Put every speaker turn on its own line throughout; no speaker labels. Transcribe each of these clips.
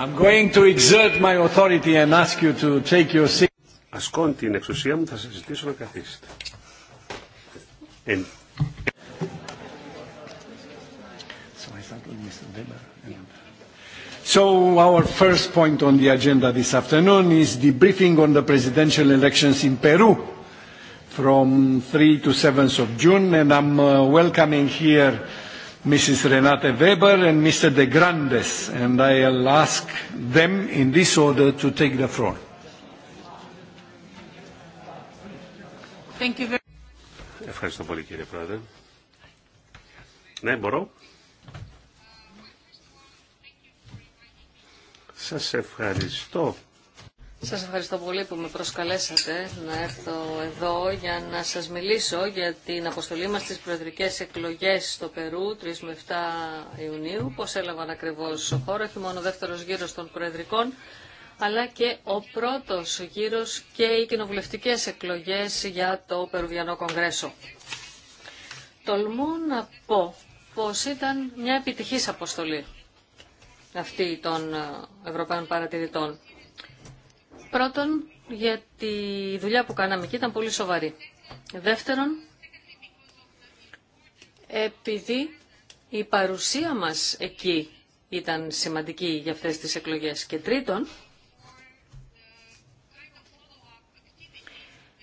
I'm going to exert my authority
ask you to take your Ασκών την εξουσία μου, θα σας ζητήσω να καθίσετε.
So So our first point on the agenda this afternoon is the briefing on the presidential elections in Peru from 3 to 7 of June and I'm welcoming here Mrs. Renate Weber and Mr. De Grandes, and I'll ask them in this order to take the floor.
Thank you very Ευχαριστώ πολύ κύριε Πρόεδρε. Ναι, μπορώ. Σας ευχαριστώ
σας ευχαριστώ πολύ που με προσκαλέσατε να έρθω εδώ για να σας μιλήσω για την αποστολή μας στις προεδρικές εκλογές στο Περού 3 με 7 Ιουνίου, πώς έλαβαν ακριβώς ο χώρο, όχι μόνο ο δεύτερος γύρος των προεδρικών, αλλά και ο πρώτος γύρος και οι κοινοβουλευτικές εκλογές για το Περουβιανό Κογκρέσο. Τολμώ να πω πως ήταν μια επιτυχής αποστολή αυτή των Ευρωπαίων Παρατηρητών. Πρώτον, γιατί η δουλειά που κάναμε εκεί ήταν πολύ σοβαρή. Δεύτερον, επειδή η παρουσία μας εκεί ήταν σημαντική για αυτές τις εκλογές. Και τρίτον,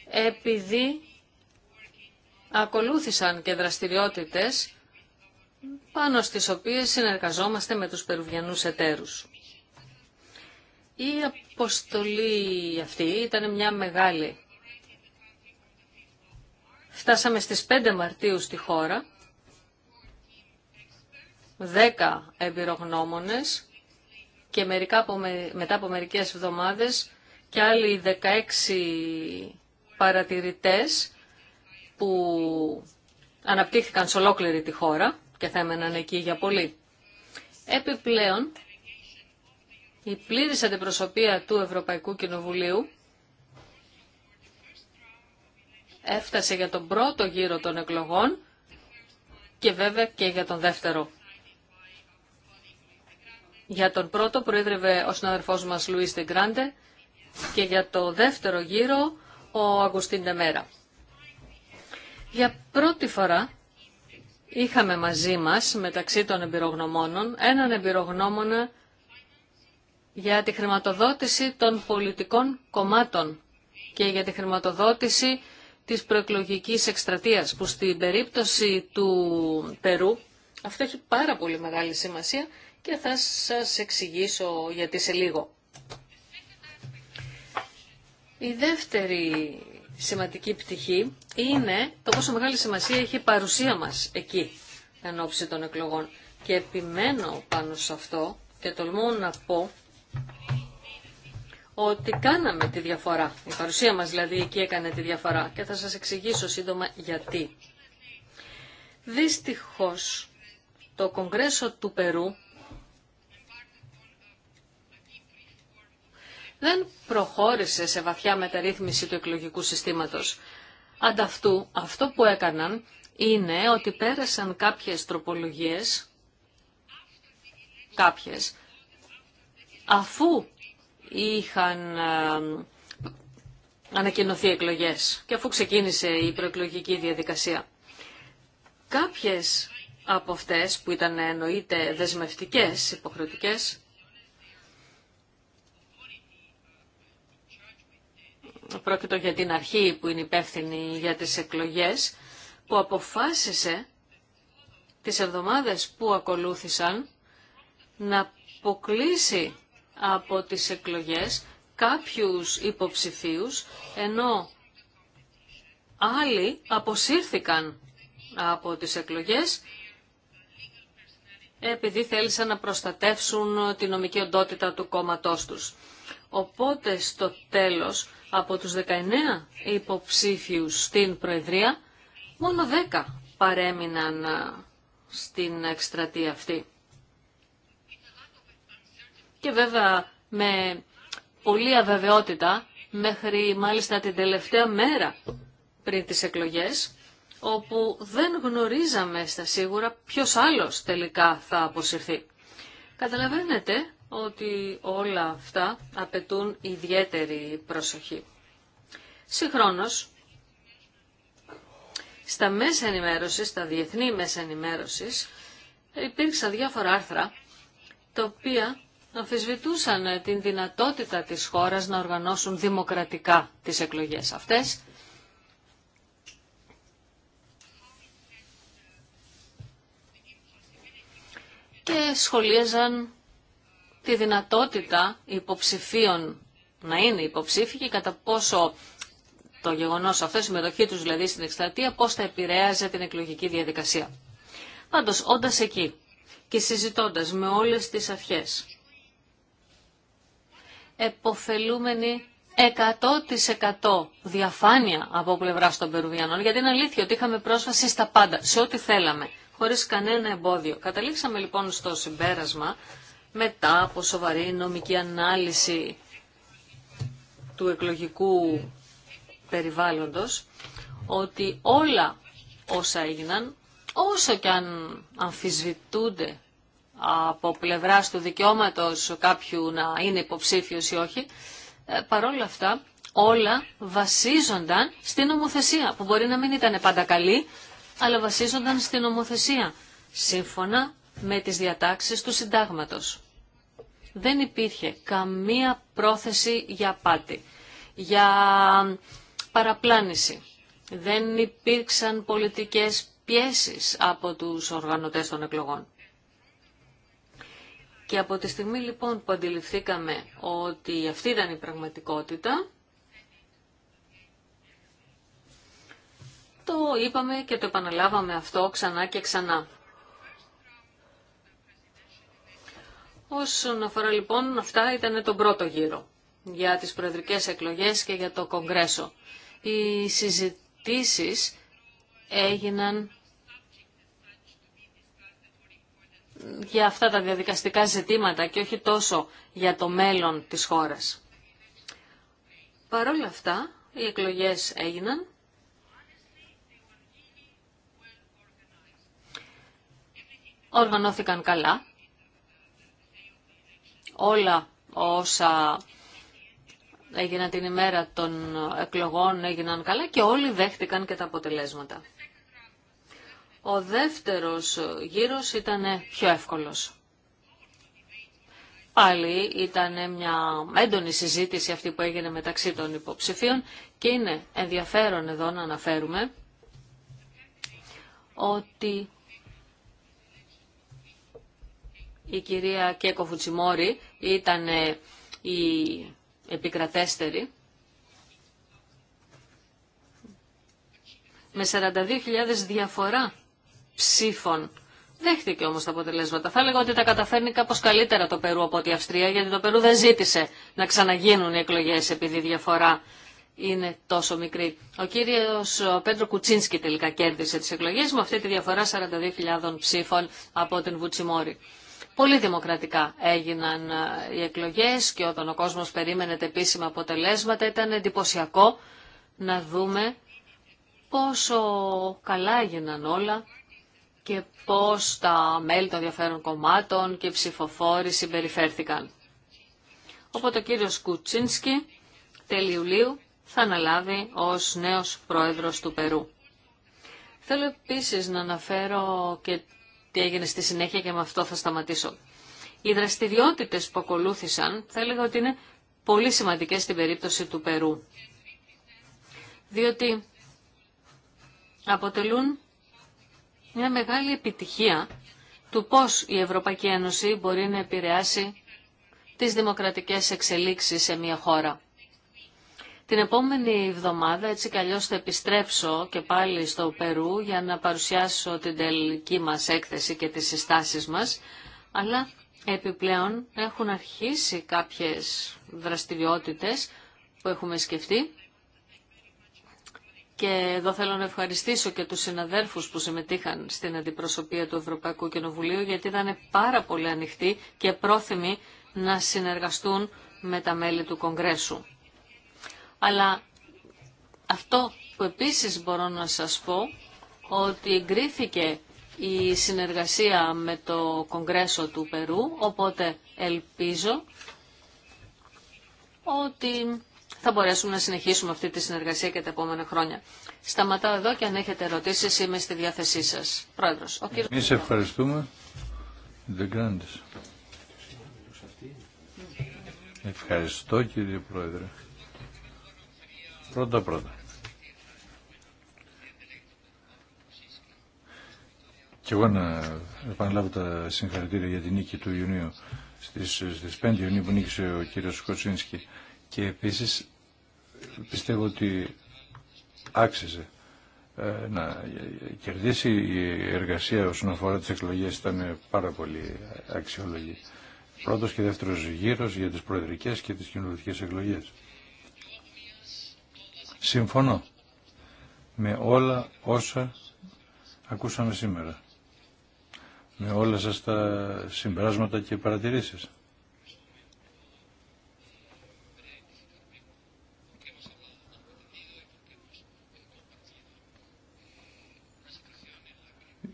επειδή ακολούθησαν και δραστηριότητες πάνω στις οποίες συνεργαζόμαστε με τους περουβιανούς εταίρους. Η αποστολή αυτή ήταν μια μεγάλη. Φτάσαμε στις 5 Μαρτίου στη χώρα, 10 εμπειρογνώμονες και μερικά από μετά από μερικές εβδομάδες και άλλοι 16 παρατηρητές που αναπτύχθηκαν σε ολόκληρη τη χώρα και θα έμεναν εκεί για πολύ. Επιπλέον, η πλήρης αντιπροσωπεία του Ευρωπαϊκού Κοινοβουλίου έφτασε για τον πρώτο γύρο των εκλογών και βέβαια και για τον δεύτερο. Για τον πρώτο προείδρευε ο συναδέλφος μας Λουίς Τεγκράντε και για το δεύτερο γύρο ο Αγουστίν Τεμέρα. Για πρώτη φορά είχαμε μαζί μας μεταξύ των εμπειρογνωμόνων έναν εμπειρογνώμονα για τη χρηματοδότηση των πολιτικών κομμάτων και για τη χρηματοδότηση της προεκλογικής εκστρατείας που στην περίπτωση του Περού αυτό έχει πάρα πολύ μεγάλη σημασία και θα σας εξηγήσω γιατί σε λίγο. Η δεύτερη σημαντική πτυχή είναι το πόσο μεγάλη σημασία έχει η παρουσία μας εκεί εν ώψη των εκλογών. Και επιμένω πάνω σε αυτό και τολμώ να πω ότι κάναμε τη διαφορά. Η παρουσία μας δηλαδή εκεί έκανε τη διαφορά και θα σας εξηγήσω σύντομα γιατί. Δυστυχώς το Κογκρέσο του Περού δεν προχώρησε σε βαθιά μεταρρύθμιση του εκλογικού συστήματος. Ανταυτού αυτό που έκαναν είναι ότι πέρασαν κάποιες τροπολογίες, κάποιες, αφού είχαν ανακοινωθεί εκλογές και αφού ξεκίνησε η προεκλογική διαδικασία. Κάποιες από αυτές που ήταν εννοείται δεσμευτικές, υποχρεωτικές, πρόκειτο για την αρχή που είναι υπεύθυνη για τις εκλογές, που αποφάσισε τις εβδομάδες που ακολούθησαν να αποκλείσει από τις εκλογές κάποιους υποψηφίους, ενώ άλλοι αποσύρθηκαν από τις εκλογές επειδή θέλησαν να προστατεύσουν την νομική οντότητα του κόμματός τους. Οπότε στο τέλος από τους 19 υποψήφιους στην Προεδρία μόνο 10 παρέμειναν ε, στην εκστρατεία αυτή και βέβαια με πολλή αβεβαιότητα μέχρι μάλιστα την τελευταία μέρα πριν τις εκλογές, όπου δεν γνωρίζαμε στα σίγουρα ποιος άλλος τελικά θα αποσυρθεί. Καταλαβαίνετε ότι όλα αυτά απαιτούν ιδιαίτερη προσοχή. Συγχρόνως, στα μέσα ενημέρωσης, στα διεθνή μέσα ενημέρωσης, υπήρξαν διάφορα άρθρα, τα οποία αμφισβητούσαν ε, την δυνατότητα της χώρας να οργανώσουν δημοκρατικά τις εκλογές αυτές. Και σχολίαζαν τη δυνατότητα υποψηφίων να είναι υποψήφοι και κατά πόσο το γεγονός αυτό, η συμμετοχή τους δηλαδή στην εκστρατεία, πώς θα επηρέαζε την εκλογική διαδικασία. Πάντως, όντας εκεί και συζητώντας με όλες τις αρχές, εποφελούμενη 100% διαφάνεια από πλευρά των Περουβιανών, γιατί είναι αλήθεια ότι είχαμε πρόσβαση στα πάντα, σε ό,τι θέλαμε, χωρίς κανένα εμπόδιο. Καταλήξαμε λοιπόν στο συμπέρασμα, μετά από σοβαρή νομική ανάλυση του εκλογικού περιβάλλοντος, ότι όλα όσα έγιναν, όσο και αν αμφισβητούνται από πλευράς του δικαιώματο κάποιου να είναι υποψήφιος ή όχι, ε, παρόλα αυτά όλα βασίζονταν στην νομοθεσία, που μπορεί να μην ήταν πάντα καλή, αλλά βασίζονταν στην νομοθεσία, σύμφωνα με τις διατάξεις του συντάγματος. Δεν υπήρχε καμία πρόθεση για πάτη, για παραπλάνηση. Δεν υπήρξαν πολιτικές πιέσεις από τους οργανωτές των εκλογών. Και από τη στιγμή λοιπόν που αντιληφθήκαμε ότι αυτή ήταν η πραγματικότητα, το είπαμε και το επαναλάβαμε αυτό ξανά και ξανά. Όσον αφορά λοιπόν, αυτά ήταν τον πρώτο γύρο για τις προεδρικές εκλογές και για το Κογκρέσο. Οι συζητήσεις έγιναν για αυτά τα διαδικαστικά ζητήματα και όχι τόσο για το μέλλον της χώρας. Παρόλα αυτά, οι εκλογές έγιναν. Οργανώθηκαν καλά. Όλα όσα έγιναν την ημέρα των εκλογών έγιναν καλά και όλοι δέχτηκαν και τα αποτελέσματα. Ο δεύτερος γύρος ήταν πιο εύκολος. Πάλι ήταν μια έντονη συζήτηση αυτή που έγινε μεταξύ των υποψηφίων και είναι ενδιαφέρον εδώ να αναφέρουμε ότι η κυρία Κέκο Φουτσιμόρη ήταν η επικρατέστερη με 42.000 διαφορά ψήφων. Δέχτηκε όμω τα αποτελέσματα. Θα έλεγα ότι τα καταφέρνει κάπω καλύτερα το Περού από η Αυστρία, γιατί το Περού δεν ζήτησε να ξαναγίνουν οι εκλογέ επειδή η διαφορά είναι τόσο μικρή. Ο κύριος Πέντρο Κουτσίνσκι τελικά κέρδισε τις εκλογές με αυτή τη διαφορά 42.000 ψήφων από την Βουτσιμόρη. Πολύ δημοκρατικά έγιναν ε, οι εκλογές και όταν ο κόσμος περίμενε τα επίσημα αποτελέσματα ήταν εντυπωσιακό να δούμε πόσο καλά έγιναν όλα και πώς τα μέλη των διαφέρων κομμάτων και ψηφοφόροι συμπεριφέρθηκαν. Οπότε ο κύριος Κουτσίνσκι τέλη Ιουλίου θα αναλάβει ως νέος πρόεδρος του Περού. Θέλω επίσης να αναφέρω και τι έγινε στη συνέχεια και με αυτό θα σταματήσω. Οι δραστηριότητες που ακολούθησαν θα έλεγα ότι είναι πολύ σημαντικές στην περίπτωση του Περού. Διότι αποτελούν μια μεγάλη επιτυχία του πώς η Ευρωπαϊκή Ένωση μπορεί να επηρεάσει τις δημοκρατικές εξελίξεις σε μια χώρα. Την επόμενη εβδομάδα έτσι κι θα επιστρέψω και πάλι στο Περού για να παρουσιάσω την τελική μας έκθεση και τις συστάσεις μας, αλλά επιπλέον έχουν αρχίσει κάποιες δραστηριότητες που έχουμε σκεφτεί και εδώ θέλω να ευχαριστήσω και τους συναδέρφους που συμμετείχαν στην αντιπροσωπεία του Ευρωπαϊκού Κοινοβουλίου γιατί ήταν πάρα πολύ ανοιχτοί και πρόθυμοι να συνεργαστούν με τα μέλη του Κογκρέσου. Αλλά αυτό που επίσης μπορώ να σας πω ότι εγκρίθηκε η συνεργασία με το Κογκρέσο του Περού, οπότε ελπίζω ότι θα μπορέσουμε να συνεχίσουμε αυτή τη συνεργασία και τα επόμενα χρόνια. Σταματάω εδώ και αν έχετε ερωτήσεις είμαι στη διάθεσή σας. Πρόεδρος. Ο
ευχαριστούμε. Ευχαριστώ κύριε Πρόεδρε. Πρώτα πρώτα. Και εγώ να επαναλάβω τα συγχαρητήρια για την νίκη του Ιουνίου στις, στις 5 Ιουνίου που νίκησε ο κύριος Κοτσίνσκι και επίσης πιστεύω ότι άξιζε ε, να κερδίσει η εργασία όσον αφορά τις εκλογές ήταν πάρα πολύ αξιόλογη. Πρώτος και δεύτερος γύρος για τις προεδρικές και τις κοινωνικές εκλογές. Συμφωνώ με όλα όσα ακούσαμε σήμερα. Με όλα σας τα συμπεράσματα και παρατηρήσεις.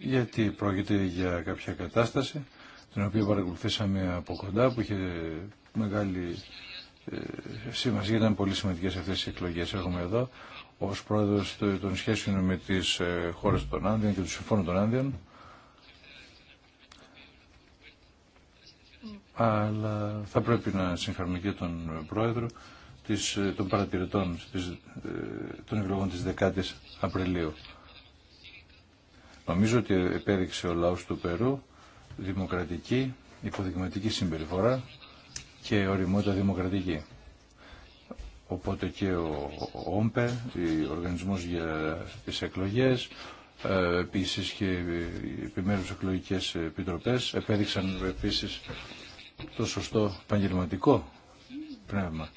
γιατί πρόκειται για κάποια κατάσταση την οποία παρακολουθήσαμε από κοντά που είχε μεγάλη ε, σημασία, ήταν πολύ σημαντικέ αυτές οι εκλογές. Έχουμε εδώ ως πρόεδρος των σχέσεων με τις ε, χώρες των Άνδιων και του Συμφώνου των Άνδιων αλλά θα πρέπει να συγχαρούμε και τον πρόεδρο της, ε, των παρατηρητών της, των εκλογών της 10ης Απριλίου. Νομίζω ότι επέδειξε ο λαός του Περού δημοκρατική, υποδειγματική συμπεριφορά και οριμότητα δημοκρατική. Οπότε και ο ΟΜΠΕ, ο Οργανισμός για τις Εκλογές, ε, επίσης και οι επιμέρους εκλογικές επιτροπές επέδειξαν επίσης το σωστό επαγγελματικό πνεύμα.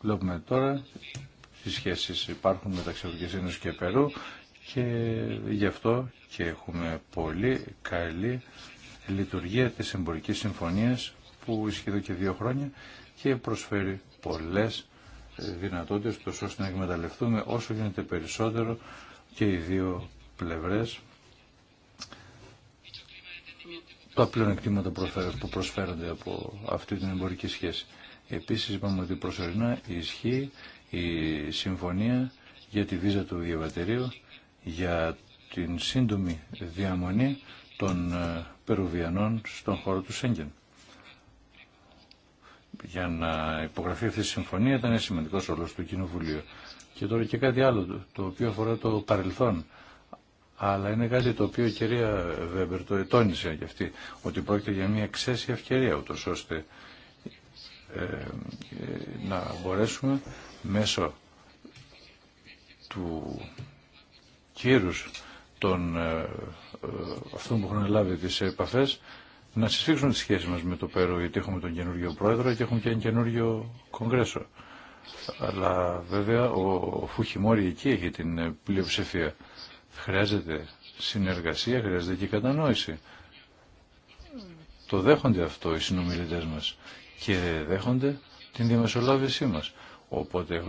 Βλέπουμε τώρα τι σχέσεις υπάρχουν μεταξύ Ευρωπαϊκής και Περού και γι' αυτό και έχουμε πολύ καλή λειτουργία της εμπορικής συμφωνίας που ισχύει εδώ και δύο χρόνια και προσφέρει πολλές δυνατότητες τόσο ώστε να εκμεταλλευτούμε όσο γίνεται περισσότερο και οι δύο πλευρές τα πλεονεκτήματα που προσφέρονται από αυτή την εμπορική σχέση. Επίσης είπαμε ότι προσωρινά ισχύει η συμφωνία για τη βίζα του διαβατηρίου για την σύντομη διαμονή των ε, Περουβιανών στον χώρο του Σέγγεν. Για να υπογραφεί αυτή η συμφωνία ήταν σημαντικό ρόλο του Κοινοβουλίου. Και τώρα και κάτι άλλο το οποίο αφορά το παρελθόν. Αλλά είναι κάτι το οποίο η κυρία Βέμπερ το ετώνησε και αυτή, ότι πρόκειται για μια εξαίσια ευκαιρία, ούτως ώστε ε, ε να μπορέσουμε μέσω του κύρους των ε, ε, αυτών που έχουν λάβει τις επαφές να συσφίξουν τις σχέσεις μας με το Πέρο γιατί έχουμε τον καινούριο πρόεδρο και έχουμε και ένα καινούριο κογκρέσο. Αλλά βέβαια ο Φουχιμόρη εκεί έχει την ε, πλειοψηφία. Χρειάζεται συνεργασία, χρειάζεται και κατανόηση. Το δέχονται αυτό οι συνομιλητές μας και δέχονται την διαμεσολάβησή μας. Οπότε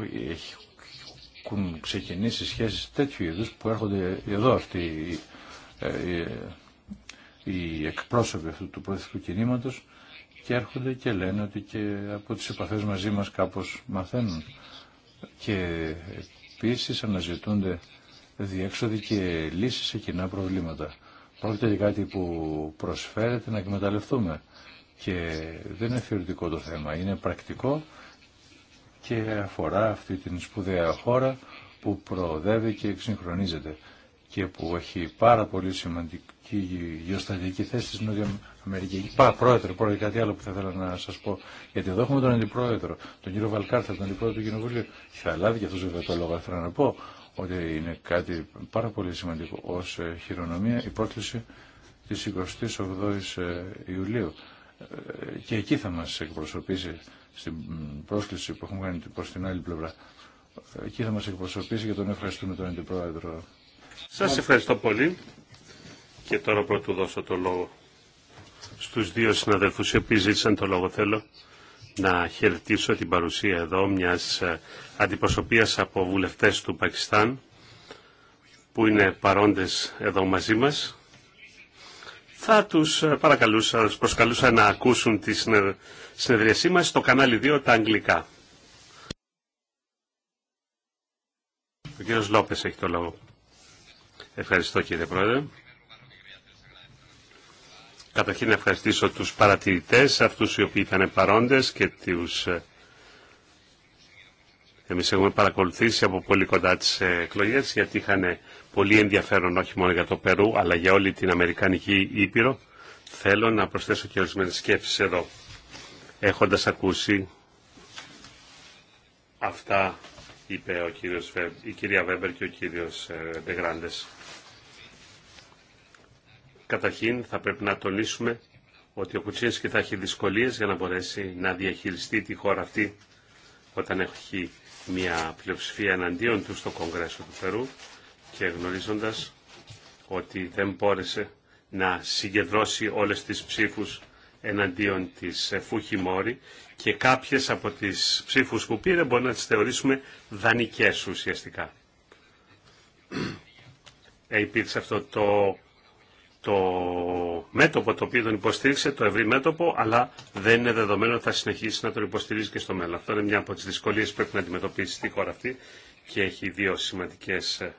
έχουν ξεκινήσει σχέσεις τέτοιου είδους που έρχονται εδώ αυτοί οι, ε, οι εκπρόσωποι αυτού του προεθνικού κινήματος και έρχονται και λένε ότι και από τις επαφές μαζί μας κάπως μαθαίνουν και επίση αναζητούνται διέξοδοι και λύσεις σε κοινά προβλήματα. Πρόκειται για κάτι που προσφέρεται να εκμεταλλευτούμε και δεν είναι θεωρητικό το θέμα, είναι πρακτικό και αφορά αυτή την σπουδαία χώρα που προοδεύει και εξυγχρονίζεται και που έχει πάρα πολύ σημαντική γεωστατική θέση στην Νότια Αμερική. Πά, πρόεδρε, πρόεδρε, κάτι άλλο που θα ήθελα να σα πω. Γιατί εδώ έχουμε τον αντιπρόεδρο, τον κύριο Βαλκάρθα, τον αντιπρόεδρο του Κοινοβουλίου. Θα λάβει και αυτό βέβαια το λόγο. Θέλω να πω ότι είναι κάτι πάρα πολύ σημαντικό ω χειρονομία η πρόκληση τη 28η ε, Ιουλίου. Ε, και εκεί θα μα εκπροσωπήσει στην πρόσκληση που έχουμε κάνει προ την άλλη πλευρά. Εκεί θα μα εκπροσωπήσει και τον ευχαριστούμε τον Αντιπρόεδρο.
Σας ευχαριστώ πολύ και τώρα πρώτου δώσω το λόγο στους δύο συναδέλφου, οι οποίοι ζήτησαν το λόγο θέλω να χαιρετήσω την παρουσία εδώ μιας ε, αντιπροσωπείας από βουλευτές του Πακιστάν που είναι παρόντες εδώ μαζί μας. Θα τους ε, παρακαλούσα, προσκαλούσα να ακούσουν τη συνεργασία συνεδρίασή μας στο κανάλι 2 τα αγγλικά. Ο κύριος Λόπες έχει το λόγο. Ευχαριστώ κύριε Πρόεδρε. Καταρχήν να ευχαριστήσω τους παρατηρητές, αυτούς οι οποίοι ήταν παρόντες και τους... Ε, εμείς έχουμε παρακολουθήσει από πολύ κοντά τις ε, εκλογές γιατί είχαν πολύ ενδιαφέρον όχι μόνο για το Περού αλλά για όλη την Αμερικανική Ήπειρο. Θέλω να προσθέσω και ορισμένες σκέψεις εδώ έχοντας ακούσει αυτά είπε ο κύριος, η κυρία Βέμπερ και ο κύριος Δεγράντες, ε, Καταρχήν θα πρέπει να τονίσουμε ότι ο Κουτσίνσκι θα έχει δυσκολίες για να μπορέσει να διαχειριστεί τη χώρα αυτή όταν έχει μια πλειοψηφία εναντίον του στο Κογκρέσο του Περού και γνωρίζοντας ότι δεν μπόρεσε να συγκεντρώσει όλες τις ψήφους εναντίον της ε, Φουχιμόρη και κάποιες από τις ψήφους που πήρε μπορεί να τις θεωρήσουμε δανεικές ουσιαστικά. Ε, υπήρξε αυτό το, το μέτωπο το οποίο τον υποστήριξε, το ευρύ μέτωπο, αλλά δεν είναι δεδομένο ότι θα συνεχίσει να τον υποστηρίζει και στο μέλλον. Αυτό είναι μια από τις δυσκολίες που πρέπει να αντιμετωπίσει στη χώρα αυτή και έχει δύο σημαντικές ε,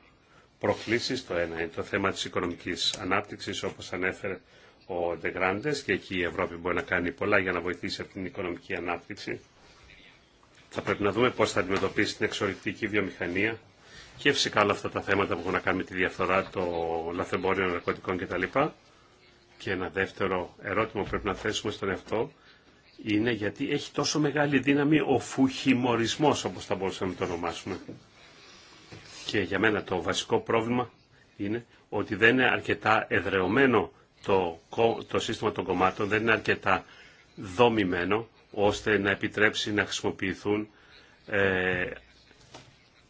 προκλήσεις. Το ένα είναι το θέμα της οικονομικής ανάπτυξης, όπως ανέφερε ο Ντεγκράντε και εκεί η Ευρώπη μπορεί να κάνει πολλά για να βοηθήσει αυτή την οικονομική ανάπτυξη. Θα πρέπει να δούμε πώ θα αντιμετωπίσει την εξορρυκτική βιομηχανία και φυσικά όλα αυτά τα θέματα που έχουν να κάνουν με τη διαφθορά, το λαθεμπόριο ναρκωτικών κτλ. Και ένα δεύτερο ερώτημα που πρέπει να θέσουμε στον εαυτό είναι γιατί έχει τόσο μεγάλη δύναμη ο φουχημορισμό, όπω θα μπορούσαμε να το ονομάσουμε. Και για μένα το βασικό πρόβλημα είναι ότι δεν είναι αρκετά εδρεωμένο το, το σύστημα των κομμάτων δεν είναι αρκετά δομημένο ώστε να επιτρέψει να χρησιμοποιηθούν, ε,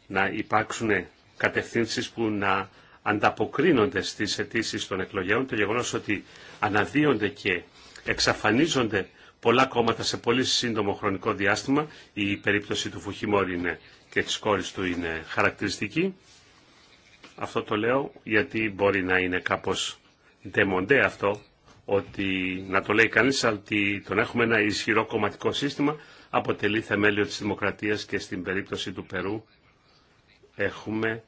να υπάρξουν κατευθύνσεις που να ανταποκρίνονται στις αιτήσει των εκλογέων. Το γεγονός ότι αναδύονται και εξαφανίζονται πολλά κόμματα σε πολύ σύντομο χρονικό διάστημα, η περίπτωση του Φουχημόρη και της κόρης του είναι χαρακτηριστική. Αυτό το λέω γιατί μπορεί να είναι κάπως ντεμοντέ αυτό ότι να το λέει κανείς ότι τον έχουμε ένα ισχυρό κομματικό σύστημα αποτελεί θεμέλιο της δημοκρατίας και στην περίπτωση του Περού έχουμε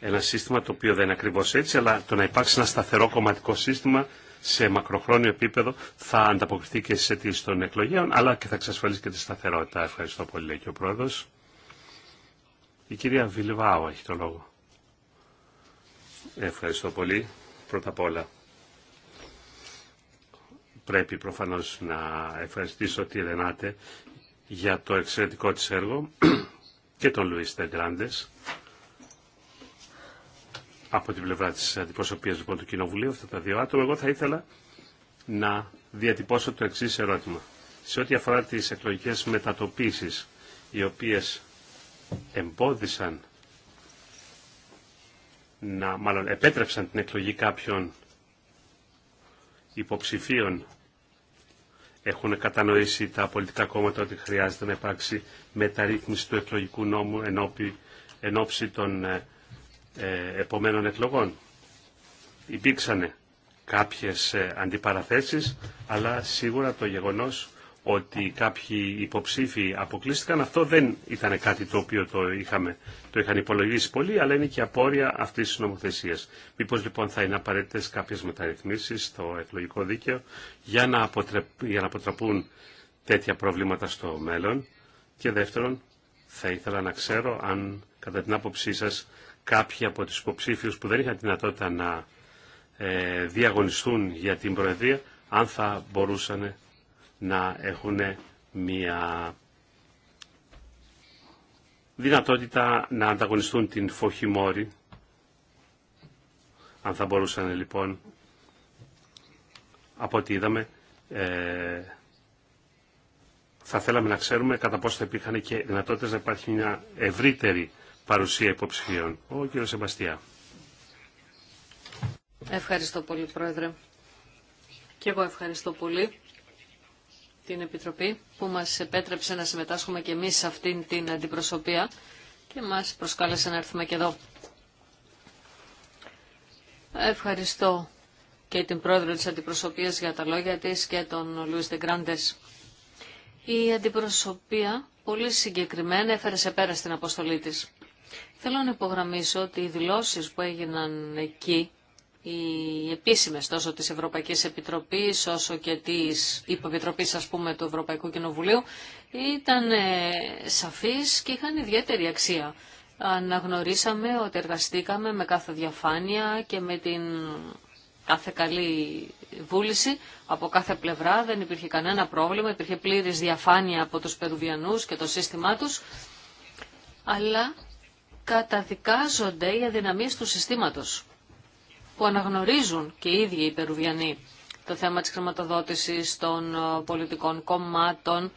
ένα σύστημα το οποίο δεν είναι ακριβώς έτσι αλλά το να υπάρξει ένα σταθερό κομματικό σύστημα σε μακροχρόνιο επίπεδο θα ανταποκριθεί και στις αιτήσεις των εκλογέων αλλά και θα εξασφαλίσει και τη σταθερότητα. Ευχαριστώ πολύ λέει και ο Πρόεδρος. Η κυρία Βιλβάου έχει το λόγο. Ευχαριστώ πολύ. Πρώτα απ' όλα, πρέπει προφανώς να ευχαριστήσω τη Ρενάτε για το εξαιρετικό της έργο και τον Λουίς Τεγκράντες από την πλευρά της αντιπροσωπείας λοιπόν του Κοινοβουλίου, αυτά τα δύο άτομα. Εγώ θα ήθελα να διατυπώσω το εξής ερώτημα. Σε ό,τι αφορά τις εκλογικές μετατοπίσεις οι οποίες εμπόδισαν να, μάλλον επέτρεψαν την εκλογή κάποιων υποψηφίων έχουν κατανοήσει τα πολιτικά κόμματα ότι χρειάζεται να υπάρξει μεταρρύθμιση του εκλογικού νόμου εν ώψη των ε, ε, επομένων εκλογών. Υπήρξαν κάποιες ε, αντιπαραθέσεις, αλλά σίγουρα το γεγονός ότι κάποιοι υποψήφοι αποκλείστηκαν, αυτό δεν ήταν κάτι το οποίο το, είχαμε, το είχαν υπολογίσει πολύ, αλλά είναι και απόρρια αυτή τη νομοθεσία. Μήπω λοιπόν θα είναι απαραίτητε κάποιε μεταρρυθμίσει στο εκλογικό δίκαιο για να, για να αποτραπούν τέτοια προβλήματα στο μέλλον. Και δεύτερον, θα ήθελα να ξέρω αν κατά την άποψή σα κάποιοι από του υποψήφιου που δεν είχαν τη δυνατότητα να ε, διαγωνιστούν για την Προεδρία, αν θα μπορούσαν να έχουν μια δυνατότητα να ανταγωνιστούν την Φοχημόρη. Αν θα μπορούσαν λοιπόν, από ό,τι είδαμε, ε, θα θέλαμε να ξέρουμε κατά πόσο θα υπήρχαν και δυνατότητες να υπάρχει μια ευρύτερη παρουσία υποψηφίων. Ο κύριος Σεμπαστιά.
Ευχαριστώ πολύ, Πρόεδρε. Και εγώ ευχαριστώ πολύ την Επιτροπή που μας επέτρεψε να συμμετάσχουμε και εμείς σε αυτήν την αντιπροσωπεία και μας προσκάλεσε να έρθουμε και εδώ. Ευχαριστώ και την πρόεδρο της αντιπροσωπείας για τα λόγια της και τον Λουίς Δεγκράντες. Η αντιπροσωπεία πολύ συγκεκριμένα έφερε σε πέρα στην αποστολή της. Θέλω να υπογραμμίσω ότι οι δηλώσεις που έγιναν εκεί οι επίσημες τόσο της Ευρωπαϊκής Επιτροπής όσο και της Υποπιτροπής ας πούμε του Ευρωπαϊκού Κοινοβουλίου ήταν ε, σαφείς και είχαν ιδιαίτερη αξία. Αναγνωρίσαμε ότι εργαστήκαμε με κάθε διαφάνεια και με την κάθε καλή βούληση από κάθε πλευρά. Δεν υπήρχε κανένα πρόβλημα, υπήρχε πλήρης διαφάνεια από τους Περουβιανούς και το σύστημά τους. Αλλά καταδικάζονται οι αδυναμίες του συστήματος που αναγνωρίζουν και οι ίδιοι οι Περουβιανοί το θέμα της χρηματοδότησης των ε, πολιτικών κομμάτων,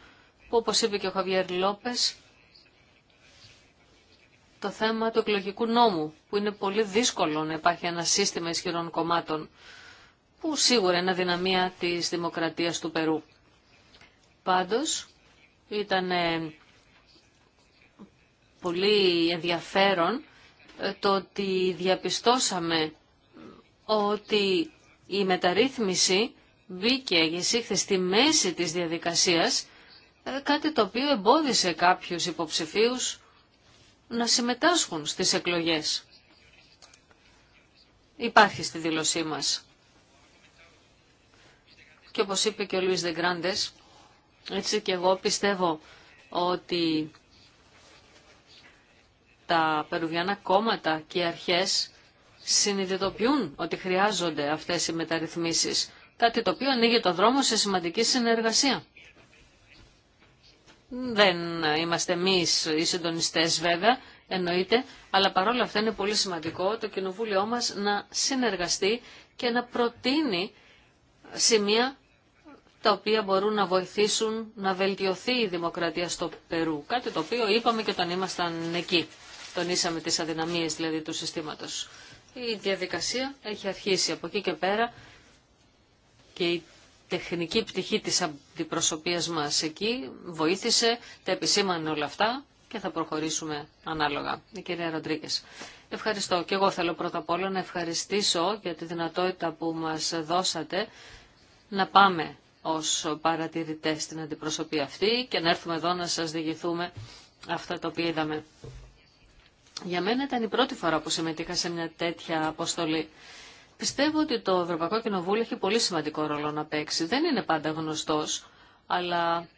που όπως είπε και ο Χαβιέρ Λόπες, το θέμα του εκλογικού νόμου, που είναι πολύ δύσκολο να υπάρχει ένα σύστημα ισχυρών κομμάτων, που σίγουρα είναι δυναμία της δημοκρατίας του Περού. Πάντως, ήταν πολύ ενδιαφέρον ε, το ότι διαπιστώσαμε ότι η μεταρρύθμιση μπήκε και εισήχθη στη μέση της διαδικασίας, ε, κάτι το οποίο εμπόδισε κάποιους υποψηφίους να συμμετάσχουν στις εκλογές. Υπάρχει στη δήλωσή μας. Και όπως είπε και ο Λουίς Δεγκράντες, έτσι και εγώ πιστεύω ότι τα περουβιανά κόμματα και οι αρχές συνειδητοποιούν ότι χρειάζονται αυτές οι μεταρρυθμίσεις, κάτι το οποίο ανοίγει το δρόμο σε σημαντική συνεργασία. Δεν είμαστε εμεί οι συντονιστέ βέβαια, εννοείται, αλλά παρόλα αυτά είναι πολύ σημαντικό το Κοινοβούλιο μας να συνεργαστεί και να προτείνει σημεία τα οποία μπορούν να βοηθήσουν να βελτιωθεί η δημοκρατία στο Περού. Κάτι το οποίο είπαμε και όταν ήμασταν εκεί. Τονίσαμε τις αδυναμίες δηλαδή του συστήματος η διαδικασία έχει αρχίσει. Από εκεί και πέρα και η τεχνική πτυχή της αντιπροσωπείας μας εκεί βοήθησε, τα επισήμανε όλα αυτά και θα προχωρήσουμε ανάλογα. Η κυρία Ευχαριστώ. Και εγώ θέλω πρώτα απ' όλα να ευχαριστήσω για τη δυνατότητα που μας δώσατε να πάμε ως παρατηρητές στην αντιπροσωπή αυτή και να έρθουμε εδώ να σας διηγηθούμε αυτά τα οποία είδαμε. Για μένα ήταν η πρώτη φορά που συμμετείχα σε μια τέτοια αποστολή. Πιστεύω ότι το Ευρωπαϊκό Κοινοβούλιο έχει πολύ σημαντικό ρόλο να παίξει. Δεν είναι πάντα γνωστός, αλλά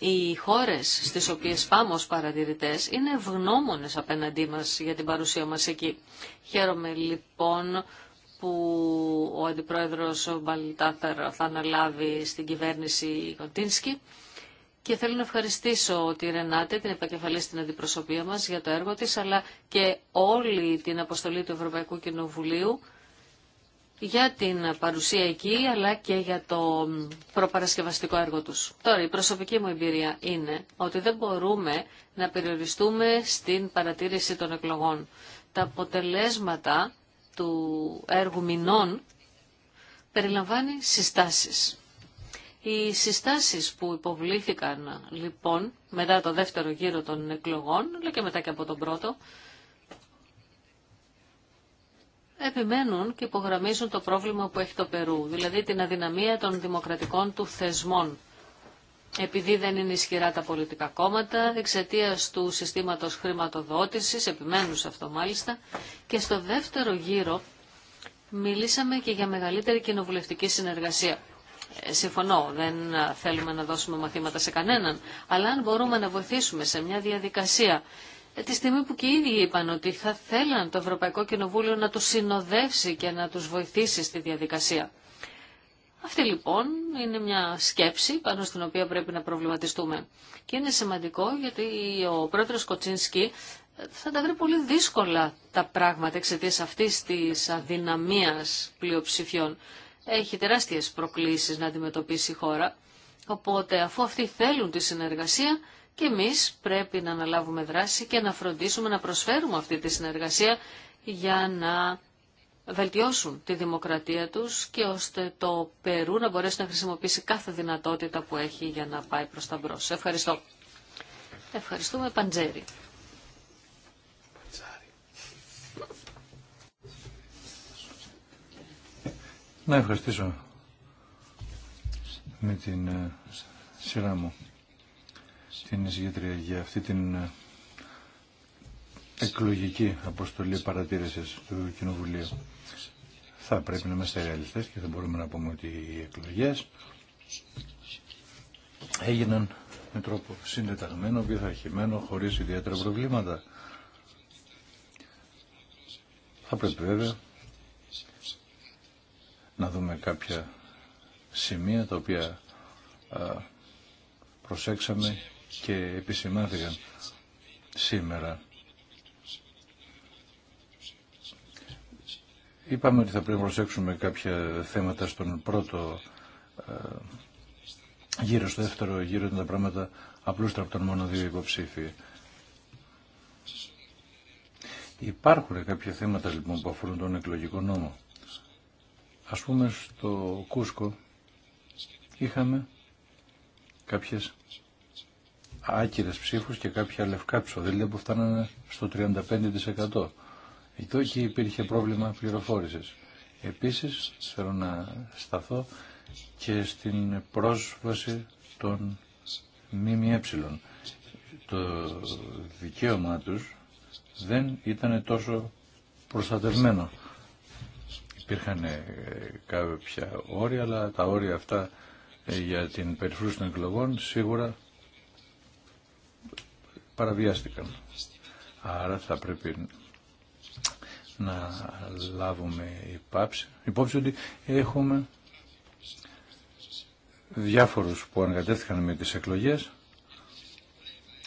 οι χώρες στις οποίες πάμε ως παρατηρητές είναι ευγνώμονες απέναντί μας για την παρουσία μας εκεί. Χαίρομαι λοιπόν που ο Αντιπρόεδρος Μπαλτάθερ θα αναλάβει στην κυβέρνηση Κοντίνσκι και θέλω να ευχαριστήσω τη Ρενάτε, την επακεφαλή στην αντιπροσωπεία μας για το έργο της, αλλά και όλη την αποστολή του Ευρωπαϊκού Κοινοβουλίου για την παρουσία εκεί, αλλά και για το προπαρασκευαστικό έργο τους. Τώρα, η προσωπική μου εμπειρία είναι ότι δεν μπορούμε να περιοριστούμε στην παρατήρηση των εκλογών. Τα αποτελέσματα του έργου μηνών περιλαμβάνει συστάσεις. Οι συστάσεις που υποβλήθηκαν λοιπόν μετά το δεύτερο γύρο των εκλογών, αλλά και μετά και από τον πρώτο, επιμένουν και υπογραμμίζουν το πρόβλημα που έχει το Περού, δηλαδή την αδυναμία των δημοκρατικών του θεσμών. Επειδή δεν είναι ισχυρά τα πολιτικά κόμματα, εξαιτία του συστήματος χρηματοδότησης, επιμένουν σε αυτό μάλιστα, και στο δεύτερο γύρο μιλήσαμε και για μεγαλύτερη κοινοβουλευτική συνεργασία. Ε, συμφωνώ, δεν ε, θέλουμε να δώσουμε μαθήματα σε κανέναν, αλλά αν μπορούμε να βοηθήσουμε σε μια διαδικασία ε, τη στιγμή που και οι ίδιοι είπαν ότι θα θέλαν το Ευρωπαϊκό Κοινοβούλιο να τους συνοδεύσει και να τους βοηθήσει στη διαδικασία. Αυτή λοιπόν είναι μια σκέψη πάνω στην οποία πρέπει να προβληματιστούμε. Και είναι σημαντικό γιατί ο πρόεδρος Κοτσίνσκι θα τα βρει πολύ δύσκολα τα πράγματα εξαιτίας αυτής της αδυναμίας πλειοψηφιών έχει τεράστιες προκλήσεις να αντιμετωπίσει η χώρα. Οπότε αφού αυτοί θέλουν τη συνεργασία και εμείς πρέπει να αναλάβουμε δράση και να φροντίσουμε να προσφέρουμε αυτή τη συνεργασία για να βελτιώσουν τη δημοκρατία τους και ώστε το Περού να μπορέσει να χρησιμοποιήσει κάθε δυνατότητα που έχει για να πάει προς τα μπρος. Ευχαριστώ. Ευχαριστούμε Παντζέρη.
Να ευχαριστήσω με την ε, σειρά μου την εισηγήτρια για αυτή την ε, εκλογική αποστολή παρατήρησης του Κοινοβουλίου. Θα πρέπει να είμαστε ρεαλιστές και θα μπορούμε να πούμε ότι οι εκλογές έγιναν με τρόπο συντεταγμένο, βιθαρχημένο, χωρίς ιδιαίτερα προβλήματα. Θα πρέπει βέβαια να δούμε κάποια σημεία τα οποία προσέξαμε και επισημάθηκαν σήμερα. Είπαμε ότι θα πρέπει να προσέξουμε κάποια θέματα στον πρώτο γύρο, στο δεύτερο γύρο ήταν τα πράγματα απλούστερα από τον μόνο δύο υποψήφοι. Υπάρχουν κάποια θέματα λοιπόν που αφορούν τον εκλογικό νόμο. Ας πούμε στο Κούσκο είχαμε κάποιες άκυρες ψήφους και κάποια λευκά ψοδέλια δηλαδή που φτάνανε στο 35%. Εδώ και υπήρχε πρόβλημα πληροφόρησης. Επίσης θέλω να σταθώ και στην πρόσβαση των ΜΜΕ. Το δικαίωμά τους δεν ήταν τόσο προστατευμένο Υπήρχαν ε, κάποια όρια, αλλά τα όρια αυτά ε, για την περιφρούση των εκλογών σίγουρα παραβιάστηκαν. Άρα θα πρέπει να λάβουμε υπάψη, υπόψη ότι έχουμε διάφορους που ανακατεύθηκαν με τις εκλογές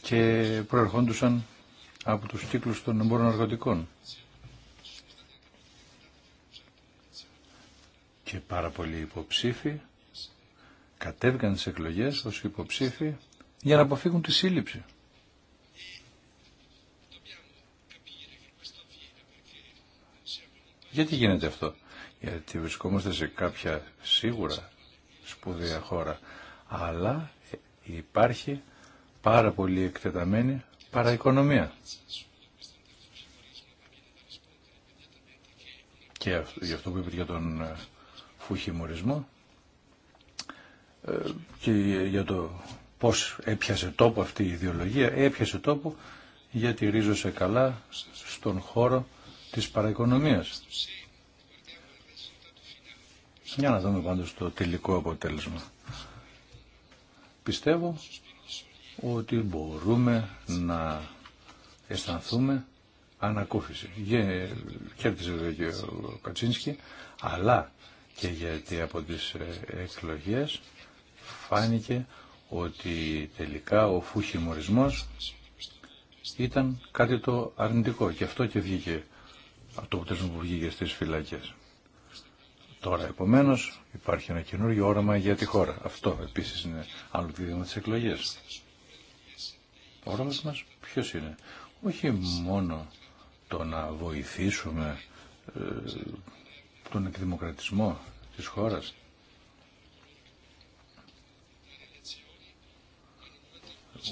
και προερχόντουσαν από τους κύκλους των εμπόρων ναρκωτικών. και πάρα πολλοί υποψήφοι κατέβηκαν στις εκλογές ως υποψήφοι για να αποφύγουν τη σύλληψη. Γιατί γίνεται αυτό. Γιατί βρισκόμαστε σε κάποια σίγουρα σπουδαία χώρα, αλλά υπάρχει πάρα πολύ εκτεταμένη παραοικονομία. Και γι' αυτό που είπε για τον ε, ε, και για το πώς έπιασε τόπο αυτή η ιδεολογία. Έπιασε τόπο γιατί ρίζωσε καλά στον χώρο της παραοικονομίας. Για να δούμε πάντως το τελικό αποτέλεσμα. Πιστεύω ότι μπορούμε να αισθανθούμε ανακούφιση. Κέρδισε βέβαια και ο Κατσίνσκι, αλλά και γιατί από τις ε, εκλογές φάνηκε ότι τελικά ο φουχημορισμός ήταν κάτι το αρνητικό και αυτό και βγήκε από το αποτέλεσμα που βγήκε στις φυλακές. Τώρα επομένως υπάρχει ένα καινούργιο όραμα για τη χώρα. Αυτό επίσης είναι άλλο δίδυμα της εκλογές. Ο όραμας μας ποιος είναι. Όχι μόνο το να βοηθήσουμε ε, τον εκδημοκρατισμό της χώρας.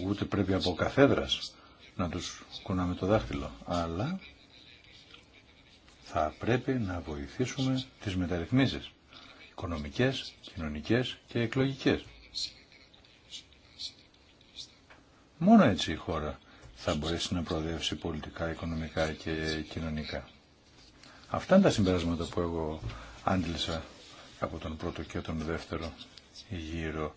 Ούτε πρέπει από καθέδρας να τους κουνάμε το δάχτυλο, αλλά θα πρέπει να βοηθήσουμε τις μεταρρυθμίσεις οικονομικές, κοινωνικές και εκλογικές. Μόνο έτσι η χώρα θα μπορέσει να προοδεύσει πολιτικά, οικονομικά και κοινωνικά. Αυτά είναι τα συμπεράσματα που εγώ άντλησα από τον πρώτο και τον δεύτερο γύρο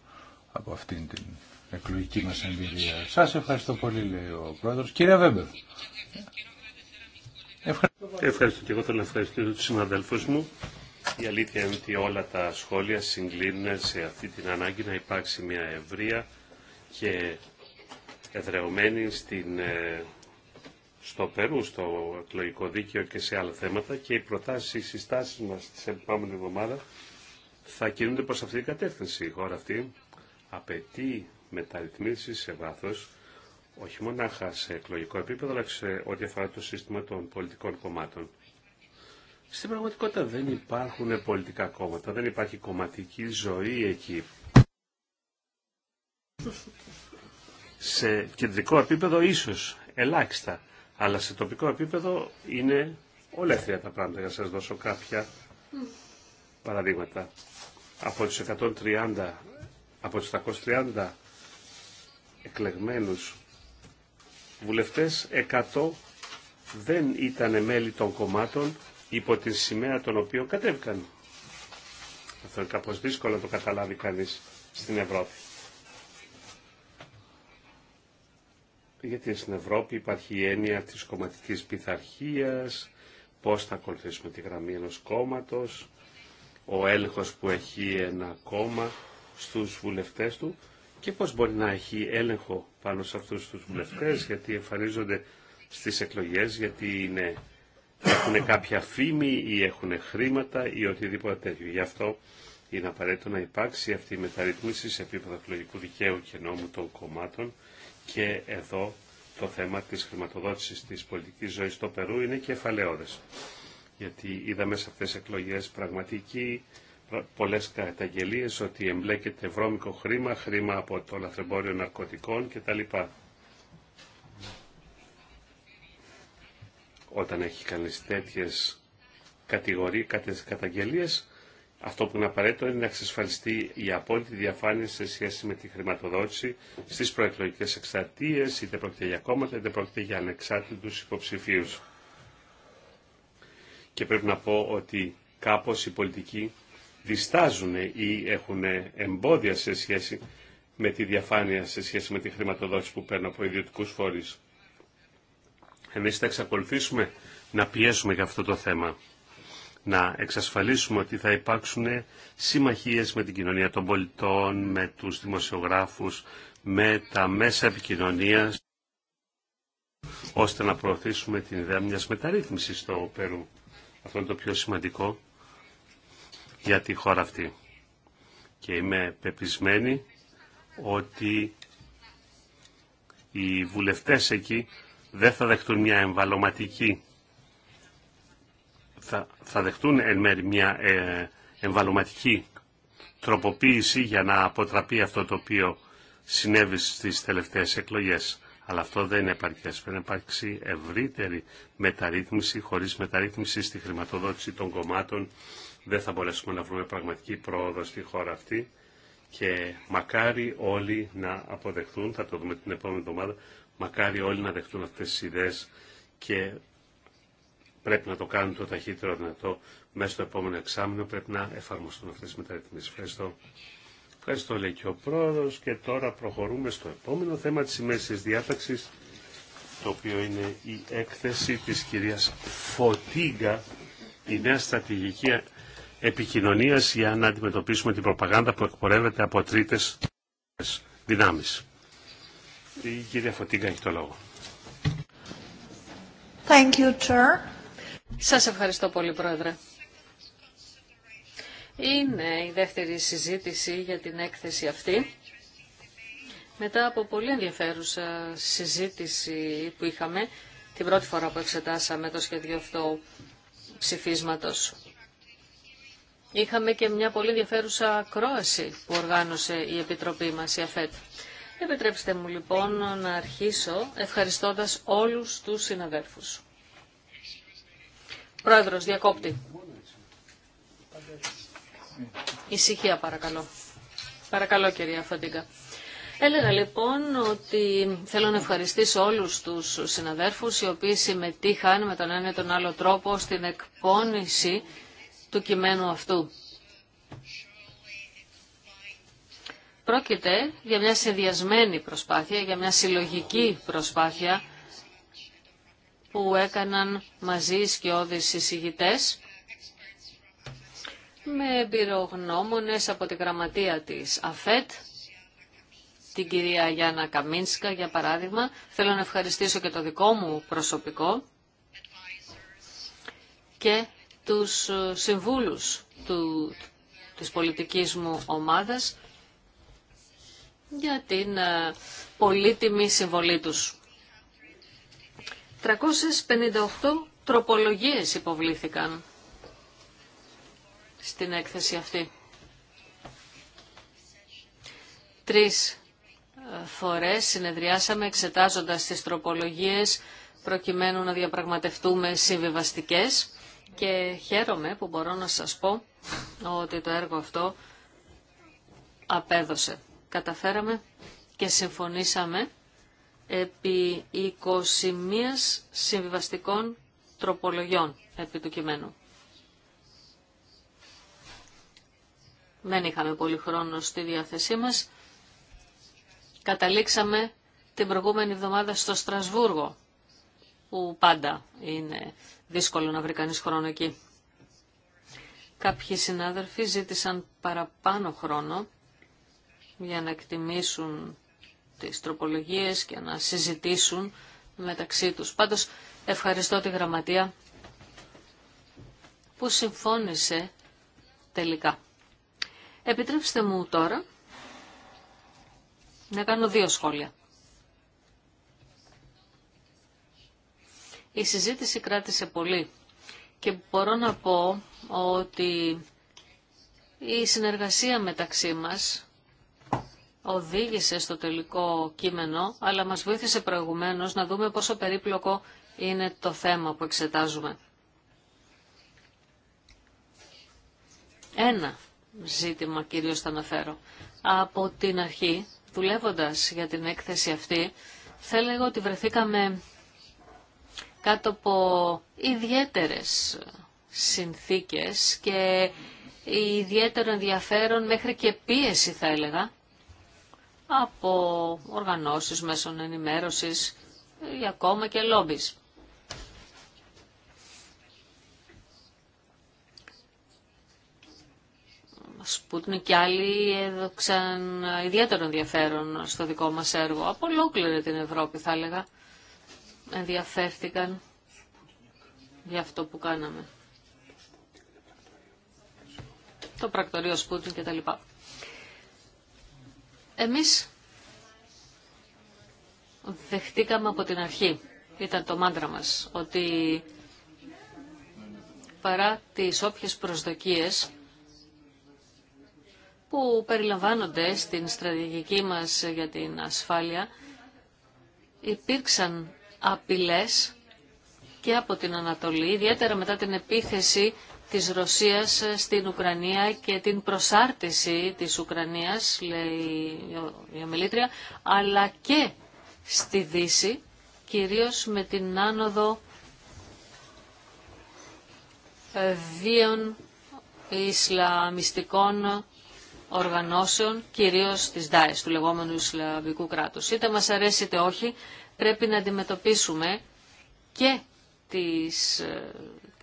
από αυτήν την εκλογική μας εμπειρία. Σας ευχαριστώ πολύ, λέει ο πρόεδρος. Κύριε Βέμπερ. Ευχαριστώ, ευχαριστώ
και εγώ θέλω να ευχαριστήσω τους συναδέλφους μου. Η αλήθεια είναι ότι όλα τα σχόλια συγκλίνουν σε αυτή την ανάγκη να υπάρξει μια ευρεία και εδρεωμένη στην, ε, στο Περού, στο εκλογικό δίκαιο και σε άλλα θέματα και οι προτάσεις, οι συστάσεις μας της επόμενη εβδομάδα θα κινούνται προς αυτή την κατεύθυνση. Η χώρα αυτή απαιτεί μεταρρυθμίσεις σε βάθος, όχι μονάχα σε εκλογικό επίπεδο, αλλά σε ό,τι αφορά το σύστημα των πολιτικών κομμάτων. Στην πραγματικότητα δεν υπάρχουν πολιτικά κόμματα, δεν υπάρχει κομματική ζωή εκεί. Σε κεντρικό επίπεδο ίσως, ελάχιστα, αλλά σε τοπικό επίπεδο είναι ολέθρια τα πράγματα. Για να σας δώσω κάποια παραδείγματα. Από τους 130, από τους 130 εκλεγμένους βουλευτές, 100 δεν ήταν μέλη των κομμάτων υπό την σημαία των οποίων κατέβηκαν. Αυτό είναι κάπως δύσκολο να το καταλάβει κανείς στην Ευρώπη. Γιατί στην Ευρώπη υπάρχει η έννοια της κομματικής πειθαρχίας, πώς θα ακολουθήσουμε τη γραμμή ενός κόμματος, ο έλεγχος που έχει ένα κόμμα στους βουλευτές του και πώς μπορεί να έχει έλεγχο πάνω σε αυτούς τους βουλευτές γιατί εμφανίζονται στις εκλογές, γιατί είναι, έχουν κάποια φήμη ή έχουν χρήματα ή οτιδήποτε τέτοιο. Γι' αυτό είναι απαραίτητο να υπάρξει αυτή η μεταρρυθμίση σε επίπεδο εκλογικού δικαίου και νόμου των κομμάτων και εδώ το θέμα της χρηματοδότησης της πολιτικής ζωής στο Περού είναι κεφαλαιόδες γιατί είδαμε σε αυτές τις εκλογές πραγματική πολλές καταγγελίες ότι εμπλέκεται βρώμικο χρήμα, χρήμα από το λαθρεμπόριο ναρκωτικών κτλ. Όταν έχει κανείς τέτοιες κατηγορίες, καταγγελίες, αυτό που είναι απαραίτητο είναι να εξασφαλιστεί η απόλυτη διαφάνεια σε σχέση με τη χρηματοδότηση στις προεκλογικές εξαρτίες, είτε πρόκειται για κόμματα, είτε πρόκειται για ανεξάρτητους υποψηφίους και πρέπει να πω ότι κάπως οι πολιτικοί διστάζουν ή έχουν εμπόδια σε σχέση με τη διαφάνεια, σε σχέση με τη χρηματοδότηση που παίρνω από ιδιωτικούς φορείς. Εμείς θα εξακολουθήσουμε να πιέσουμε για αυτό το θέμα. Να εξασφαλίσουμε ότι θα υπάρξουν συμμαχίες με την κοινωνία των πολιτών, με τους δημοσιογράφους, με τα μέσα επικοινωνίας, ώστε να προωθήσουμε την ιδέα μιας μεταρρύθμισης στο Περού. Αυτό είναι το πιο σημαντικό για τη χώρα αυτή. Και είμαι πεπισμένη ότι οι βουλευτές εκεί δεν θα δεχτούν μια εμβαλωματική θα, θα δεχτούν εν μια ε, τροποποίηση για να αποτραπεί αυτό το οποίο συνέβη στις τελευταίες εκλογές. Αλλά αυτό δεν είναι επαρκέ. Πρέπει να υπάρξει ευρύτερη μεταρρύθμιση. Χωρί μεταρρύθμιση στη χρηματοδότηση των κομμάτων δεν θα μπορέσουμε να βρούμε πραγματική πρόοδο στη χώρα αυτή. Και μακάρι όλοι να αποδεχθούν, θα το δούμε την επόμενη εβδομάδα, μακάρι όλοι να δεχτούν αυτές τις ιδέες και πρέπει να το κάνουν το ταχύτερο δυνατό μέσα στο επόμενο εξάμεινο, πρέπει να εφαρμοστούν αυτές τις μεταρρυθμίσεις. Ευχαριστώ. Ευχαριστώ λέει και ο πρόεδρος και τώρα προχωρούμε στο επόμενο θέμα της τη διάταξης το οποίο είναι η έκθεση της κυρίας Φωτίγκα η νέα στρατηγική επικοινωνία για να αντιμετωπίσουμε την προπαγάνδα που εκπορεύεται από τρίτες δυνάμεις. Η κυρία Φωτίγκα
έχει το λόγο. Thank you, Σας ευχαριστώ πολύ, Πρόεδρε. Είναι η δεύτερη συζήτηση για την έκθεση αυτή. Μετά από πολύ ενδιαφέρουσα συζήτηση που είχαμε την πρώτη φορά που εξετάσαμε το σχέδιο αυτό ψηφίσματος. Είχαμε και μια πολύ ενδιαφέρουσα κρόαση που οργάνωσε η Επιτροπή μας, η ΑΦΕΤ. Επιτρέψτε μου λοιπόν να αρχίσω ευχαριστώντας όλους τους συναδέλφους Πρόεδρος, διακόπτη. Ησυχία παρακαλώ. Παρακαλώ κυρία Φαντίγκα. Έλεγα λοιπόν ότι θέλω να ευχαριστήσω όλους τους συναδέρφους οι οποίοι συμμετείχαν με τον ένα ή τον άλλο τρόπο στην εκπόνηση του κειμένου αυτού. Πρόκειται για μια συνδυασμένη προσπάθεια, για μια συλλογική προσπάθεια που έκαναν μαζί οι σκιώδεις συζητητές με εμπειρογνώμονες από τη γραμματεία της ΑΦΕΤ, την κυρία Γιάννα Καμίνσκα για παράδειγμα. Θέλω να ευχαριστήσω και το δικό μου προσωπικό και τους συμβούλους του, της πολιτικής μου ομάδας για την ε, πολύτιμη συμβολή τους. 358 τροπολογίες υποβλήθηκαν στην έκθεση αυτή. Τρεις ε, φορές συνεδριάσαμε εξετάζοντας τις τροπολογίες προκειμένου να διαπραγματευτούμε συμβιβαστικές και χαίρομαι που μπορώ να σας πω ότι το έργο αυτό απέδωσε. Καταφέραμε και συμφωνήσαμε επί 21 συμβιβαστικών τροπολογιών επί του κειμένου. δεν είχαμε πολύ χρόνο στη διάθεσή μας. Καταλήξαμε την προηγούμενη εβδομάδα στο Στρασβούργο, που πάντα είναι δύσκολο να βρει κανείς χρόνο εκεί. Κάποιοι συνάδελφοι ζήτησαν παραπάνω χρόνο για να εκτιμήσουν τις τροπολογίες και να συζητήσουν μεταξύ τους. Πάντως ευχαριστώ τη Γραμματεία που συμφώνησε τελικά. Επιτρέψτε μου τώρα να κάνω δύο σχόλια. Η συζήτηση κράτησε πολύ και μπορώ να πω ότι η συνεργασία μεταξύ μας οδήγησε στο τελικό κείμενο, αλλά μας βοήθησε προηγουμένως να δούμε πόσο περίπλοκο είναι το θέμα που εξετάζουμε. Ένα ζήτημα κυρίως θα αναφέρω. Από την αρχή, δουλεύοντας για την έκθεση αυτή, θα έλεγα ότι βρεθήκαμε κάτω από ιδιαίτερες συνθήκες και ιδιαίτερο ενδιαφέρον μέχρι και πίεση θα έλεγα από οργανώσεις μέσων ενημέρωσης ή ακόμα και λόμπις. Σπούτνικ και άλλοι έδωξαν ιδιαίτερο ενδιαφέρον στο δικό μας έργο. Από ολόκληρη την Ευρώπη θα έλεγα ενδιαφέρθηκαν για αυτό που κάναμε. Το πρακτορείο Σπούτνικ και τα λοιπά. Εμείς δεχτήκαμε από την αρχή, ήταν το μάντρα μας, ότι παρά τις όποιες προσδοκίες που περιλαμβάνονται στην στρατηγική μας για την ασφάλεια υπήρξαν απειλές και από την Ανατολή, ιδιαίτερα μετά την επίθεση της Ρωσίας στην Ουκρανία και την προσάρτηση της Ουκρανίας, λέει η ομιλήτρια, αλλά και στη Δύση, κυρίως με την άνοδο δύο ε, Ισλαμιστικών οργανώσεων, κυρίως της ΔΑΕΣ, του λεγόμενου Ισλαμικού κράτους. Είτε μας αρέσει είτε όχι, πρέπει να αντιμετωπίσουμε και τις, ε,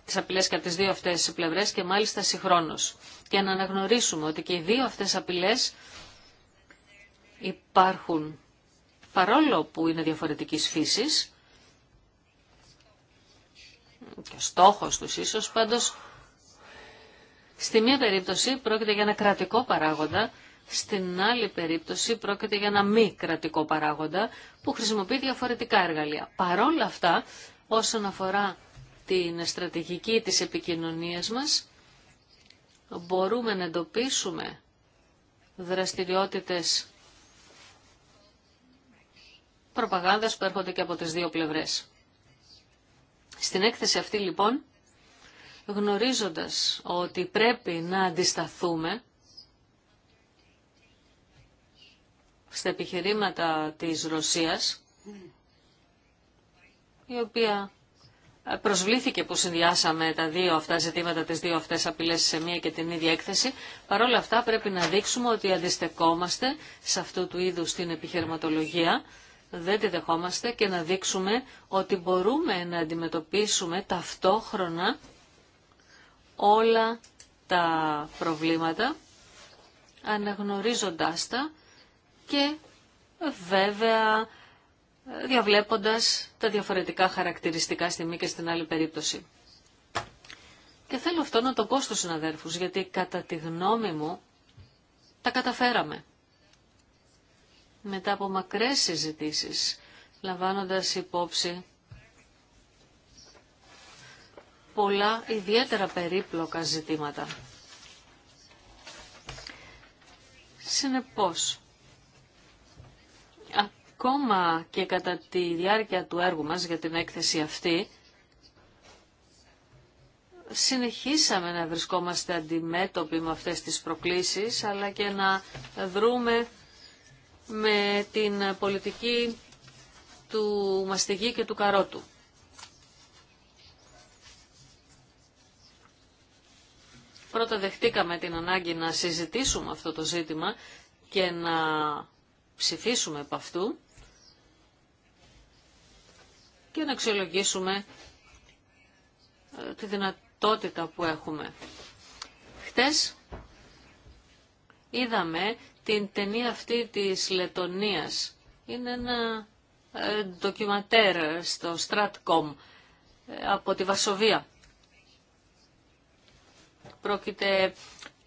τις απειλές και από τις δύο αυτές πλευρές και μάλιστα συγχρόνως. Και να αναγνωρίσουμε ότι και οι δύο αυτές απειλές υπάρχουν παρόλο που είναι διαφορετικής φύσης και ο στόχος τους ίσως πάντως Στη μία περίπτωση πρόκειται για ένα κρατικό παράγοντα, στην άλλη περίπτωση πρόκειται για ένα μη κρατικό παράγοντα που χρησιμοποιεί διαφορετικά εργαλεία. Παρόλα αυτά, όσον αφορά την στρατηγική της επικοινωνίας μας, μπορούμε να εντοπίσουμε δραστηριότητες προπαγάνδας που έρχονται και από τις δύο πλευρές. Στην έκθεση αυτή λοιπόν γνωρίζοντας ότι πρέπει να αντισταθούμε στα επιχειρήματα της Ρωσίας, η οποία προσβλήθηκε που συνδυάσαμε τα δύο αυτά ζητήματα, τις δύο αυτές απειλές σε μία και την ίδια έκθεση. παρόλα αυτά πρέπει να δείξουμε ότι αντιστεκόμαστε σε αυτού του είδους την επιχειρηματολογία, δεν τη δεχόμαστε και να δείξουμε ότι μπορούμε να αντιμετωπίσουμε ταυτόχρονα όλα τα προβλήματα, αναγνωρίζοντάς τα και βέβαια διαβλέποντας τα διαφορετικά χαρακτηριστικά στη μία και στην άλλη περίπτωση. Και θέλω αυτό να το πω στους συναδέρφους, γιατί κατά τη γνώμη μου τα καταφέραμε. Μετά από μακρές συζητήσεις, λαμβάνοντας υπόψη πολλά ιδιαίτερα περίπλοκα ζητήματα. Συνεπώς, ακόμα και κατά τη διάρκεια του έργου μας για την έκθεση αυτή, συνεχίσαμε να βρισκόμαστε αντιμέτωποι με αυτές τις προκλήσεις, αλλά και να δρούμε με την πολιτική του μαστιγή και του καρότου. Πρώτα δεχτήκαμε την ανάγκη να συζητήσουμε αυτό το ζήτημα και να ψηφίσουμε από αυτού και να αξιολογήσουμε ε, τη δυνατότητα που έχουμε. Χτες είδαμε την ταινία αυτή της Λετωνίας. Είναι ένα ε, ντοκιματέρ στο Stratcom ε, από τη Βασοβία. Πρόκειται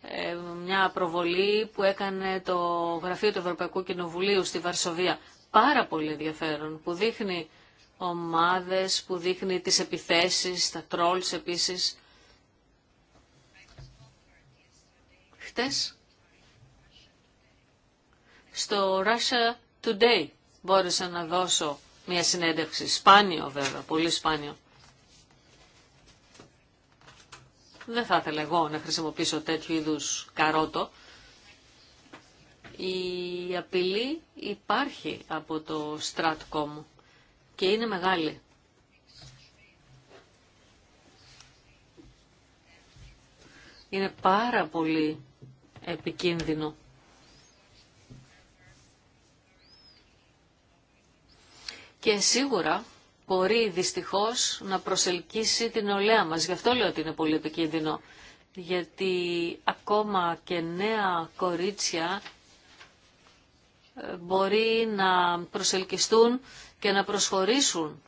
ε, μια προβολή που έκανε το Γραφείο του Ευρωπαϊκού Κοινοβουλίου στη Βαρσοβία. Πάρα πολύ ενδιαφέρον που δείχνει ομάδες, που δείχνει τις επιθέσεις, τα τρόλς επίσης. Χτες στο Russia Today μπόρεσα να δώσω μια συνέντευξη. Σπάνιο βέβαια, πολύ σπάνιο. Δεν θα ήθελα εγώ να χρησιμοποιήσω τέτοιου είδους καρότο. Η απειλή υπάρχει από το Stratcom και είναι μεγάλη. Είναι πάρα πολύ επικίνδυνο. Και σίγουρα μπορεί δυστυχώς να προσελκύσει την ολέα μας. Γι' αυτό λέω ότι είναι πολύ επικίνδυνο. Γιατί ακόμα και νέα κορίτσια ε, μπορεί να προσελκυστούν και να προσχωρήσουν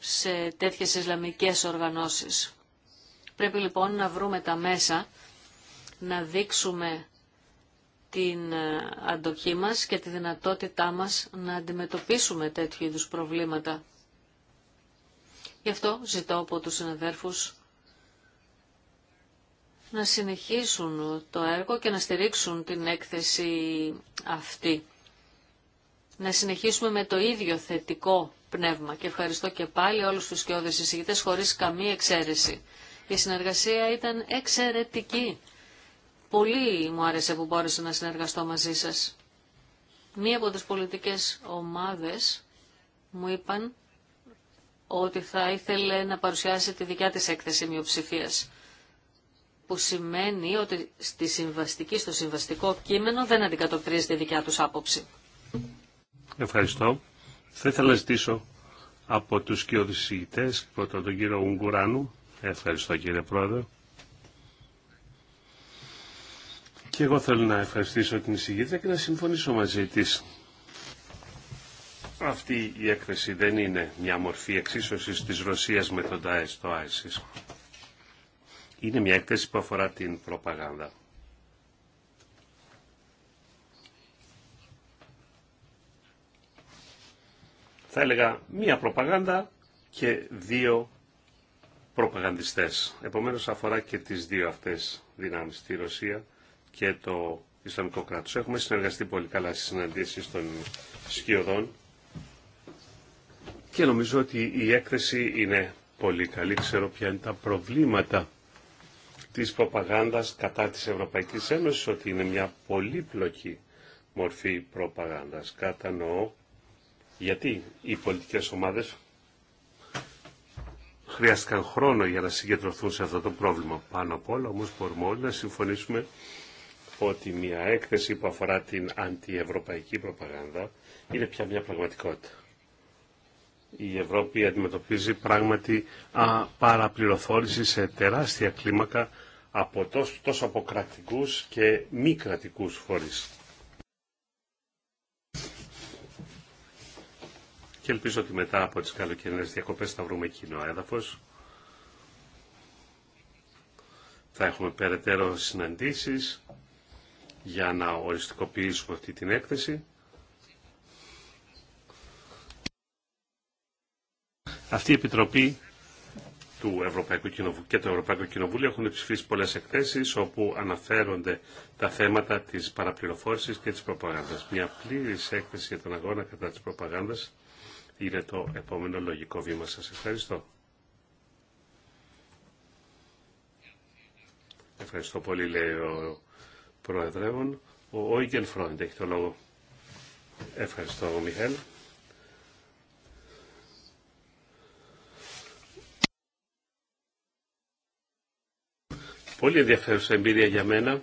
σε τέτοιες Ισλαμικές οργανώσεις. Πρέπει λοιπόν να βρούμε τα μέσα, να δείξουμε την ε, αντοχή μας και τη δυνατότητά μας να αντιμετωπίσουμε τέτοιου είδους προβλήματα. Γι' αυτό ζητώ από τους συναδέρφους να συνεχίσουν το έργο και να στηρίξουν την έκθεση αυτή. Να συνεχίσουμε με το ίδιο θετικό πνεύμα και ευχαριστώ και πάλι όλους τους σκιώδες εισηγητές χωρίς καμία εξαίρεση. Η συνεργασία ήταν εξαιρετική. Πολύ μου άρεσε που μπόρεσα να συνεργαστώ μαζί σας. Μία από τις πολιτικές ομάδες μου είπαν ότι θα ήθελε να παρουσιάσει τη δικιά της έκθεση μειοψηφία. Που σημαίνει ότι στη συμβαστική, στο συμβαστικό κείμενο δεν αντικατοπτρίζεται η δικιά τους άποψη.
Ευχαριστώ. Θα ήθελα να ζητήσω από τους κοιοδησηγητές, πρώτα τον κύριο Ουγγουράνου. Ευχαριστώ κύριε Πρόεδρε. Και εγώ θέλω να ευχαριστήσω την εισηγήτρια και να συμφωνήσω μαζί της αυτή η έκθεση δεν είναι μια μορφή εξίσωσης της Ρωσίας με τον ΤΑΕΣ, το ΆΕΣΙΣ. Είναι μια έκθεση που αφορά την προπαγάνδα. Θα έλεγα μία προπαγάνδα και δύο προπαγανδιστές. Επομένως αφορά και τις δύο αυτές δυνάμεις, τη Ρωσία και το Ισλαμικό κράτος. Έχουμε συνεργαστεί πολύ καλά στις συναντήσεις των σκιωδών και νομίζω ότι η έκθεση είναι πολύ καλή. Ξέρω ποια είναι τα προβλήματα της προπαγάνδας κατά της Ευρωπαϊκής Ένωσης, ότι είναι μια πολύπλοκη μορφή προπαγάνδας. Κατανοώ γιατί οι πολιτικές ομάδες χρειάστηκαν χρόνο για να συγκεντρωθούν σε αυτό το πρόβλημα. Πάνω απ' όλα όμως μπορούμε όλοι να συμφωνήσουμε ότι μια έκθεση που αφορά την αντιευρωπαϊκή προπαγάνδα είναι πια μια πραγματικότητα η Ευρώπη αντιμετωπίζει πράγματι α, παραπληροφόρηση σε τεράστια κλίμακα από τόσο, τόσο από και μη κρατικούς φορείς. Και ελπίζω ότι μετά από τις καλοκαιρινές διακοπές θα βρούμε κοινό έδαφος. Θα έχουμε περαιτέρω συναντήσεις για να οριστικοποιήσουμε αυτή την έκθεση Αυτή η Επιτροπή του Ευρωπαϊκού και το Ευρωπαϊκό Κοινοβούλιο έχουν ψηφίσει πολλές εκθέσει όπου αναφέρονται τα θέματα της παραπληροφόρησης και της προπαγάνδας. Μια πλήρη έκθεση για τον αγώνα κατά της προπαγάνδας είναι το επόμενο λογικό βήμα. σα. ευχαριστώ. Ευχαριστώ πολύ, λέει ο Προεδρεύων. Ο Φρόντ έχει το λόγο. Ευχαριστώ, Μιχαήλ. πολύ ενδιαφέρουσα εμπειρία για μένα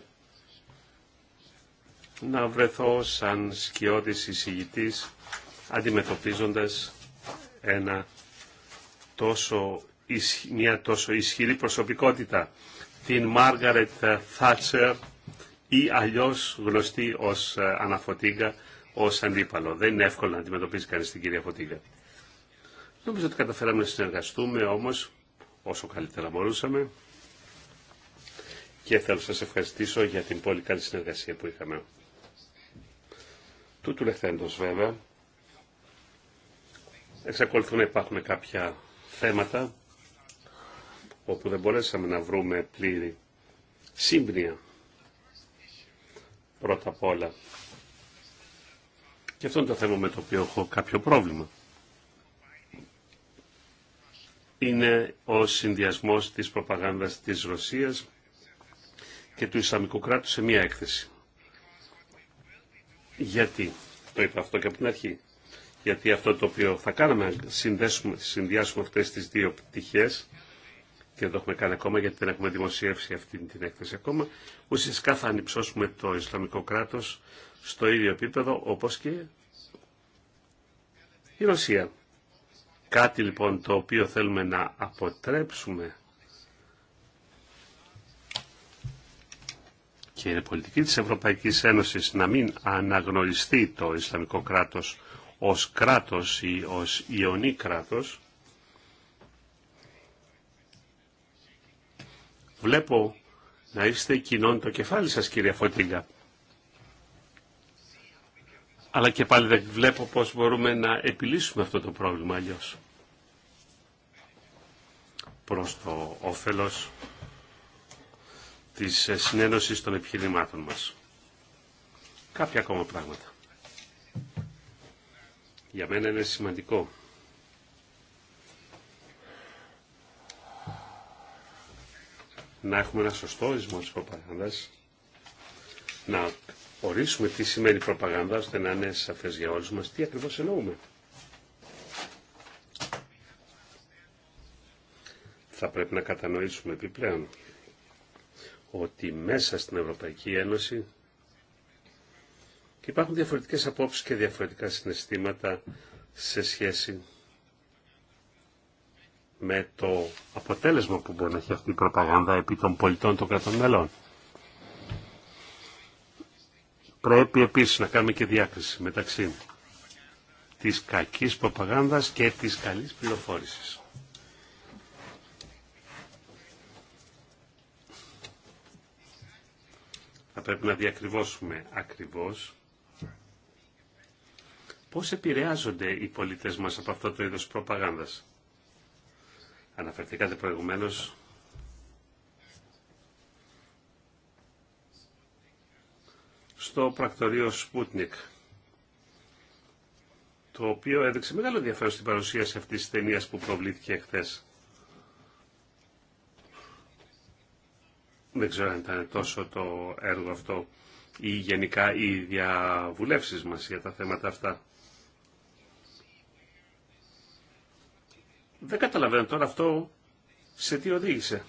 να βρεθώ σαν σκιώδης εισηγητής αντιμετωπίζοντας ένα τόσο, μια τόσο ισχυρή προσωπικότητα την Μάργαρετ Θάτσερ ή αλλιώς γνωστή ως ε, Αναφωτίγκα ως αντίπαλο. Δεν είναι εύκολο να αντιμετωπίζει κανείς την κυρία Φωτίγκα. Νομίζω ότι καταφέραμε να συνεργαστούμε όμως όσο καλύτερα μπορούσαμε και θέλω να σας ευχαριστήσω για την πολύ καλή συνεργασία που είχαμε. Τούτου λεχθέντος βέβαια, εξακολουθούν να υπάρχουν κάποια θέματα όπου δεν μπορέσαμε να βρούμε πλήρη σύμπνοια πρώτα απ' όλα. Και αυτό είναι το θέμα με το οποίο έχω κάποιο πρόβλημα. Είναι ο συνδυασμός της προπαγάνδας της Ρωσίας και του Ισλαμικού κράτους σε μία έκθεση. Γιατί, το είπα αυτό και από την αρχή, γιατί αυτό το οποίο θα κάναμε, συνδέσουμε, συνδυάσουμε αυτές τις δύο πτυχέ και δεν το έχουμε κάνει ακόμα γιατί δεν έχουμε δημοσιεύσει αυτή την έκθεση ακόμα, ουσιαστικά θα ανυψώσουμε το Ισλαμικό κράτος στο ίδιο επίπεδο όπως και η Ρωσία. Κάτι λοιπόν το οποίο θέλουμε να αποτρέψουμε και είναι πολιτική της Ευρωπαϊκής Ένωσης να μην αναγνωριστεί το Ισλαμικό κράτος ως κράτος ή ως ιονή κράτος, βλέπω να είστε κοινών το κεφάλι σας κύριε Φωτίγκα. Αλλά και πάλι δεν βλέπω πώς μπορούμε να επιλύσουμε αυτό το πρόβλημα αλλιώς. Προς το όφελος της ε, συνένωσης των επιχειρημάτων μας. Κάποια ακόμα πράγματα. Για μένα είναι σημαντικό. Να έχουμε ένα σωστό ορισμό της προπαγάνδας, να ορίσουμε τι σημαίνει προπαγάνδα, ώστε να είναι σαφές για όλους μας τι ακριβώς εννοούμε. Θα πρέπει να κατανοήσουμε επιπλέον ότι μέσα στην Ευρωπαϊκή Ένωση υπάρχουν διαφορετικές απόψεις και διαφορετικά συναισθήματα σε σχέση με το αποτέλεσμα που μπορεί να έχει αυτή η προπαγάνδα επί των πολιτών των κρατών μελών. Πρέπει επίσης να κάνουμε και διάκριση μεταξύ της κακής προπαγάνδας και της καλής πληροφόρησης. Θα πρέπει να διακριβώσουμε ακριβώς πώς επηρεάζονται οι πολίτες μας από αυτό το είδος προπαγάνδας. Αναφερθήκατε προηγουμένως στο πρακτορείο Σπούτνικ, το οποίο έδειξε μεγάλο ενδιαφέρον στην παρουσίαση αυτής της ταινίας που προβλήθηκε χθες. Δεν ξέρω αν ήταν τόσο το έργο αυτό ή γενικά οι διαβουλεύσεις μας για τα θέματα αυτά. Δεν καταλαβαίνω τώρα αυτό σε τι οδήγησε.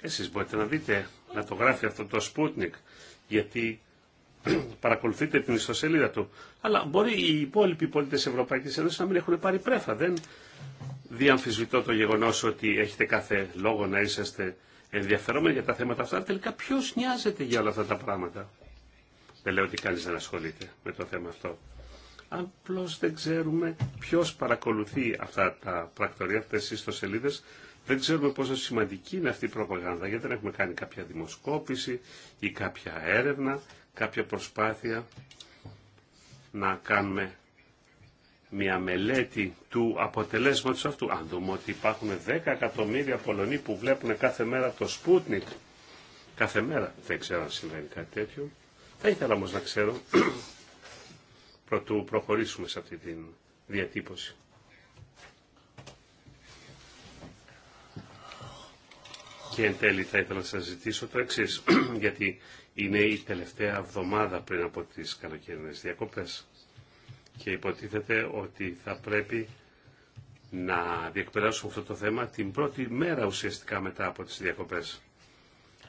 Εσείς μπορείτε να δείτε, να το γράφει αυτό το Sputnik, γιατί παρακολουθείτε την ιστοσελίδα του. Αλλά μπορεί οι υπόλοιποι πολίτες Ευρωπαϊκής Ένωσης να μην έχουν πάρει πρέφα. Δεν διαμφισβητώ το γεγονό ότι έχετε κάθε λόγο να είσαστε ενδιαφερόμενοι για τα θέματα αυτά. Τελικά ποιο νοιάζεται για όλα αυτά τα πράγματα. Δεν λέω ότι κανεί δεν ασχολείται με το θέμα αυτό. Απλώ δεν ξέρουμε ποιο παρακολουθεί αυτά τα πρακτορία, αυτέ τι ιστοσελίδε. Δεν ξέρουμε πόσο σημαντική είναι αυτή η προπαγάνδα, γιατί δεν έχουμε κάνει κάποια δημοσκόπηση ή κάποια έρευνα, κάποια προσπάθεια να κάνουμε μια μελέτη του αποτελέσματος αυτού. Αν δούμε ότι υπάρχουν 10 εκατομμύρια Πολωνοί που βλέπουν κάθε μέρα το Sputnik, κάθε μέρα δεν ξέρω αν συμβαίνει κάτι τέτοιο, θα ήθελα όμως να ξέρω πρωτού προχωρήσουμε σε αυτή τη διατύπωση. Και εν τέλει θα ήθελα να σας ζητήσω το εξή γιατί είναι η τελευταία εβδομάδα πριν από τις καλοκαιρινές διακοπές και υποτίθεται ότι θα πρέπει να διεκπεράσουμε αυτό το θέμα την πρώτη μέρα ουσιαστικά μετά από τις διακοπές.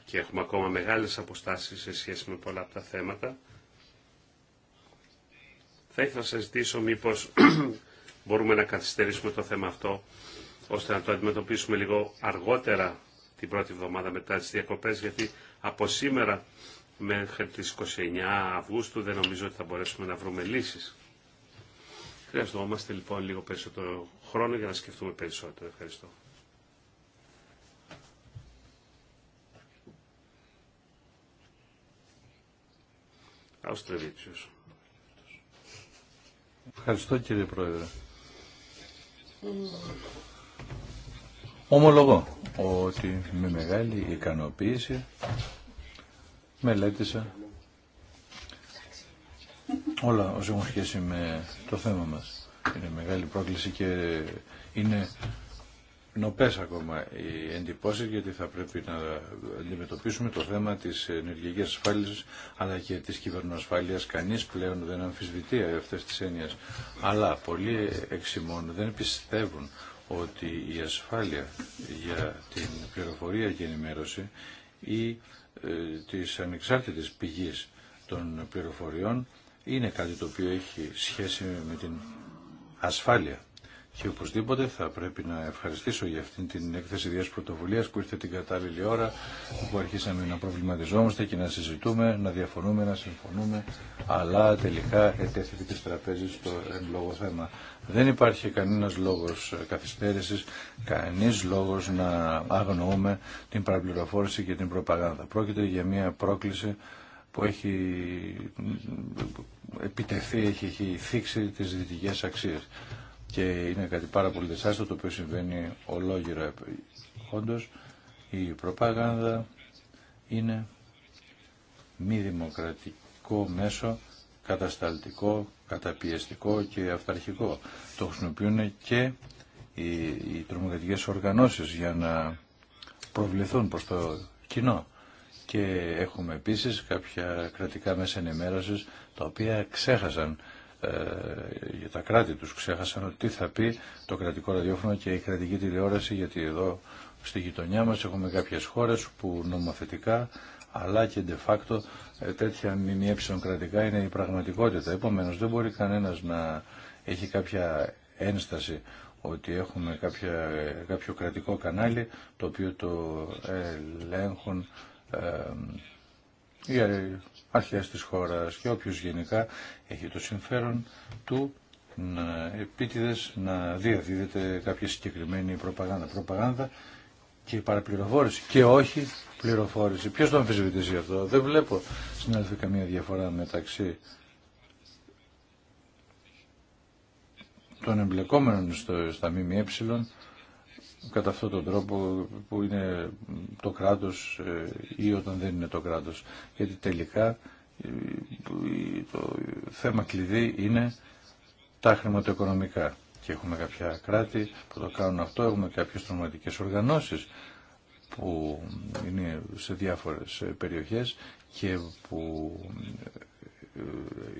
Και έχουμε ακόμα μεγάλες αποστάσεις σε σχέση με πολλά από τα θέματα. Θα ήθελα να σας ζητήσω μήπως μπορούμε να καθυστερήσουμε το θέμα αυτό ώστε να το αντιμετωπίσουμε λίγο αργότερα την πρώτη εβδομάδα μετά τις διακοπές γιατί από σήμερα μέχρι τις 29 Αυγούστου δεν νομίζω ότι θα μπορέσουμε να βρούμε λύσεις. Χρειαζόμαστε λοιπόν λίγο περισσότερο χρόνο για να σκεφτούμε περισσότερο. Ευχαριστώ.
Αυστρεβίτσιος. Ευχαριστώ κύριε Πρόεδρε. Ομολογώ ότι με μεγάλη ικανοποίηση μελέτησα όλα όσοι έχουν σχέση με το θέμα μας. Είναι μεγάλη πρόκληση και είναι νοπές ακόμα οι εντυπώσεις γιατί θα πρέπει να αντιμετωπίσουμε το θέμα της ενεργειακής ασφάλισης αλλά και της κυβερνοασφάλειας. Κανείς πλέον δεν αμφισβητεί αυτές τις έννοιες. Αλλά πολλοί εξημών δεν πιστεύουν ότι η ασφάλεια για την πληροφορία και ενημέρωση ή ε, της ανεξάρτητης των πληροφοριών είναι κάτι το οποίο έχει σχέση με την ασφάλεια. Και οπωσδήποτε θα πρέπει να ευχαριστήσω για αυτήν την έκθεση ιδίας που ήρθε την κατάλληλη ώρα, που αρχίσαμε να προβληματιζόμαστε και να συζητούμε, να διαφωνούμε, να συμφωνούμε, αλλά τελικά ετέθηκε της τραπέζης το εν λόγω θέμα. Δεν υπάρχει κανένας λόγος καθυστέρησης, κανείς λόγος να αγνοούμε την παραπληροφόρηση και την προπαγάνδα. Πρόκειται για μια πρόκληση που έχει επιτεθεί, έχει, έχει θίξει τις δυτικές αξίες. Και είναι κάτι πάρα πολύ δυσάστατο το οποίο συμβαίνει ολόγυρα. Όντως η προπαγάνδα είναι μη δημοκρατικό μέσο, κατασταλτικό, καταπιεστικό και αυταρχικό. Το χρησιμοποιούν και οι, οι τρομοκρατικές οργανώσεις για να προβληθούν προς το κοινό και έχουμε επίσης κάποια κρατικά μέσα ενημέρωσης τα οποία ξέχασαν για ε, τα κράτη τους ξέχασαν τι θα πει το κρατικό ραδιόφωνο και η κρατική τηλεόραση γιατί εδώ στη γειτονιά μας έχουμε κάποιες χώρες που νομοθετικά αλλά και de facto ε, τέτοια μνημιέ κρατικά είναι η πραγματικότητα. Επομένως δεν μπορεί κανένας να έχει κάποια ένσταση ότι έχουμε κάποια, ε, κάποιο κρατικό κανάλι το οποίο το ελέγχουν ε, οι αρχές της χώρας και όποιος γενικά έχει το συμφέρον του να επίτηδες να διαδίδεται κάποια συγκεκριμένη προπαγάνδα. Προπαγάνδα και παραπληροφόρηση και όχι πληροφόρηση. Ποιος το αμφισβητήσει αυτό. Δεν βλέπω συνάδελφοι καμία διαφορά μεταξύ των εμπλεκόμενων στο, στα ΜΜΕ κατά αυτόν τον τρόπο που είναι το κράτος ε, ή όταν δεν είναι το κράτος. Γιατί τελικά ε, το θέμα κλειδί είναι τα χρηματοοικονομικά. Και έχουμε κάποια κράτη που το κάνουν αυτό, έχουμε κάποιες τρομακτικές οργανώσεις που είναι σε διάφορες ε, περιοχές και που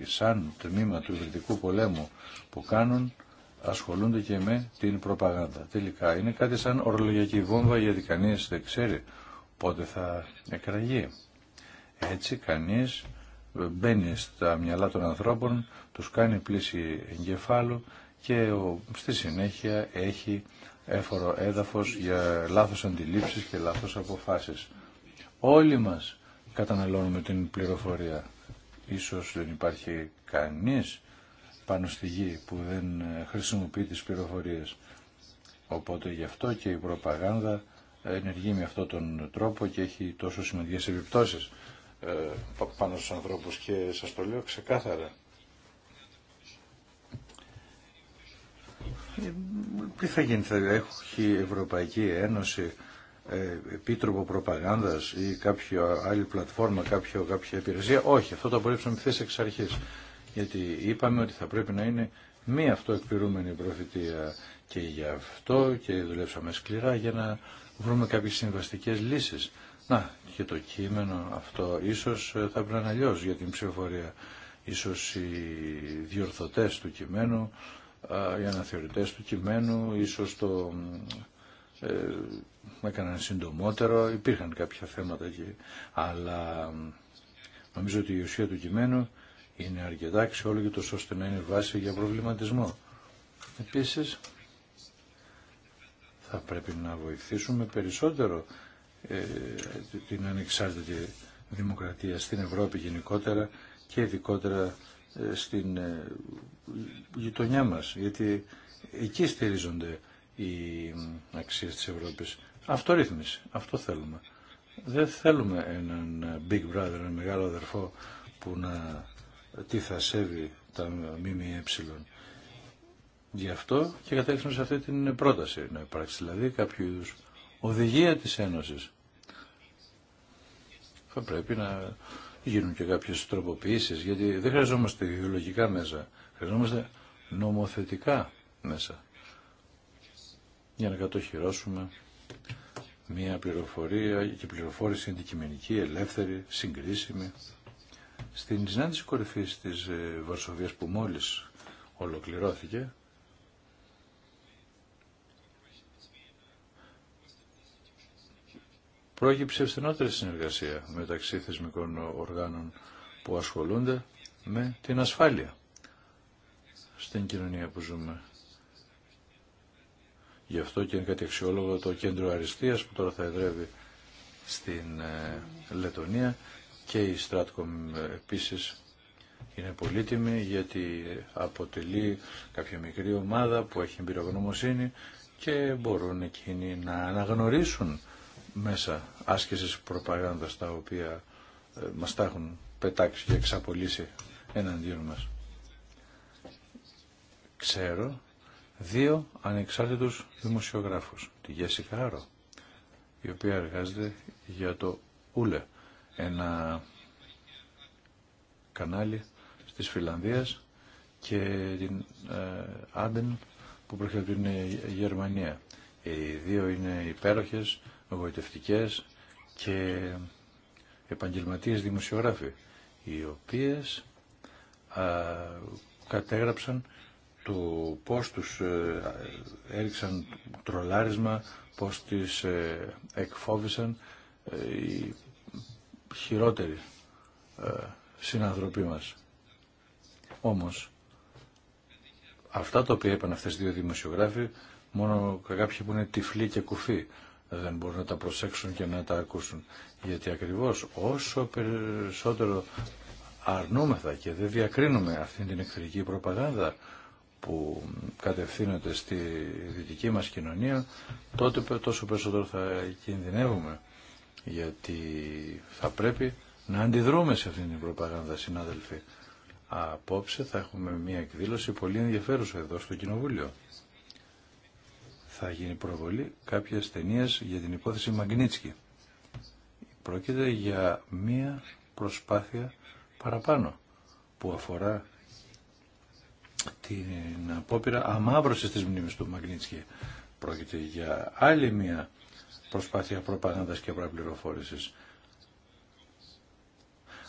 σαν τμήμα του υβριδικού πολέμου που κάνουν ασχολούνται και με την προπαγάνδα. Τελικά είναι κάτι σαν ορολογιακή βόμβα γιατί κανείς δεν ξέρει πότε θα εκραγεί. Έτσι κανείς μπαίνει στα μυαλά των ανθρώπων, τους κάνει πλήση εγκεφάλου και στη συνέχεια έχει έφορο έδαφος για λάθος αντιλήψεις και λάθος αποφάσεις. Όλοι μας καταναλώνουμε την πληροφορία. Ίσως δεν υπάρχει κανείς πάνω στη γη που δεν ε, χρησιμοποιεί τις πληροφορίες. Οπότε γι' αυτό και η προπαγάνδα ενεργεί με αυτόν τον τρόπο και έχει τόσο σημαντικές επιπτώσεις ε, πάνω στους ανθρώπους και σας το λέω ξεκάθαρα. Ε, τι θα γίνει, θα έχει η Ευρωπαϊκή Ένωση επίτροπο προπαγάνδας ή κάποια άλλη πλατφόρμα, κάποιο, κάποια υπηρεσία. Όχι, αυτό το απορρίψαμε θέση εξ αρχής γιατί είπαμε ότι θα πρέπει να είναι μη αυτοεκπληρούμενη η προφητεία και γι' αυτό και δουλέψαμε σκληρά για να βρούμε κάποιες συμβαστικές λύσεις. Να, και το κείμενο αυτό ίσως ε, θα πρέπει να αλλιώ για την ψηφοφορία. Ίσως οι διορθωτές του κειμένου, οι αναθεωρητές του κειμένου, ίσως το ε, έκαναν συντομότερο, υπήρχαν κάποια θέματα εκεί. Αλλά νομίζω ότι η ουσία του κειμένου είναι αρκετά αξιόλογητος ώστε να είναι βάση για προβληματισμό. Επίσης, θα πρέπει να βοηθήσουμε περισσότερο ε, την ανεξάρτητη δημοκρατία στην Ευρώπη γενικότερα και ειδικότερα ε, στην ε, γειτονιά μας, γιατί εκεί στηρίζονται οι αξίες της Ευρώπης. Αυτορύθμιση, αυτό θέλουμε. Δεν θέλουμε έναν big brother, έναν μεγάλο αδερφό που να τι θα σέβει τα ΜΜΕ. Γι' αυτό και κατέληξαμε σε αυτή την πρόταση να υπάρξει δηλαδή κάποιο είδου οδηγία της Ένωσης. Θα πρέπει να γίνουν και κάποιες τροποποιήσεις γιατί δεν χρειαζόμαστε ιδεολογικά μέσα, χρειαζόμαστε νομοθετικά μέσα για να κατοχυρώσουμε μια πληροφορία και πληροφόρηση αντικειμενική, ελεύθερη, συγκρίσιμη. Στην συνάντηση κορυφή της ε, Βαρσοβίας που μόλις ολοκληρώθηκε, πρόκειψε στενότερη συνεργασία μεταξύ θεσμικών οργάνων που ασχολούνται με την ασφάλεια στην κοινωνία που ζούμε. Γι' αυτό και είναι κάτι αξιόλογο το κέντρο αριστείας που τώρα θα εδρεύει στην ε, Λετωνία και η Stratcom επίσης είναι πολύτιμη γιατί αποτελεί κάποια μικρή ομάδα που έχει εμπειρογνωμοσύνη και μπορούν εκείνοι να αναγνωρίσουν μέσα άσκησης προπαγάνδας τα οποία ε, μας τα έχουν πετάξει και εξαπολύσει εναντίον μας. Ξέρω δύο ανεξάρτητους δημοσιογράφους, τη Γέση Χάρο, η οποία εργάζεται για το Ούλε, ένα κανάλι της Φιλανδίας και την ε, Άντεν που προέρχεται από την Γερμανία. Οι δύο είναι υπέροχες, εγωιτευτικές και επαγγελματίες δημοσιογράφοι, οι οποίες κατέγραψαν το πώς τους ε, έριξαν τρολάρισμα, πώς τις ε, εκφόβησαν, χειρότεροι ε, συνανθρωποί μας. Όμως, αυτά τα οποία είπαν αυτές οι δύο δημοσιογράφοι, μόνο κάποιοι που είναι τυφλοί και κουφοί δεν μπορούν να τα προσέξουν και να τα ακούσουν. Γιατί ακριβώς όσο περισσότερο αρνούμεθα και δεν διακρίνουμε αυτήν την εχθρική προπαγάνδα που κατευθύνεται στη δυτική μας κοινωνία, τότε τόσο περισσότερο θα κινδυνεύουμε γιατί θα πρέπει να αντιδρούμε σε αυτήν την προπαγάνδα, συνάδελφοι. Απόψε θα έχουμε μια εκδήλωση πολύ ενδιαφέρουσα εδώ στο Κοινοβούλιο. Θα γίνει προβολή κάποια ταινίε για την υπόθεση Μαγνίτσκι. Πρόκειται για μια προσπάθεια παραπάνω που αφορά την απόπειρα αμάβρωσης της μνήμης του Μαγνίτσκι. Πρόκειται για άλλη μια προσπάθεια προπαγάνδας και προπληροφόρησης.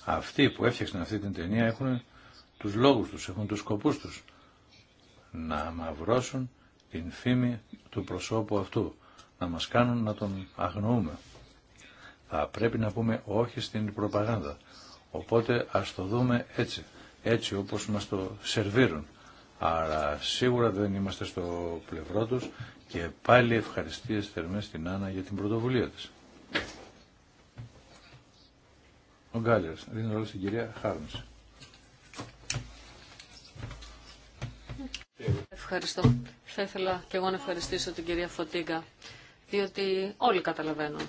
Αυτοί που έφτιαξαν αυτή την ταινία έχουν τους λόγους τους, έχουν τους σκοπούς τους. Να μαυρώσουν την φήμη του προσώπου αυτού, να μας κάνουν να τον αγνοούμε. Θα πρέπει να πούμε όχι στην προπαγάνδα. Οπότε ας το δούμε έτσι, έτσι όπως μας το σερβίρουν. Άρα σίγουρα δεν είμαστε στο πλευρό τους και πάλι ευχαριστίες θερμές στην Άννα για την πρωτοβουλία της. Ο Γκάλιας, δίνω ρόλο στην κυρία Χάρμς.
Ευχαριστώ. Θα ήθελα και εγώ να ευχαριστήσω την κυρία Φωτίγκα, διότι όλοι καταλαβαίνουν.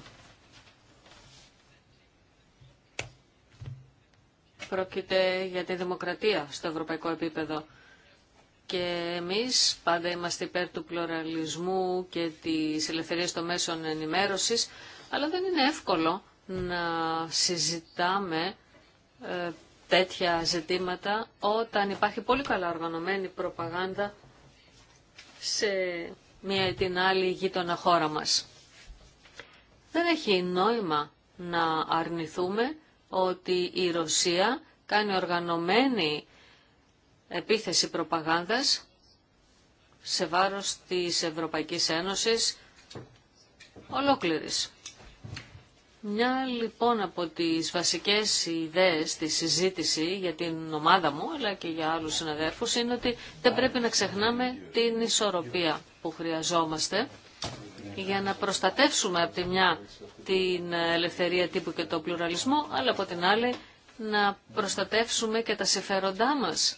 Πρόκειται για τη δημοκρατία στο ευρωπαϊκό επίπεδο και εμείς πάντα είμαστε υπέρ του πλουραλισμού και της ελευθερίας των μέσων ενημέρωσης, αλλά δεν είναι εύκολο να συζητάμε ε, τέτοια ζητήματα όταν υπάρχει πολύ καλά οργανωμένη προπαγάνδα σε μία ή την άλλη γείτονα χώρα μας. Δεν έχει νόημα να αρνηθούμε ότι η Ρωσία κάνει οργανωμένη επίθεση προπαγάνδας σε βάρος της Ευρωπαϊκής Ένωσης ολόκληρης. Μια λοιπόν από τις βασικές ιδέες της συζήτηση για την ομάδα μου αλλά και για άλλους συναδέρφους είναι ότι δεν πρέπει να ξεχνάμε την ισορροπία που χρειαζόμαστε για να προστατεύσουμε από τη μια την ελευθερία τύπου και το πλουραλισμό αλλά από την άλλη να προστατεύσουμε και τα συμφέροντά μας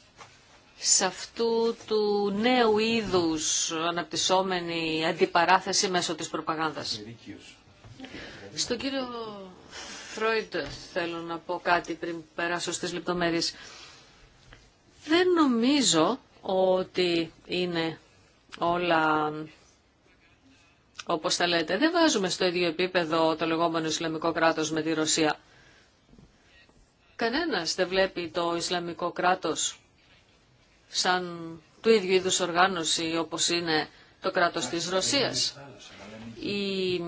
σε αυτού του νέου είδους αναπτυσσόμενη αντιπαράθεση μέσω της προπαγάνδας. Στον κύριο Φρόιντ θέλω να πω κάτι πριν περάσω στις λεπτομέρειες. Δεν νομίζω ότι είναι όλα όπως τα λέτε. Δεν βάζουμε στο ίδιο επίπεδο το λεγόμενο Ισλαμικό κράτος με τη Ρωσία. Κανένας δεν βλέπει το Ισλαμικό κράτος σαν του ίδιου είδους οργάνωση όπως είναι το κράτος της Ρωσίας. Η...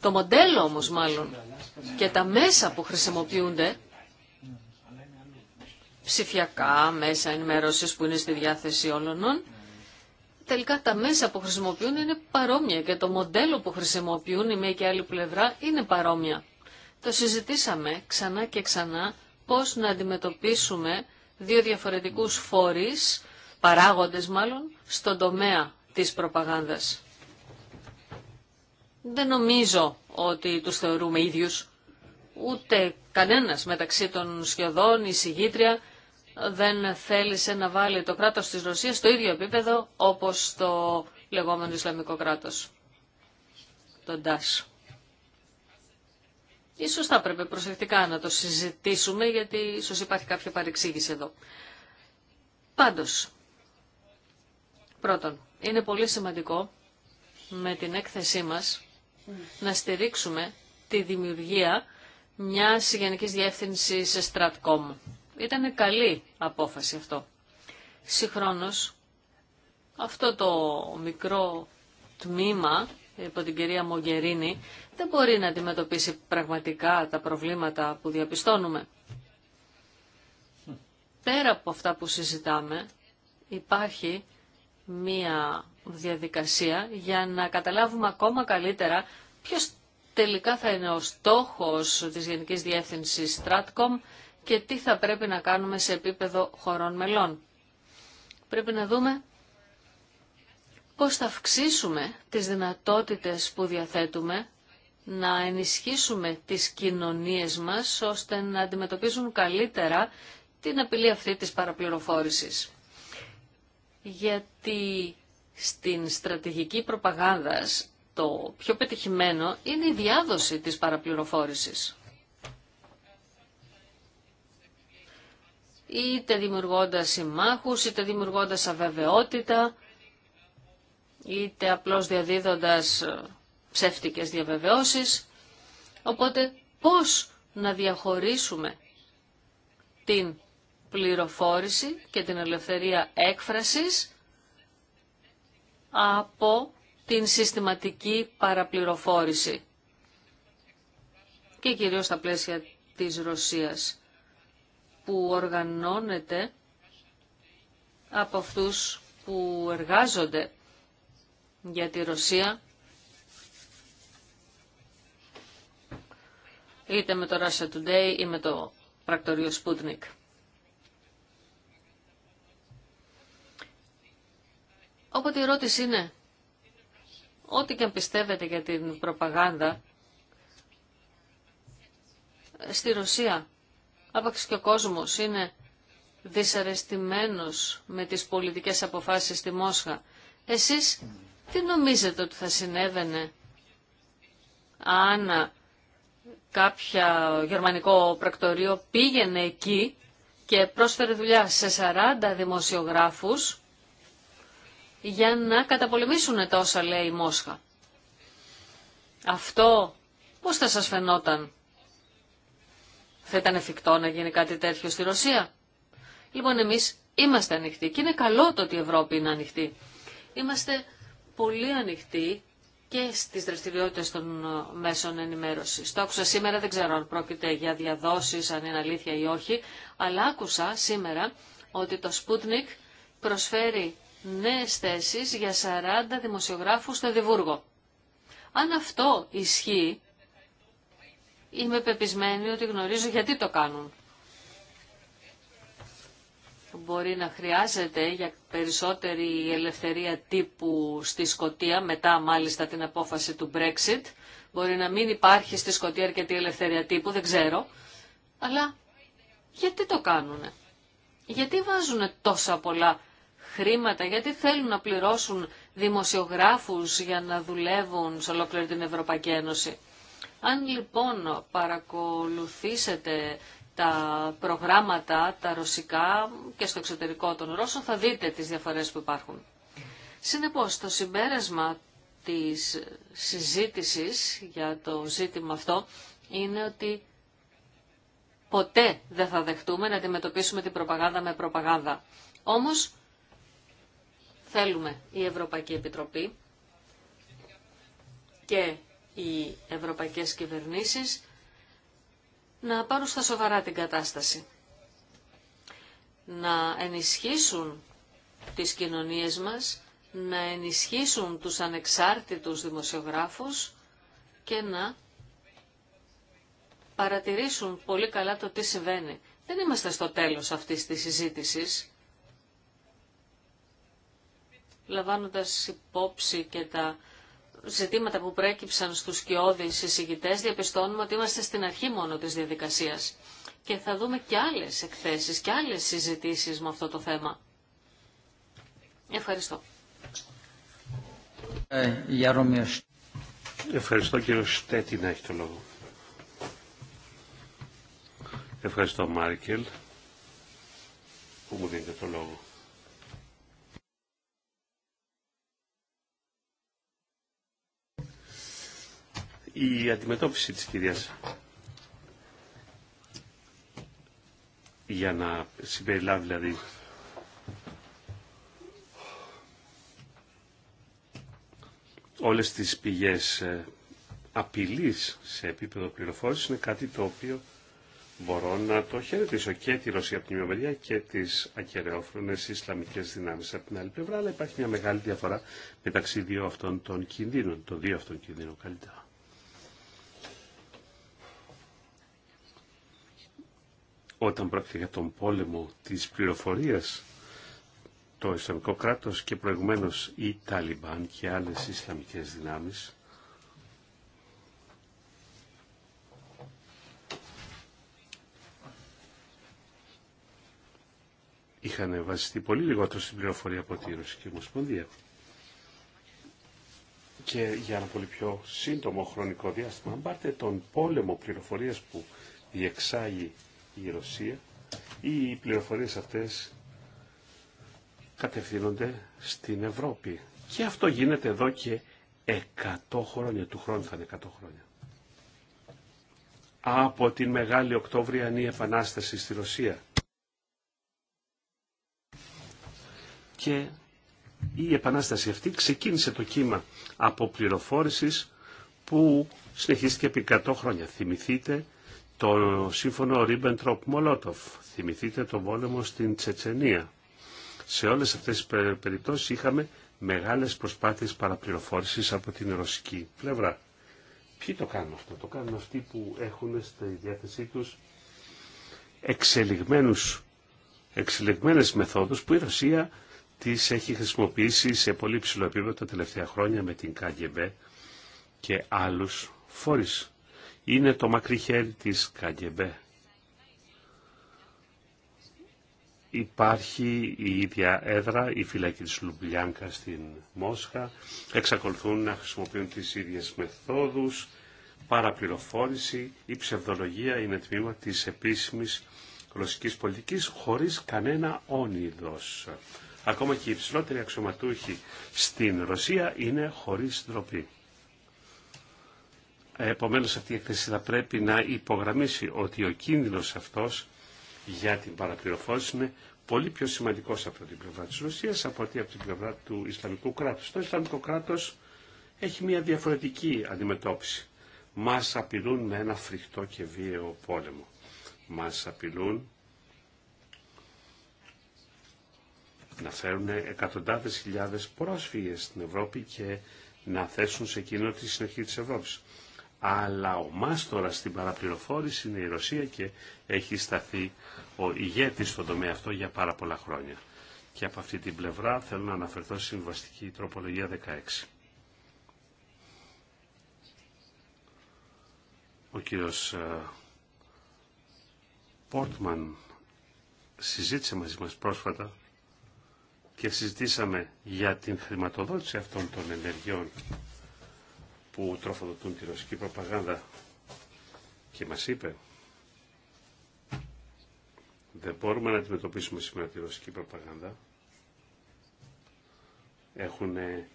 Το μοντέλο όμως μάλλον και τα μέσα που χρησιμοποιούνται ψηφιακά μέσα ενημέρωσης που είναι στη διάθεση όλων τελικά τα μέσα που χρησιμοποιούν είναι παρόμοια και το μοντέλο που χρησιμοποιούν η μία και η άλλη πλευρά είναι παρόμοια. Το συζητήσαμε ξανά και ξανά πώς να αντιμετωπίσουμε δύο διαφορετικούς φορείς, παράγοντες μάλλον, στον τομέα της προπαγάνδας. Δεν νομίζω ότι τους θεωρούμε ίδιους. Ούτε κανένας μεταξύ των σχεδόν, η συγγήτρια, δεν θέλησε να βάλει το κράτος της Ρωσίας στο ίδιο επίπεδο όπως το λεγόμενο Ισλαμικό κράτος, το Ντάσο. Ίσως θα έπρεπε προσεκτικά να το συζητήσουμε γιατί ίσως υπάρχει κάποια παρεξήγηση εδώ. Πάντως, πρώτον, είναι πολύ σημαντικό με την έκθεσή μας να στηρίξουμε τη δημιουργία μιας Γενικής Διεύθυνσης Stratcom. Ήταν καλή απόφαση αυτό. Συγχρόνως, αυτό το μικρό τμήμα υπό την κυρία Μογκερίνη δεν μπορεί να αντιμετωπίσει πραγματικά τα προβλήματα που διαπιστώνουμε. Πέρα από αυτά που συζητάμε υπάρχει μία διαδικασία για να καταλάβουμε ακόμα καλύτερα ποιος τελικά θα είναι ο στόχος της Γενικής Διεύθυνσης Stratcom και τι θα πρέπει να κάνουμε σε επίπεδο χωρών μελών. Πρέπει να δούμε πώς θα αυξήσουμε τις δυνατότητες που διαθέτουμε να ενισχύσουμε τις κοινωνίες μας ώστε να αντιμετωπίζουν καλύτερα την απειλή αυτή της παραπληροφόρησης. Γιατί στην στρατηγική προπαγάνδας το πιο πετυχημένο είναι η διάδοση της παραπληροφόρησης. Είτε δημιουργώντας συμμάχους, είτε δημιουργώντας αβεβαιότητα, είτε απλώς διαδίδοντας ε, ψεύτικες διαβεβαιώσεις. Οπότε πώς να διαχωρίσουμε την πληροφόρηση και την ελευθερία έκφρασης από την συστηματική παραπληροφόρηση και κυρίως στα πλαίσια της Ρωσίας που οργανώνεται από αυτούς που εργάζονται για τη Ρωσία, είτε με το Russia Today ή με το πρακτορείο Sputnik. Όποτε η ερώτηση είναι, ό,τι και αν πιστεύετε για την προπαγάνδα, στη Ρωσία, άπαξ και ο κόσμος είναι δυσαρεστημένος με τις πολιτικές αποφάσεις στη Μόσχα. Εσείς τι νομίζετε ότι θα συνέβαινε αν κάποιο γερμανικό πρακτορείο πήγαινε εκεί και πρόσφερε δουλειά σε 40 δημοσιογράφους για να καταπολεμήσουν τα όσα λέει η Μόσχα. Αυτό πώς θα σας φαινόταν. Θα ήταν εφικτό να γίνει κάτι τέτοιο στη Ρωσία. Λοιπόν, εμείς είμαστε ανοιχτοί και είναι καλό το ότι η Ευρώπη είναι ανοιχτή. Είμαστε πολύ ανοιχτή και στις δραστηριότητες των ε, μέσων ενημέρωσης. Το άκουσα σήμερα, δεν ξέρω αν πρόκειται για διαδόσεις, αν είναι αλήθεια ή όχι, αλλά άκουσα σήμερα ότι το Sputnik προσφέρει νέες θέσεις για 40 δημοσιογράφους στο Διβούργο. Αν αυτό ισχύει, είμαι πεπισμένη ότι γνωρίζω γιατί το κάνουν μπορεί να χρειάζεται για περισσότερη ελευθερία τύπου στη Σκοτία, μετά μάλιστα την απόφαση του Brexit. Μπορεί να μην υπάρχει στη Σκοτία αρκετή ελευθερία τύπου, δεν ξέρω. Αλλά γιατί το κάνουνε. Γιατί βάζουν τόσα πολλά χρήματα, γιατί θέλουν να πληρώσουν δημοσιογράφους για να δουλεύουν σε ολόκληρη την Ευρωπαϊκή Ένωση. Αν λοιπόν παρακολουθήσετε τα προγράμματα, τα ρωσικά και στο εξωτερικό των Ρώσων, θα δείτε τις διαφορές που υπάρχουν. Συνεπώς, το συμπέρασμα της συζήτησης για το ζήτημα αυτό είναι ότι ποτέ δεν θα δεχτούμε να αντιμετωπίσουμε την προπαγάνδα με προπαγάνδα. Όμως, θέλουμε η Ευρωπαϊκή Επιτροπή και οι ευρωπαϊκές κυβερνήσεις να πάρουν στα σοβαρά την κατάσταση. Να ενισχύσουν τις κοινωνίες μας, να ενισχύσουν τους ανεξάρτητους δημοσιογράφους και να παρατηρήσουν πολύ καλά το τι συμβαίνει. Δεν είμαστε στο τέλος αυτής της συζήτησης, λαμβάνοντας υπόψη και τα ζητήματα που προέκυψαν στους σκιώδεις εισηγητές διαπιστώνουμε ότι είμαστε στην αρχή μόνο της διαδικασίας και θα δούμε και άλλες εκθέσεις και άλλες συζητήσεις με αυτό το θέμα. Ευχαριστώ.
Ε, Ευχαριστώ κύριο να έχει το λόγο. Ευχαριστώ Μάρκελ που μου δίνετε το λόγο. η αντιμετώπιση της κυρίας για να συμπεριλάβει δηλαδή όλες τις πηγές ε, απειλής σε επίπεδο πληροφόρησης είναι κάτι το οποίο μπορώ να το χαιρετήσω και τη Ρωσία από την μια και τις ακεραιόφρονες Ισλαμικές δυνάμεις από την άλλη πλευρά, αλλά υπάρχει μια μεγάλη διαφορά μεταξύ δύο αυτών των κινδύνων, των δύο αυτών κινδύνων καλύτερα. όταν πρόκειται για τον πόλεμο της πληροφορίας το Ισλαμικό κράτος και προηγουμένως η Ταλιμπάν και άλλες Ισλαμικές δυνάμεις είχαν βασιστεί πολύ λιγότερο στην πληροφορία από τη Ρωσική Ομοσπονδία και για ένα πολύ πιο σύντομο χρονικό διάστημα. Αν πάρτε τον πόλεμο πληροφορίας που διεξάγει η Ρωσία οι πληροφορίες αυτές κατευθύνονται στην Ευρώπη. Και αυτό γίνεται εδώ και 100 χρόνια, του χρόνου θα είναι 100 χρόνια. Από την Μεγάλη Οκτώβριανή Επανάσταση στη Ρωσία. Και η επανάσταση αυτή ξεκίνησε το κύμα από πληροφόρησης που συνεχίστηκε επί 100 χρόνια. Θυμηθείτε το σύμφωνο Ρίμπεντροπ-Μολότοφ. Θυμηθείτε το πόλεμο στην Τσετσενία. Σε όλες αυτές τις περιπτώσεις είχαμε μεγάλες προσπάθειες παραπληροφόρησης από την ρωσική πλευρά. Ποιοι το κάνουν αυτό. Το κάνουν αυτοί που έχουν στη διάθεσή τους εξελιγμένους, εξελιγμένες μεθόδους που η Ρωσία τις έχει χρησιμοποιήσει σε πολύ ψηλό επίπεδο τα τελευταία χρόνια με την KGB και άλλους φορείς είναι το μακρύ χέρι της ΚΑΓΕΜΠΕ. Υπάρχει η ίδια έδρα, η φυλακή της Λουμπλιάνκα στην Μόσχα. Εξακολουθούν να χρησιμοποιούν τις ίδιες μεθόδους. Παραπληροφόρηση, η ψευδολογία είναι τμήμα της επίσημης ρωσικής πολιτικής χωρίς κανένα όνειδος. Ακόμα και οι υψηλότεροι αξιωματούχοι στην Ρωσία είναι χωρίς ντροπή. Ε, επομένως αυτή η έκθεση θα πρέπει να υπογραμμίσει ότι ο κίνδυνος αυτός για την παραπληροφόρηση είναι πολύ πιο σημαντικός από την πλευρά της Ρωσίας από ότι από την πλευρά του Ισλαμικού κράτους. Το Ισλαμικό κράτος έχει μια διαφορετική αντιμετώπιση. Μας απειλούν με ένα φρικτό και βίαιο πόλεμο. Μας απειλούν να φέρουν εκατοντάδες χιλιάδες πρόσφυγες στην Ευρώπη και να θέσουν σε κίνδυνο τη συνοχή της Ευρώπης. Αλλά ο μάστορας στην παραπληροφόρηση είναι η Ρωσία και έχει σταθεί ο ηγέτης στον τομέα αυτό για πάρα πολλά χρόνια. Και από αυτή την πλευρά θέλω να αναφερθώ στη συμβαστική τροπολογία 16. Ο κύριος ε, Πόρτμαν συζήτησε μαζί μας πρόσφατα και συζητήσαμε για την χρηματοδότηση αυτών των ενεργειών που τροφοδοτούν τη ρωσική προπαγάνδα και μας είπε δεν μπορούμε να αντιμετωπίσουμε σήμερα τη ρωσική προπαγάνδα έχουν ε,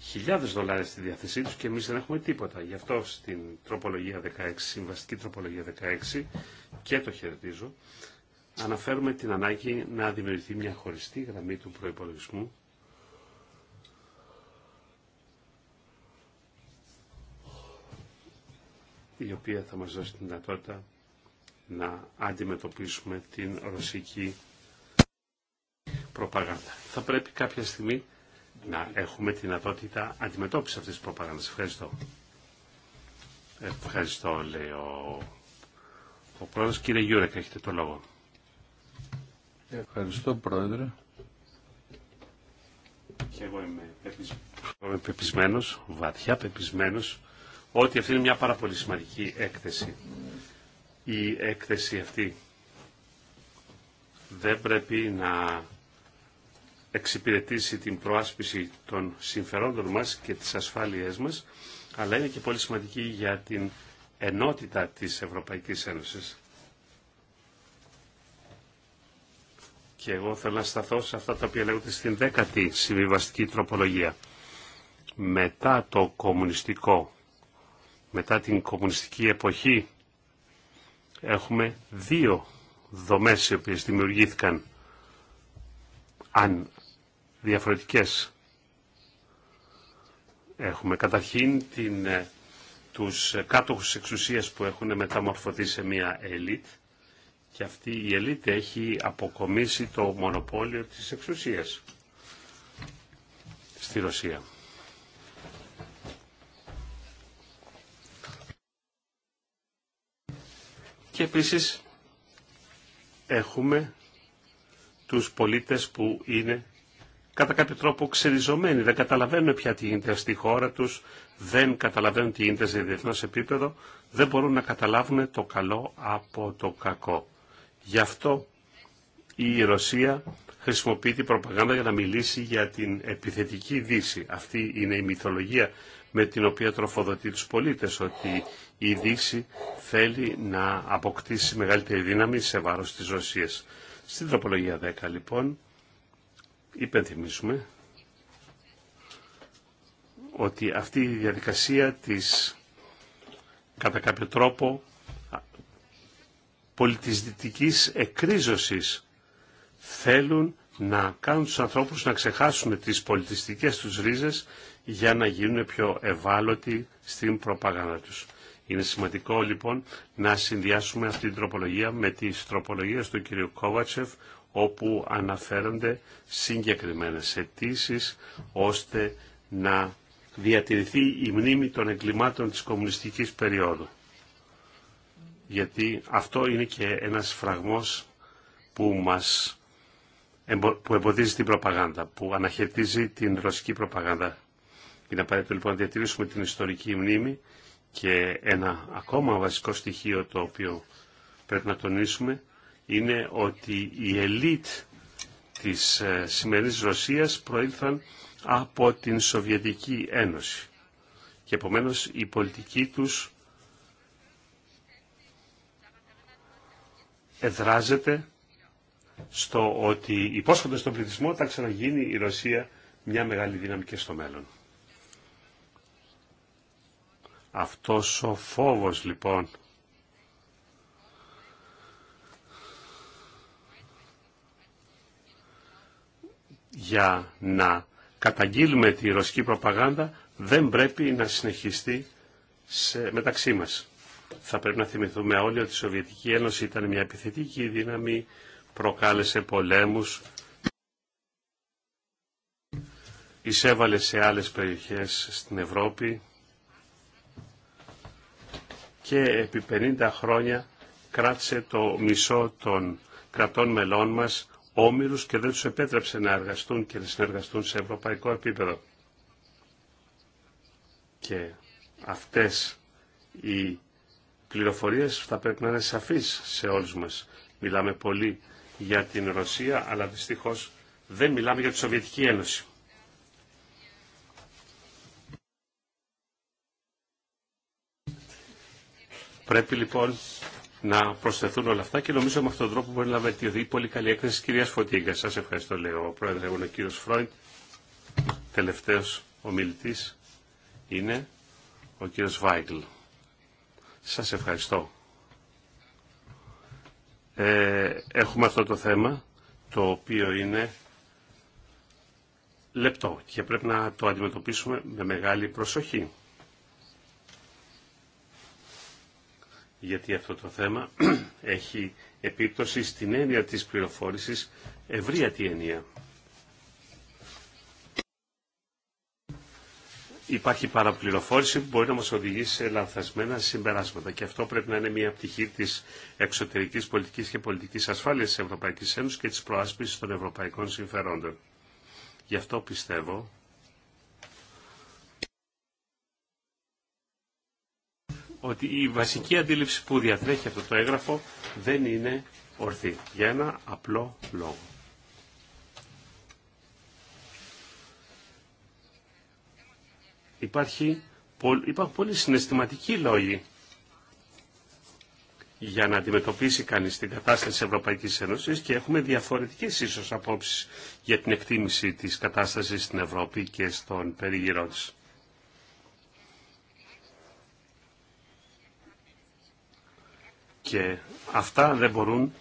χιλιάδες δολάρια στη διάθεσή τους και εμείς δεν έχουμε τίποτα. Γι' αυτό στην τροπολογία 16, συμβαστική τροπολογία 16 και το χαιρετίζω, αναφέρουμε την ανάγκη να δημιουργηθεί μια χωριστή γραμμή του προϋπολογισμού η οποία θα μας δώσει την δυνατότητα να αντιμετωπίσουμε την ρωσική προπαγάνδα. Θα πρέπει κάποια στιγμή να έχουμε τη δυνατότητα αντιμετώπιση αυτής της προπαγάνδας. Ευχαριστώ. Ευχαριστώ, λέει ο, ο πρόεδρος. Κύριε Γιούρεκ, έχετε το λόγο. Ευχαριστώ, πρόεδρε. Και εγώ είμαι, πεπισμένος, βαθιά πεπισμένος ότι αυτή είναι μια πάρα πολύ σημαντική έκθεση. Η έκθεση αυτή δεν πρέπει να εξυπηρετήσει την προάσπιση των συμφερόντων μας και της ασφάλειές μας, αλλά είναι και πολύ σημαντική για την ενότητα της Ευρωπαϊκής Ένωσης. Και εγώ θέλω να σταθώ σε αυτά τα οποία λέγονται στην δέκατη συμβιβαστική τροπολογία. Μετά το κομμουνιστικό μετά την κομμουνιστική εποχή έχουμε δύο δομές οι οποίες δημιουργήθηκαν αν διαφορετικές. Έχουμε καταρχήν την, ε, τους κάτοχους εξουσίας που έχουν μεταμορφωθεί σε μια ελίτ και αυτή η ελίτ έχει αποκομίσει το μονοπόλιο της εξουσίας στη Ρωσία. Και επίσης έχουμε τους πολίτες που είναι κατά κάποιο τρόπο ξεριζωμένοι, δεν καταλαβαίνουν πια τι γίνεται στη χώρα τους, δεν καταλαβαίνουν τι γίνεται σε διεθνώς επίπεδο, δεν μπορούν να καταλάβουν το καλό από το κακό. Γι' αυτό η Ρωσία χρησιμοποιεί την προπαγάνδα για να μιλήσει για την επιθετική δύση. Αυτή είναι η μυθολογία με την οποία τροφοδοτεί τους πολίτες ότι η Δύση θέλει να αποκτήσει μεγαλύτερη δύναμη σε βάρος της Ρωσίας. Στην τροπολογία 10 λοιπόν υπενθυμίσουμε ότι αυτή η διαδικασία της κατά κάποιο τρόπο πολιτισδυτικής εκρίζωσης θέλουν να κάνουν τους ανθρώπους να ξεχάσουν τις πολιτιστικές τους ρίζες για να γίνουν πιο ευάλωτοι στην προπαγάνδα τους. Είναι σημαντικό λοιπόν να συνδυάσουμε αυτή την τροπολογία με τις τροπολογίες του κ. Κόβατσεφ όπου αναφέρονται συγκεκριμένες αιτήσει ώστε να διατηρηθεί η μνήμη των εγκλημάτων της κομμουνιστικής περίοδου. Γιατί αυτό είναι και ένας φραγμός που μας που εμποδίζει την προπαγάνδα, που αναχαιτίζει την ρωσική προπαγάνδα. Είναι απαραίτητο λοιπόν να διατηρήσουμε την ιστορική μνήμη και ένα ακόμα βασικό στοιχείο το οποίο πρέπει να τονίσουμε είναι ότι η ελίτ της ε, σημερινής Ρωσίας προήλθαν από την Σοβιετική Ένωση και επομένως η πολιτική τους εδράζεται στο ότι υπόσχονται στον πληθυσμό θα ξαναγίνει η Ρωσία μια μεγάλη δύναμη και στο μέλλον. Αυτός ο φόβος λοιπόν για να καταγγείλουμε τη ρωσική προπαγάνδα δεν πρέπει να συνεχιστεί μεταξύ μας. Θα πρέπει να θυμηθούμε όλοι ότι η Σοβιετική Ένωση ήταν μια επιθετική δύναμη προκάλεσε πολέμους, εισέβαλε σε άλλες περιοχές στην Ευρώπη και επί 50 χρόνια κράτησε το μισό των κρατών μελών μας όμοιρους και δεν τους επέτρεψε να εργαστούν και να συνεργαστούν σε ευρωπαϊκό επίπεδο. Και αυτές οι πληροφορίες θα πρέπει να είναι σαφείς σε όλους μας. Μιλάμε πολύ για την Ρωσία, αλλά δυστυχώς δεν μιλάμε για τη Σοβιετική Ένωση. Πρέπει λοιπόν να προσθεθούν όλα αυτά και νομίζω με αυτόν τον τρόπο μπορεί να βελτιωθεί πολύ καλή έκθεση τη κυρία Φωτίγκα. Σα ευχαριστώ, λέει ο πρόεδρε, Εγώ ο κύριο Φρόιντ. Τελευταίο ομιλητή είναι ο κύριο Βάιγκλ. Σα ευχαριστώ. Ε, έχουμε αυτό το θέμα το οποίο είναι λεπτό και πρέπει να το αντιμετωπίσουμε με μεγάλη προσοχή. Γιατί αυτό το θέμα έχει επίπτωση στην έννοια της πληροφόρησης ευρία τη έννοια. υπάρχει παραπληροφόρηση που μπορεί να μας οδηγήσει σε λανθασμένα συμπεράσματα. Και αυτό πρέπει να είναι μια πτυχή της εξωτερικής πολιτικής και πολιτικής ασφάλειας της Ευρωπαϊκής Ένωσης και της προάσπισης των ευρωπαϊκών συμφερόντων. Γι' αυτό πιστεύω ότι η βασική αντίληψη που διατρέχει αυτό το έγγραφο δεν είναι ορθή για ένα απλό λόγο. Υπάρχει, υπάρχουν πολλοί συναισθηματικοί λόγοι για να αντιμετωπίσει κανείς την κατάσταση της Ευρωπαϊκής Ένωσης και έχουμε διαφορετικές ίσως απόψεις για την εκτίμηση της κατάστασης στην Ευρώπη και στον περιγυρό της. Και αυτά δεν μπορούν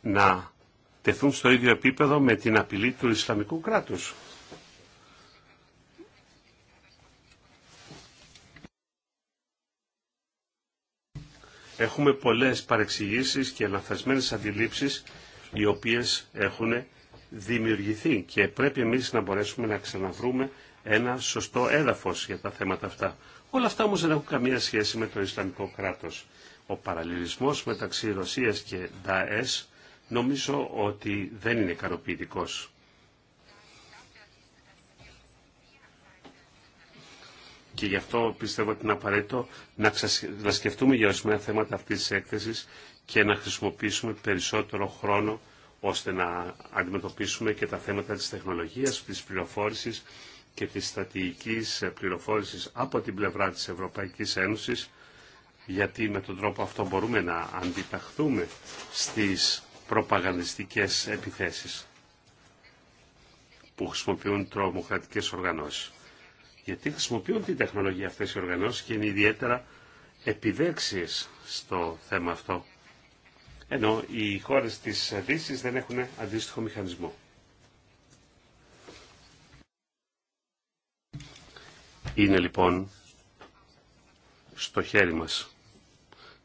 να τεθούν στο ίδιο επίπεδο με την απειλή του Ισλαμικού κράτους. έχουμε πολλές παρεξηγήσεις και λαθασμένε αντιλήψεις οι οποίες έχουν δημιουργηθεί και πρέπει εμείς να μπορέσουμε να ξαναβρούμε ένα σωστό έδαφος για τα θέματα αυτά. Όλα αυτά όμως δεν έχουν καμία σχέση με το Ισλαμικό κράτος. Ο παραλληλισμός μεταξύ Ρωσίας και ΝΤΑΕΣ νομίζω ότι δεν είναι ικανοποιητικός. Και γι' αυτό πιστεύω ότι είναι απαραίτητο να, να σκεφτούμε για θέματα αυτής της έκθεσης και να χρησιμοποιήσουμε περισσότερο χρόνο ώστε να αντιμετωπίσουμε και τα θέματα της τεχνολογίας, της πληροφόρησης και της στρατηγικής πληροφόρησης από την πλευρά της Ευρωπαϊκής Ένωσης, γιατί με τον τρόπο αυτό μπορούμε να αντιταχθούμε στις προπαγανδιστικές επιθέσεις που χρησιμοποιούν τρομοκρατικές οργανώσεις γιατί χρησιμοποιούν την τεχνολογία αυτές οι οργανώσεις και είναι ιδιαίτερα επιδέξεις στο θέμα αυτό. Ενώ οι χώρες της Δύσης δεν έχουν αντίστοιχο μηχανισμό. Είναι λοιπόν στο χέρι μας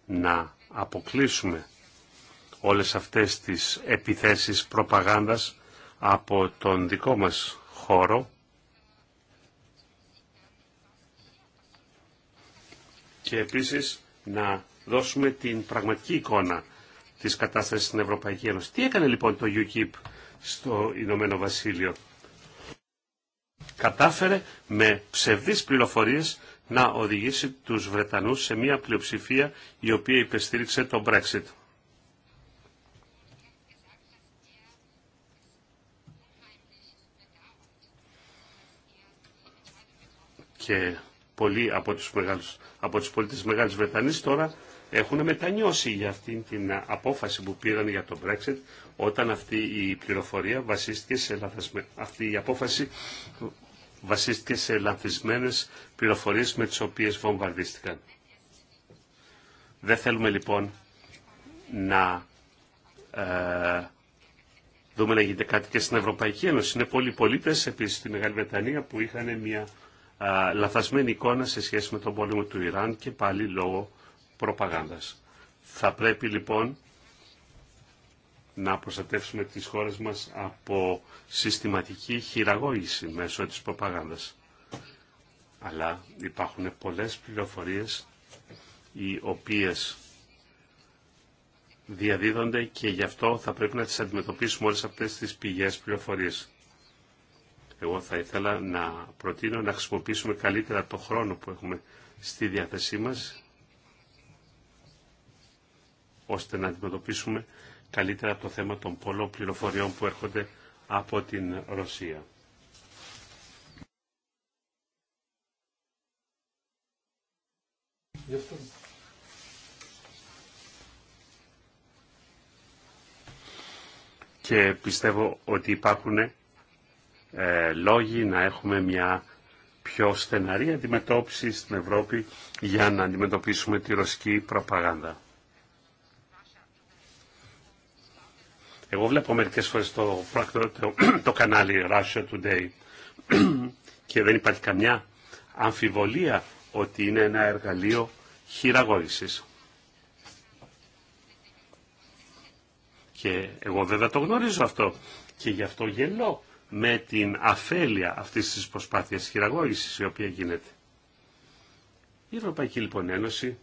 να αποκλείσουμε όλες αυτές τις επιθέσεις προπαγάνδας από τον δικό μας χώρο και επίσης να δώσουμε την πραγματική εικόνα της κατάστασης στην Ευρωπαϊκή Ένωση. Τι έκανε λοιπόν το UKIP στο Ηνωμένο Βασίλειο. Κατάφερε με ψευδείς πληροφορίες να οδηγήσει τους Βρετανούς σε μια πλειοψηφία η οποία υπεστήριξε το Brexit πολλοί από τους, μεγάλους, από τους πολίτες της Μεγάλης Βρετανής τώρα έχουν μετανιώσει για αυτή την απόφαση που πήραν για το Brexit όταν αυτή η πληροφορία βασίστηκε σε λαθασμέ... αυτή η απόφαση βασίστηκε σε πληροφορίες με τις οποίες βομβαρδίστηκαν. Δεν θέλουμε λοιπόν να ε, δούμε να γίνεται κάτι και στην Ευρωπαϊκή Ένωση. Είναι πολλοί πολίτες επίσης στη Μεγάλη Βρετανία που είχαν μια λαθασμένη εικόνα σε σχέση με τον πόλεμο του Ιράν και πάλι λόγω προπαγάνδας. Θα πρέπει λοιπόν να προστατεύσουμε τις χώρες μας από συστηματική χειραγώγηση μέσω της προπαγάνδας. Αλλά υπάρχουν πολλές πληροφορίες οι οποίες διαδίδονται και γι' αυτό θα πρέπει να τις αντιμετωπίσουμε όλες αυτές τις πηγές πληροφορίες. Εγώ θα ήθελα να προτείνω να χρησιμοποιήσουμε καλύτερα το χρόνο που έχουμε στη διάθεσή μας ώστε να αντιμετωπίσουμε καλύτερα το θέμα των πολλών πληροφοριών που έρχονται από την Ρωσία. Και πιστεύω ότι υπάρχουν ε, λόγοι να έχουμε μια πιο στεναρή αντιμετώπιση στην Ευρώπη για να αντιμετωπίσουμε τη ρωσική προπαγάνδα. Εγώ βλέπω μερικές φορές το, το κανάλι Russia Today και δεν υπάρχει καμιά αμφιβολία ότι είναι ένα εργαλείο χειραγώγησης. Και εγώ θα το γνωρίζω αυτό και γι' αυτό γελώ με την αφέλεια αυτής της προσπάθειας χειραγώγησης η οποία γίνεται. Η Ευρωπαϊκή λοιπόν Ένωση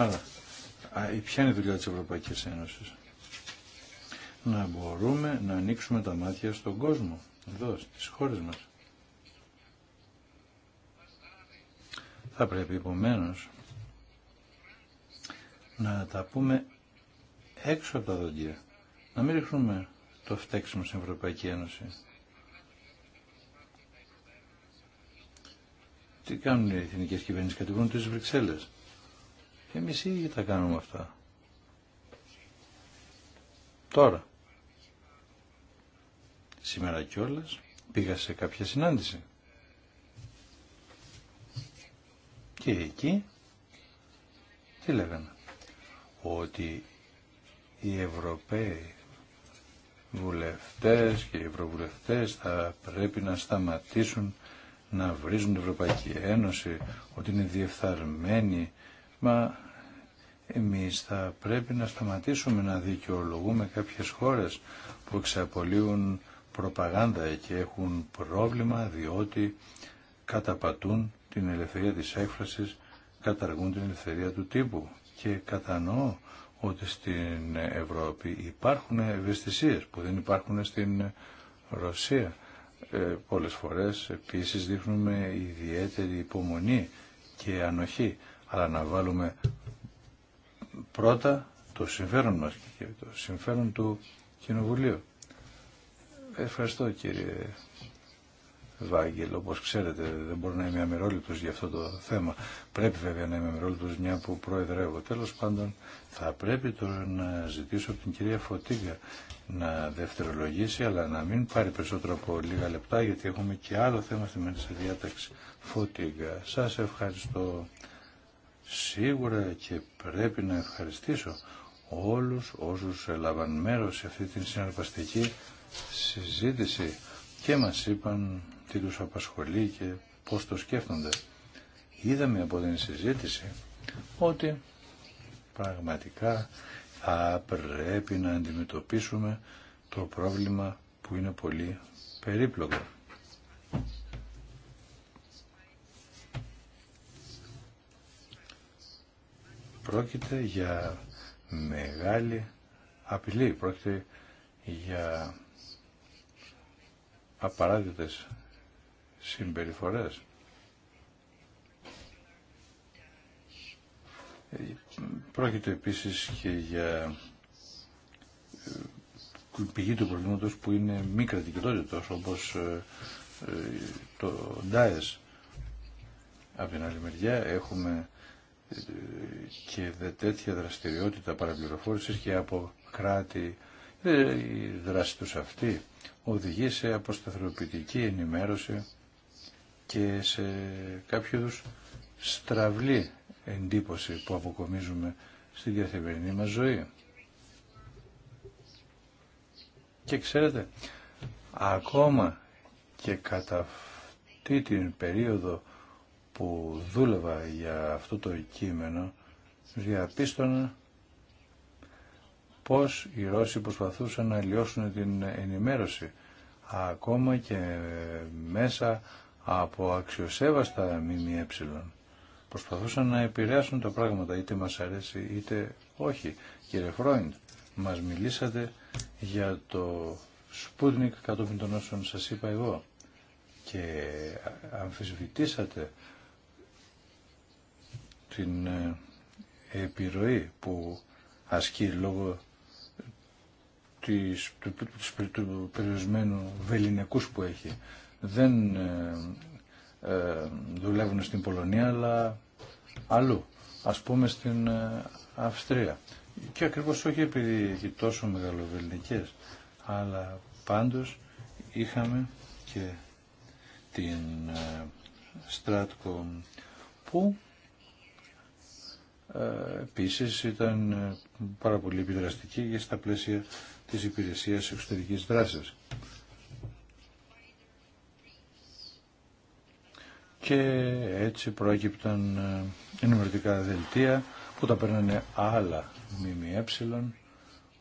Άρα, ποια είναι η δουλειά της Ευρωπαϊκής Ένωσης. Να μπορούμε να ανοίξουμε τα μάτια στον κόσμο εδώ στις χώρες μας. Θα πρέπει επομένω να τα πούμε έξω από τα δοντία. Να μην ρίχνουμε το φταίξιμο στην Ευρωπαϊκή Ένωση. Τι κάνουν οι εθνικέ κυβερνήσει, κατηγορούν τι Βρυξέλλε. Και εμεί ίδιοι τα κάνουμε αυτά. Τώρα. Σήμερα κιόλας πήγα σε κάποια συνάντηση. Και εκεί τι λέγανε. Ότι οι Ευρωπαίοι βουλευτές και οι ευρωβουλευτές θα πρέπει να σταματήσουν να βρίζουν την Ευρωπαϊκή Ένωση, ότι είναι διεφθαρμένη. Μα εμείς θα πρέπει να σταματήσουμε να δικαιολογούμε κάποιες χώρες που εξαπολύουν προπαγάνδα και έχουν πρόβλημα διότι καταπατούν την ελευθερία της έκφρασης, καταργούν την ελευθερία του τύπου και κατανοώ ότι στην Ευρώπη υπάρχουν ευαισθησίες που δεν υπάρχουν στην Ρωσία. Ε, πολλές φορές επίσης δείχνουμε ιδιαίτερη υπομονή και ανοχή, αλλά να βάλουμε πρώτα το συμφέρον μας και το συμφέρον του Κοινοβουλίου. Ευχαριστώ κύριε Βάγγελ. Όπως ξέρετε δεν μπορώ να είμαι αμερόληπτο για αυτό το θέμα. Πρέπει βέβαια να είμαι αμερόληπτο μια που προεδρεύω. Τέλος πάντων θα πρέπει τώρα να ζητήσω από την κυρία Φωτίγκα να δευτερολογήσει αλλά να μην πάρει περισσότερο από λίγα λεπτά γιατί έχουμε και άλλο θέμα στη μέρη διάταξη. Φωτίγκα, Σα ευχαριστώ. Σίγουρα και πρέπει να ευχαριστήσω όλους όσους έλαβαν μέρος σε αυτή την συναρπαστική συζήτηση και μας είπαν τι τους απασχολεί και πώς το σκέφτονται. Είδαμε από την συζήτηση ότι πραγματικά θα πρέπει να αντιμετωπίσουμε το πρόβλημα που είναι πολύ περίπλοκο. Πρόκειται για μεγάλη απειλή, πρόκειται για απαράδειτες συμπεριφορές. Πρόκειται επίσης και για ε, πηγή του προβλήματος που είναι μη κρατικότητος όπως ε, ε, το ΝΤΑΕΣ. Από την άλλη μεριά έχουμε και τέτοια δραστηριότητα παραπληροφόρησης και από κράτη ε, η δράση τους αυτή οδηγεί σε αποσταθεροποιητική ενημέρωση και σε κάποιο στραβλή εντύπωση που αποκομίζουμε στη καθημερινή μας ζωή. Και ξέρετε, ακόμα και κατά αυτή την περίοδο που δούλευα για αυτό το κείμενο, διαπίστωνα πώς οι Ρώσοι προσπαθούσαν να λιώσουν την ενημέρωση ακόμα και μέσα από αξιοσέβαστα ΜΜΕ. Προσπαθούσαν να επηρεάσουν τα πράγματα, είτε μας αρέσει είτε όχι. Κύριε Φρόιντ, μας μιλήσατε για το Σπούτνικ κατόπιν των όσων σας είπα εγώ και αμφισβητήσατε την ε, επιρροή που ασκεί λόγω του, του, περιορισμένου βεληνικούς που έχει. Δεν ε, ε, δουλεύουν στην Πολωνία, αλλά αλλού. Ας πούμε στην ε, Αυστρία. Και ακριβώς όχι επειδή έχει τόσο μεγαλοβεληνικές, αλλά πάντως είχαμε και την Στράτκο ε, που επίσης ήταν πάρα πολύ επιδραστική και στα πλαίσια της υπηρεσίας εξωτερικής δράσης. Και έτσι προέκυπταν ε, ενημερωτικά δελτία που τα παίρνανε άλλα ΜΜΕ,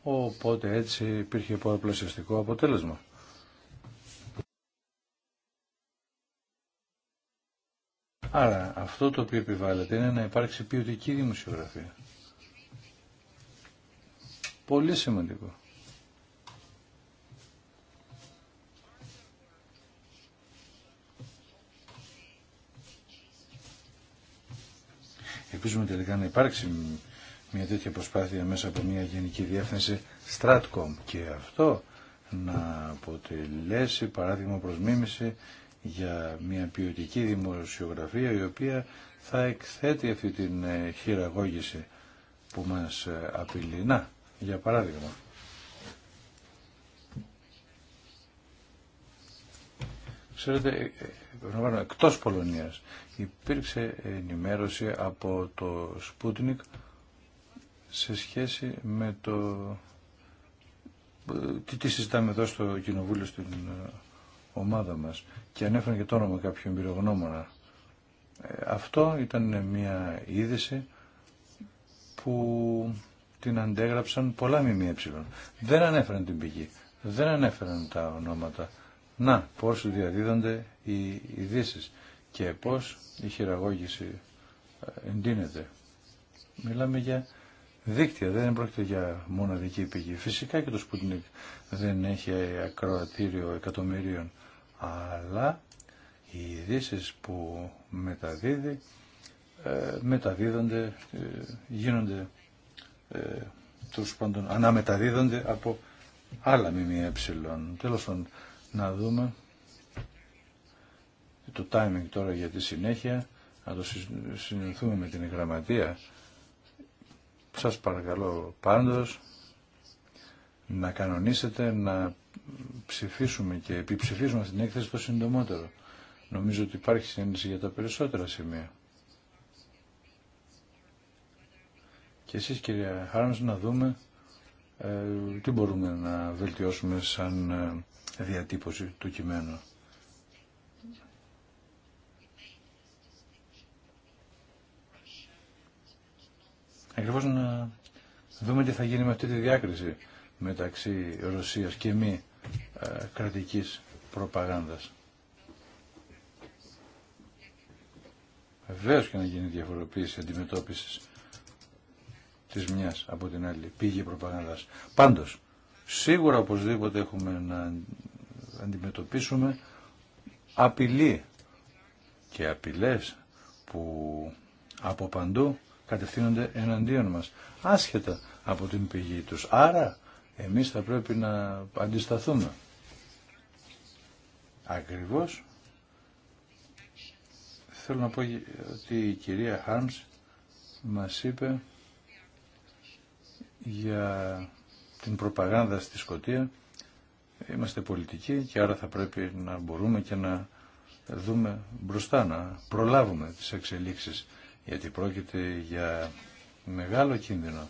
οπότε έτσι υπήρχε πολλαπλασιαστικό αποτέλεσμα. Άρα αυτό το οποίο επιβάλλεται είναι να υπάρξει ποιοτική δημοσιογραφία. Πολύ σημαντικό. Ελπίζουμε τελικά να υπάρξει μια τέτοια προσπάθεια μέσα από μια γενική διεύθυνση Stratcom και αυτό να αποτελέσει παράδειγμα προς μίμηση για μια ποιοτική δημοσιογραφία η οποία θα εκθέτει αυτή την χειραγώγηση που μας απειλεί. Να, για παράδειγμα. Ξέρετε, εκτός Πολωνίας υπήρξε ενημέρωση από το Σπούτνικ σε σχέση με το... Τι, τι συζητάμε εδώ στο Κοινοβούλιο, στην ε, ομάδα μας και ανέφεραν και το όνομα κάποιου εμπειρογνώμονα. Ε, αυτό ήταν μια είδηση που την αντέγραψαν πολλά ΜΜΕ. Δεν ανέφεραν την πηγή, δεν ανέφεραν τα ονόματα. Να, πώς διαδίδονται οι ειδήσει και πώς η χειραγώγηση ε, εντείνεται. Μιλάμε για δίκτυα, δεν πρόκειται για μοναδική πηγή. Φυσικά και το Σπουτνίκ δεν έχει ακροατήριο εκατομμυρίων, αλλά οι ειδήσει που μεταδίδει ε, μεταδίδονται, ε, γίνονται τους πάντων αναμεταδίδονται από άλλα ε. Τέλος πάντων, να δούμε το timing τώρα για τη συνέχεια, να το με την γραμματεία. Σας παρακαλώ πάντως να κανονίσετε να ψηφίσουμε και επιψηφίσουμε την έκθεση το συντομότερο. Νομίζω ότι υπάρχει συνέντευξη για τα περισσότερα σημεία. Και εσείς κυρία Χάρμς να δούμε ε, τι μπορούμε να βελτιώσουμε σαν ε, διατύπωση του κειμένου. Ακριβώς να δούμε τι θα γίνει με αυτή τη διάκριση μεταξύ Ρωσίας και μη ε, κρατικής προπαγάνδας. Βεβαίω και να γίνει διαφοροποίηση αντιμετώπισης της μιας από την άλλη πήγη προπαγάνδας. Πάντως, Σίγουρα οπωσδήποτε έχουμε να αντιμετωπίσουμε απειλή και απειλές που από παντού κατευθύνονται εναντίον μας, άσχετα από την πηγή τους. Άρα εμείς θα πρέπει να αντισταθούμε. Ακριβώς θέλω να πω ότι η κυρία Χάρμς μας είπε για την προπαγάνδα στη Σκοτία. Είμαστε πολιτικοί και άρα θα πρέπει να μπορούμε και να δούμε μπροστά, να προλάβουμε τις εξελίξεις, γιατί πρόκειται για μεγάλο κίνδυνο.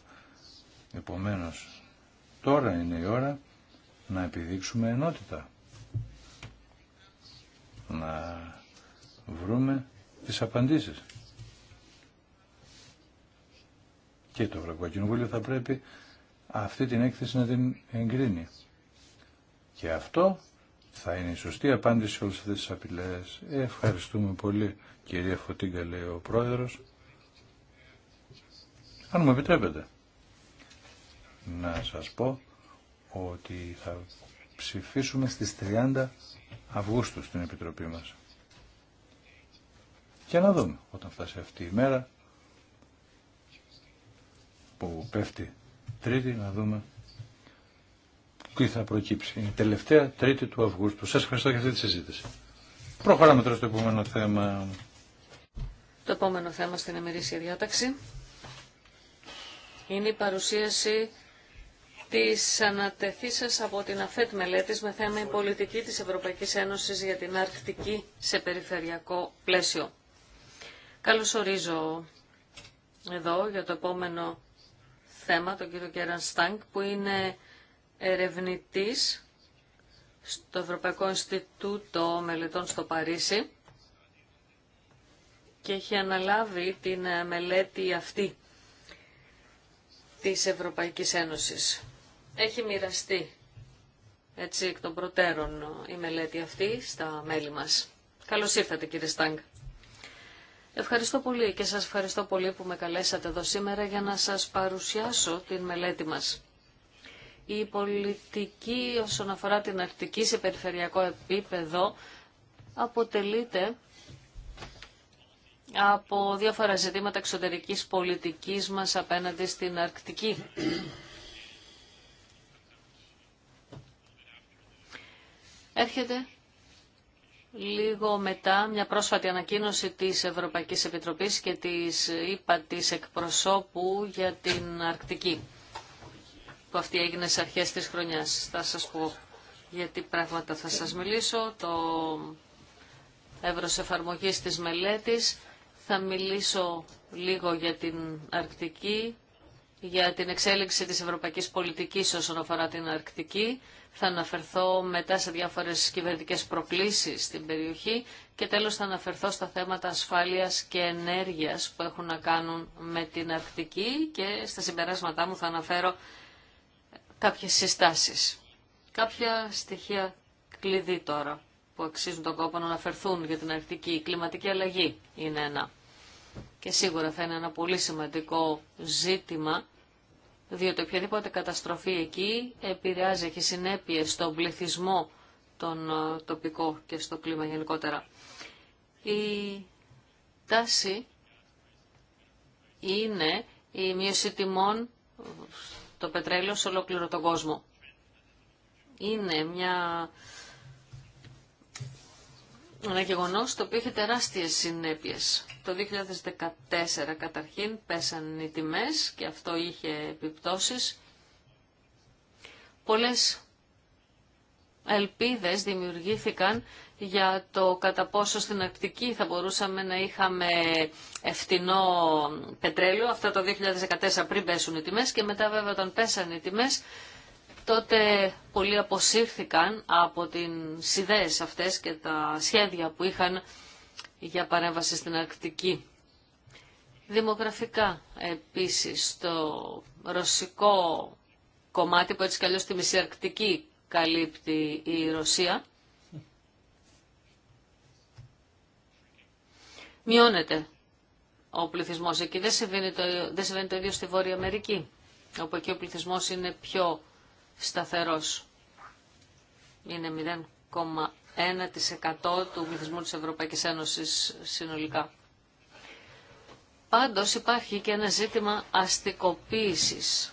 Επομένως, τώρα είναι η ώρα να επιδείξουμε ενότητα. Να βρούμε τις απαντήσεις. Και το Ευρωπαϊκό Κοινοβούλιο θα πρέπει αυτή την έκθεση να την εγκρίνει. Και αυτό θα είναι η σωστή απάντηση σε όλες αυτές τις απειλές. Ευχαριστούμε πολύ κυρία Φωτίγκα λέει ο πρόεδρος. Αν μου επιτρέπετε να σας πω ότι θα ψηφίσουμε στις 30 Αυγούστου στην Επιτροπή μας. Και να δούμε όταν φτάσει αυτή η μέρα που πέφτει Τρίτη να δούμε τι θα προκύψει. Είναι η τελευταία Τρίτη του Αυγούστου. Σας ευχαριστώ για αυτή τη συζήτηση. Προχωράμε τώρα στο επόμενο θέμα.
Το επόμενο θέμα στην εμερήσια διάταξη είναι η παρουσίαση της ανατεθήσας από την ΑΦΕΤ μελέτης με θέμα η πολιτική της Ευρωπαϊκής Ένωσης για την Αρκτική σε περιφερειακό πλαίσιο. Καλώς ορίζω εδώ για το επόμενο θέμα, τον κύριο Κέραν Στάνκ, που είναι ερευνητής στο Ευρωπαϊκό Ινστιτούτο Μελετών στο Παρίσι και έχει αναλάβει την μελέτη αυτή της Ευρωπαϊκής Ένωσης. Έχει μοιραστεί έτσι εκ των προτέρων η μελέτη αυτή στα μέλη μας. Καλώς ήρθατε κύριε Στάνκ. Ευχαριστώ πολύ και σας ευχαριστώ πολύ που με καλέσατε εδώ σήμερα για να σας παρουσιάσω την μελέτη μας. Η πολιτική όσον αφορά την Αρκτική σε περιφερειακό επίπεδο αποτελείται από διάφορα ζητήματα εξωτερικής πολιτικής μας απέναντι στην Αρκτική. Έρχεται Λίγο μετά μια πρόσφατη ανακοίνωση της Ευρωπαϊκής Επιτροπής και της ΕΠΑ της εκπροσώπου για την Αρκτική που αυτή έγινε σε αρχές της χρονιάς. Θα σας πω γιατί πράγματα θα σας μιλήσω. Το εύρος εφαρμογής της μελέτης. Θα μιλήσω λίγο για την Αρκτική για την εξέλιξη της ευρωπαϊκής πολιτικής όσον αφορά την Αρκτική. Θα αναφερθώ μετά σε διάφορες κυβερνητικές προκλήσεις στην περιοχή και τέλος θα αναφερθώ στα θέματα ασφάλειας και ενέργειας που έχουν να κάνουν με την Αρκτική και στα συμπεράσματά μου θα αναφέρω κάποιες συστάσεις. Κάποια στοιχεία κλειδί τώρα που αξίζουν τον κόπο να αναφερθούν για την Αρκτική. Η κλιματική αλλαγή είναι ένα και σίγουρα θα είναι ένα πολύ σημαντικό ζήτημα, διότι οποιαδήποτε καταστροφή εκεί επηρεάζει, και συνέπειε στον πληθυσμό τον ε, τοπικό και στο κλίμα γενικότερα. Η τάση είναι η μείωση τιμών το πετρέλαιο σε ολόκληρο τον κόσμο. Είναι μια ένα γεγονό το οποίο είχε τεράστιες συνέπειε. Το 2014 καταρχήν πέσαν οι τιμέ και αυτό είχε επιπτώσεις. Πολλέ ελπίδε δημιουργήθηκαν για το κατά πόσο στην Αρκτική θα μπορούσαμε να είχαμε ευθυνό πετρέλαιο, αυτά το 2014 πριν πέσουν οι τιμές και μετά βέβαια όταν πέσαν οι τιμές τότε πολλοί αποσύρθηκαν από τι ιδέες αυτές και τα σχέδια που είχαν για παρέμβαση στην Αρκτική. Δημογραφικά επίσης το ρωσικό κομμάτι που έτσι καλώς τη μισή Αρκτική καλύπτει η Ρωσία. Μειώνεται ο πληθυσμός εκεί. Δεν συμβαίνει το, δεν συμβαίνει το ίδιο στη Βόρεια Αμερική, όπου εκεί ο πληθυσμός είναι πιο σταθερός. Είναι 0,1% του πληθυσμού της Ευρωπαϊκής Ένωσης συνολικά. Πάντως υπάρχει και ένα ζήτημα αστικοποίησης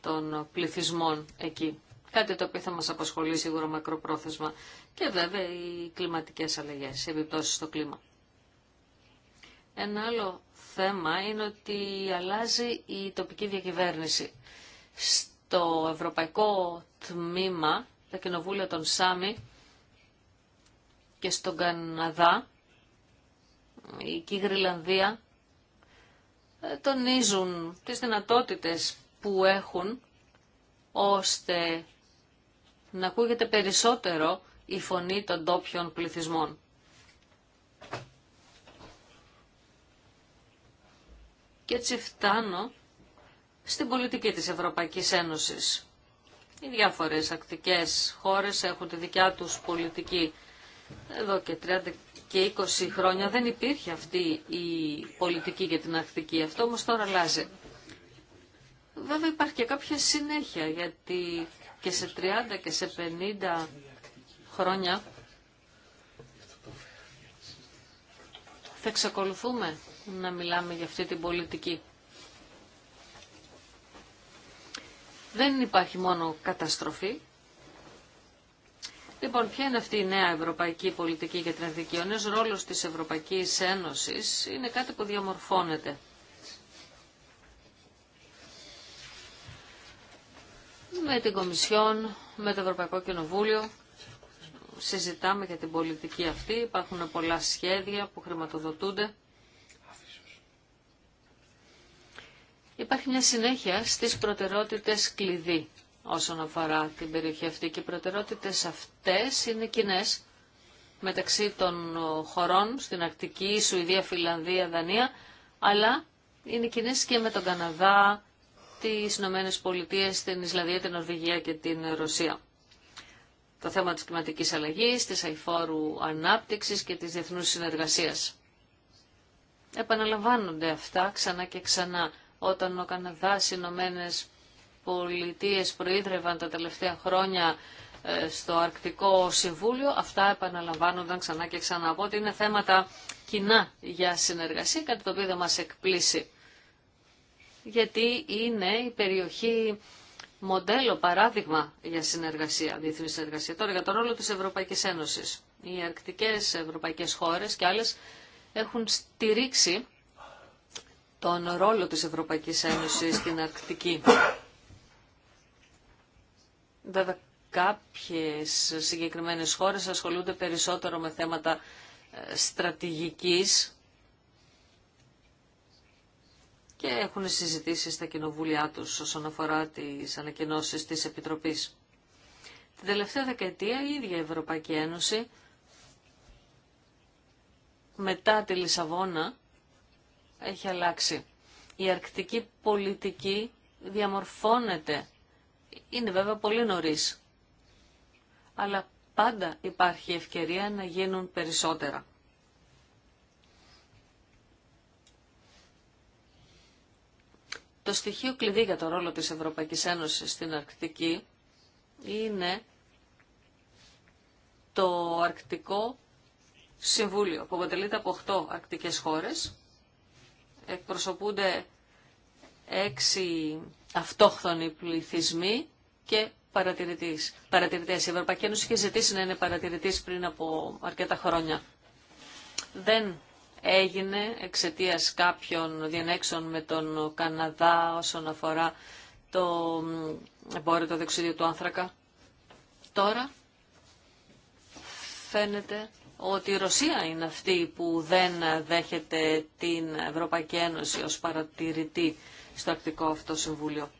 των πληθυσμών εκεί. Κάτι το οποίο θα μας απασχολεί σίγουρα μακροπρόθεσμα. Και βέβαια οι κλιματικές αλλαγές, οι επιπτώσεις στο κλίμα. Ένα άλλο θέμα είναι ότι αλλάζει η τοπική διακυβέρνηση το Ευρωπαϊκό Τμήμα, τα κοινοβούλια των Σάμι και στον Καναδά, η Κίγριλανδία ε, τονίζουν τις δυνατότητες που έχουν ώστε να ακούγεται περισσότερο η φωνή των τόπιων πληθυσμών. Και έτσι φτάνω στην πολιτική της Ευρωπαϊκής Ένωσης. Οι διάφορες ακτικές χώρες έχουν τη δικιά τους πολιτική. Εδώ και 30 και 20 χρόνια δεν υπήρχε αυτή η πολιτική για την ακτική. Αυτό όμως τώρα αλλάζει. Βέβαια υπάρχει και κάποια συνέχεια γιατί και σε 30 και σε 50 χρόνια θα εξακολουθούμε να μιλάμε για αυτή την πολιτική. Δεν υπάρχει μόνο καταστροφή. Λοιπόν, ποια είναι αυτή η νέα ευρωπαϊκή πολιτική για την Ο νέος ρόλος της Ευρωπαϊκής Ένωσης είναι κάτι που διαμορφώνεται. Με την Κομισιόν, με το Ευρωπαϊκό Κοινοβούλιο, συζητάμε για την πολιτική αυτή. Υπάρχουν πολλά σχέδια που χρηματοδοτούνται. Υπάρχει μια συνέχεια στις προτερότητες κλειδί όσον αφορά την περιοχή αυτή και οι προτερότητες αυτές είναι κοινέ μεταξύ των ε, χωρών στην Αρκτική, Σουηδία, Φιλανδία, Δανία, αλλά είναι κοινέ και με τον Καναδά, τις Ηνωμένε Πολιτείε, την Ισλανδία, την Ορβηγία και την Ρωσία. Το θέμα της κλιματικής αλλαγής, της αηφόρου ανάπτυξης και της διεθνούς συνεργασίας. Επαναλαμβάνονται αυτά ξανά και ξανά όταν ο Καναδάς, οι Ηνωμένε Πολιτείε προείδρευαν τα τελευταία χρόνια ε, στο Αρκτικό Συμβούλιο, αυτά επαναλαμβάνονταν ξανά και ξανά. Οπότε είναι θέματα κοινά για συνεργασία, κάτι το οποίο δεν μας εκπλήσει. Γιατί είναι η περιοχή μοντέλο, παράδειγμα για συνεργασία, διεθνή συνεργασία. Τώρα για τον ρόλο τη Ευρωπαϊκής Ένωσης. Οι αρκτικές ευρωπαϊκές χώρες και άλλες έχουν στηρίξει τον ρόλο της Ευρωπαϊκής Ένωσης στην Αρκτική. Βέβαια, κάποιες συγκεκριμένες χώρες ασχολούνται περισσότερο με θέματα ε, στρατηγικής και έχουν συζητήσει στα κοινοβούλια τους όσον αφορά τις ανακοινώσεις της Επιτροπής. Την τελευταία δεκαετία η ίδια η Ευρωπαϊκή Ένωση μετά τη Λισαβόνα έχει αλλάξει. Η αρκτική πολιτική διαμορφώνεται. Είναι βέβαια πολύ νωρίς. Αλλά πάντα υπάρχει ευκαιρία να γίνουν περισσότερα. Το στοιχείο κλειδί για το ρόλο της Ευρωπαϊκής Ένωσης στην Αρκτική είναι το Αρκτικό Συμβούλιο, που αποτελείται από 8 αρκτικές χώρες, εκπροσωπούνται έξι αυτόχθονοι πληθυσμοί και παρατηρητής. παρατηρητές. Η Ευρωπαϊκή Ένωση είχε ζητήσει να είναι παρατηρητής πριν από αρκετά χρόνια. Δεν έγινε εξαιτία κάποιων διενέξεων με τον Καναδά όσον αφορά το εμπόριο το δεξίδιο του άνθρακα. Τώρα φαίνεται ότι η Ρωσία είναι αυτή που δεν δέχεται την Ευρωπαϊκή Ένωση ως παρατηρητή στο Αρκτικό αυτό Συμβούλιο.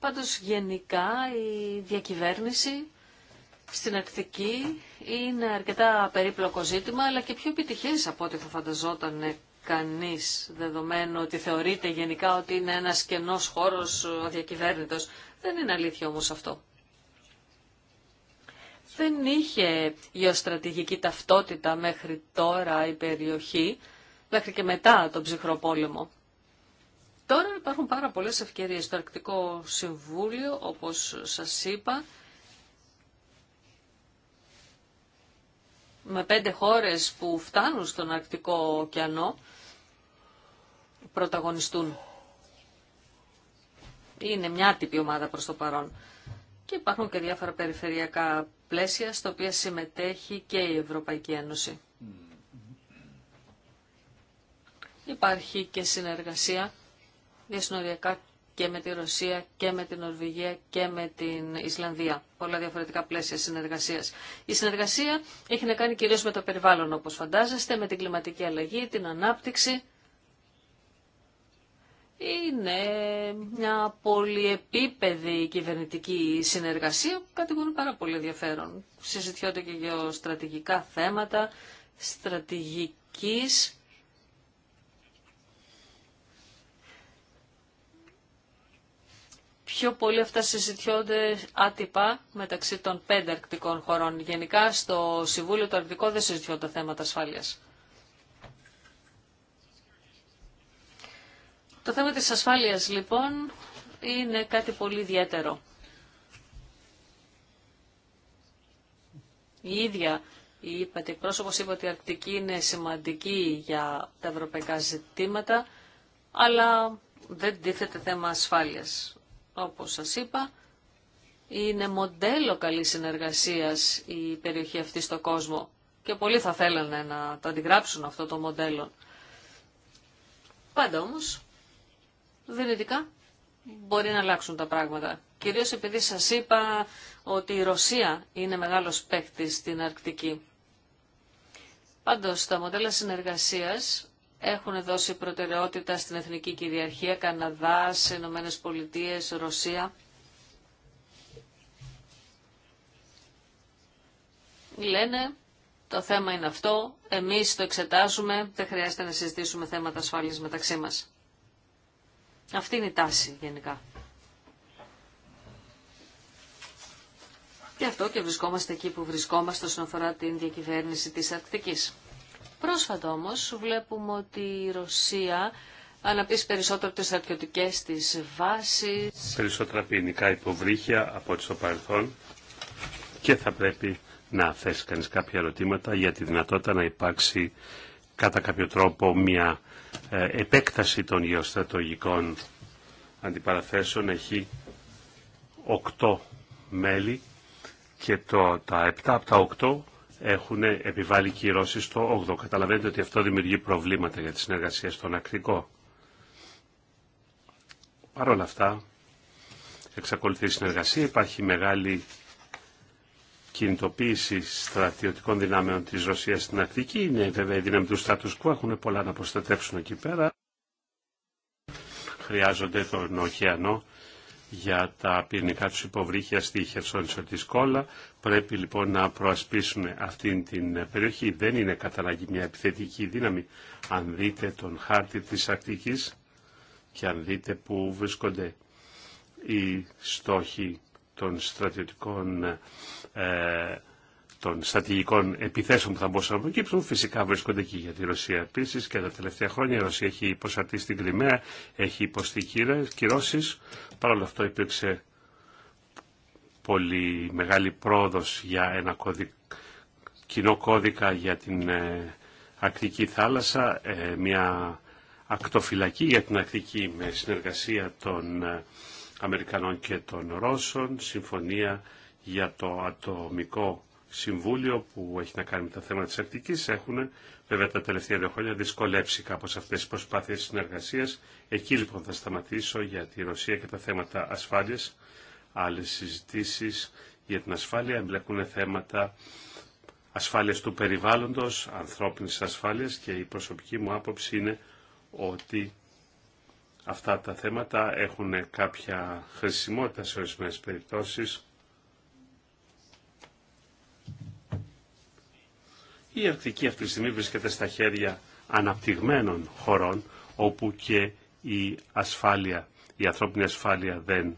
Πάντως γενικά η διακυβέρνηση στην Αρκτική είναι αρκετά περίπλοκο ζήτημα, αλλά και πιο επιτυχές από ό,τι θα φανταζόταν κανείς, δεδομένου ότι θεωρείται γενικά ότι είναι ένας κενός χώρος διακυβέρνητος. Δεν είναι αλήθεια όμως αυτό δεν είχε γεωστρατηγική ταυτότητα μέχρι τώρα η περιοχή, μέχρι και μετά τον ψυχρό πόλεμο. Τώρα υπάρχουν πάρα πολλές ευκαιρίες Το Αρκτικό Συμβούλιο, όπως σας είπα, με πέντε χώρες που φτάνουν στον Αρκτικό ωκεανό, πρωταγωνιστούν. Είναι μια τύπη ομάδα προς το παρόν υπάρχουν και διάφορα περιφερειακά πλαίσια στα οποία συμμετέχει και η Ευρωπαϊκή Ένωση. Υπάρχει και συνεργασία διασυνοριακά και με τη Ρωσία και με την Νορβηγία και με την Ισλανδία. Πολλά διαφορετικά πλαίσια συνεργασία. Η συνεργασία έχει να κάνει κυρίω με το περιβάλλον όπως φαντάζεστε, με την κλιματική αλλαγή, την ανάπτυξη είναι μια πολυεπίπεδη κυβερνητική συνεργασία που κατηγορούν πάρα πολύ ενδιαφέρον. Συζητιώνται και για στρατηγικά θέματα, στρατηγικής πιο πολύ αυτά συζητιώνται άτυπα μεταξύ των πέντε αρκτικών χωρών. Γενικά στο Συμβούλιο το Αρκτικό δεν συζητιώνται θέματα ασφάλειας. Το θέμα της ασφάλειας λοιπόν είναι κάτι πολύ ιδιαίτερο. Η ίδια η είπατε, πρόσωπος είπε ότι η Αρκτική είναι σημαντική για τα ευρωπαϊκά ζητήματα, αλλά δεν τίθεται θέμα ασφάλειας. Όπως σας είπα, είναι μοντέλο καλής συνεργασίας η περιοχή αυτή στο κόσμο και πολλοί θα θέλανε να το αντιγράψουν αυτό το μοντέλο. Πάντα όμως δυνητικά μπορεί να αλλάξουν τα πράγματα. Κυρίως επειδή σας είπα ότι η Ρωσία είναι μεγάλος παίκτη στην Αρκτική. Πάντως, τα μοντέλα συνεργασίας έχουν δώσει προτεραιότητα στην Εθνική Κυριαρχία, Καναδάς, Ηνωμένε Πολιτείε, Ρωσία. Λένε, το θέμα είναι αυτό, εμείς το εξετάζουμε, δεν χρειάζεται να συζητήσουμε θέματα ασφάλειας μεταξύ μας. Αυτή είναι η τάση γενικά. και αυτό και βρισκόμαστε εκεί που βρισκόμαστε όσον αφορά την διακυβέρνηση της Αρκτικής. Πρόσφατα όμως βλέπουμε ότι η Ρωσία αναπτύσσει περισσότερο τις στρατιωτικές της βάσεις.
Περισσότερα ποινικά υποβρύχια από ό,τι στο παρελθόν και θα πρέπει να θέσει κανείς κάποια ερωτήματα για τη δυνατότητα να υπάρξει κατά κάποιο τρόπο μια ε, επέκταση των γεωστρατογικών αντιπαραθέσεων έχει 8 μέλη και το, τα 7 από τα 8 έχουν επιβάλει κυρώσει στο 8. Καταλαβαίνετε ότι αυτό δημιουργεί προβλήματα για τη συνεργασία στον ακτικό. Παρ' όλα αυτά, εξακολουθεί η συνεργασία, υπάρχει μεγάλη κινητοποίηση στρατιωτικών δυνάμεων της Ρωσίας στην Ακτική Είναι βέβαια η δύναμη του status quo, έχουν πολλά να προστατεύσουν εκεί πέρα. Χρειάζονται τον ωκεανό για τα πυρηνικά τους υποβρύχια στη Χερσόνησο τη Κόλλα. Πρέπει λοιπόν να προασπίσουν αυτήν την περιοχή. Δεν είναι κατά ανάγκη μια επιθετική δύναμη. Αν δείτε τον χάρτη της Αρκτικής και αν δείτε που βρίσκονται οι στόχοι των στρατιωτικών ε, των στρατηγικών επιθέσεων που θα μπορούσαν να προκύψουν, φυσικά βρίσκονται εκεί για τη Ρωσία. Επίση και τα τελευταία χρόνια η Ρωσία έχει υποσαρτήσει στην Κρυμαία, έχει υποστεί κυρώσει. Παρ' όλο αυτό υπήρξε πολύ μεγάλη πρόοδο για ένα κώδικ... κοινό κώδικα για την ε, Ακτική Θάλασσα, ε, μια ακτοφυλακή για την Ακτική με συνεργασία των Αμερικανών και των Ρώσων, συμφωνία για το ατομικό συμβούλιο που έχει να κάνει με τα θέματα της Αρκτικής έχουν βέβαια τα τελευταία δύο χρόνια δυσκολέψει κάπως αυτές τις προσπάθειες συνεργασίας. Εκεί λοιπόν θα σταματήσω για τη Ρωσία και τα θέματα ασφάλειας. Άλλες συζητήσεις για την ασφάλεια εμπλέκουν θέματα ασφάλειας του περιβάλλοντος, ανθρώπινης ασφάλειας και η προσωπική μου άποψη είναι ότι αυτά τα θέματα έχουν κάποια χρησιμότητα σε ορισμένες περιπτώσεις. Η Αρκτική αυτή τη στιγμή βρίσκεται στα χέρια αναπτυγμένων χωρών, όπου και η ασφάλεια, η ανθρώπινη ασφάλεια δεν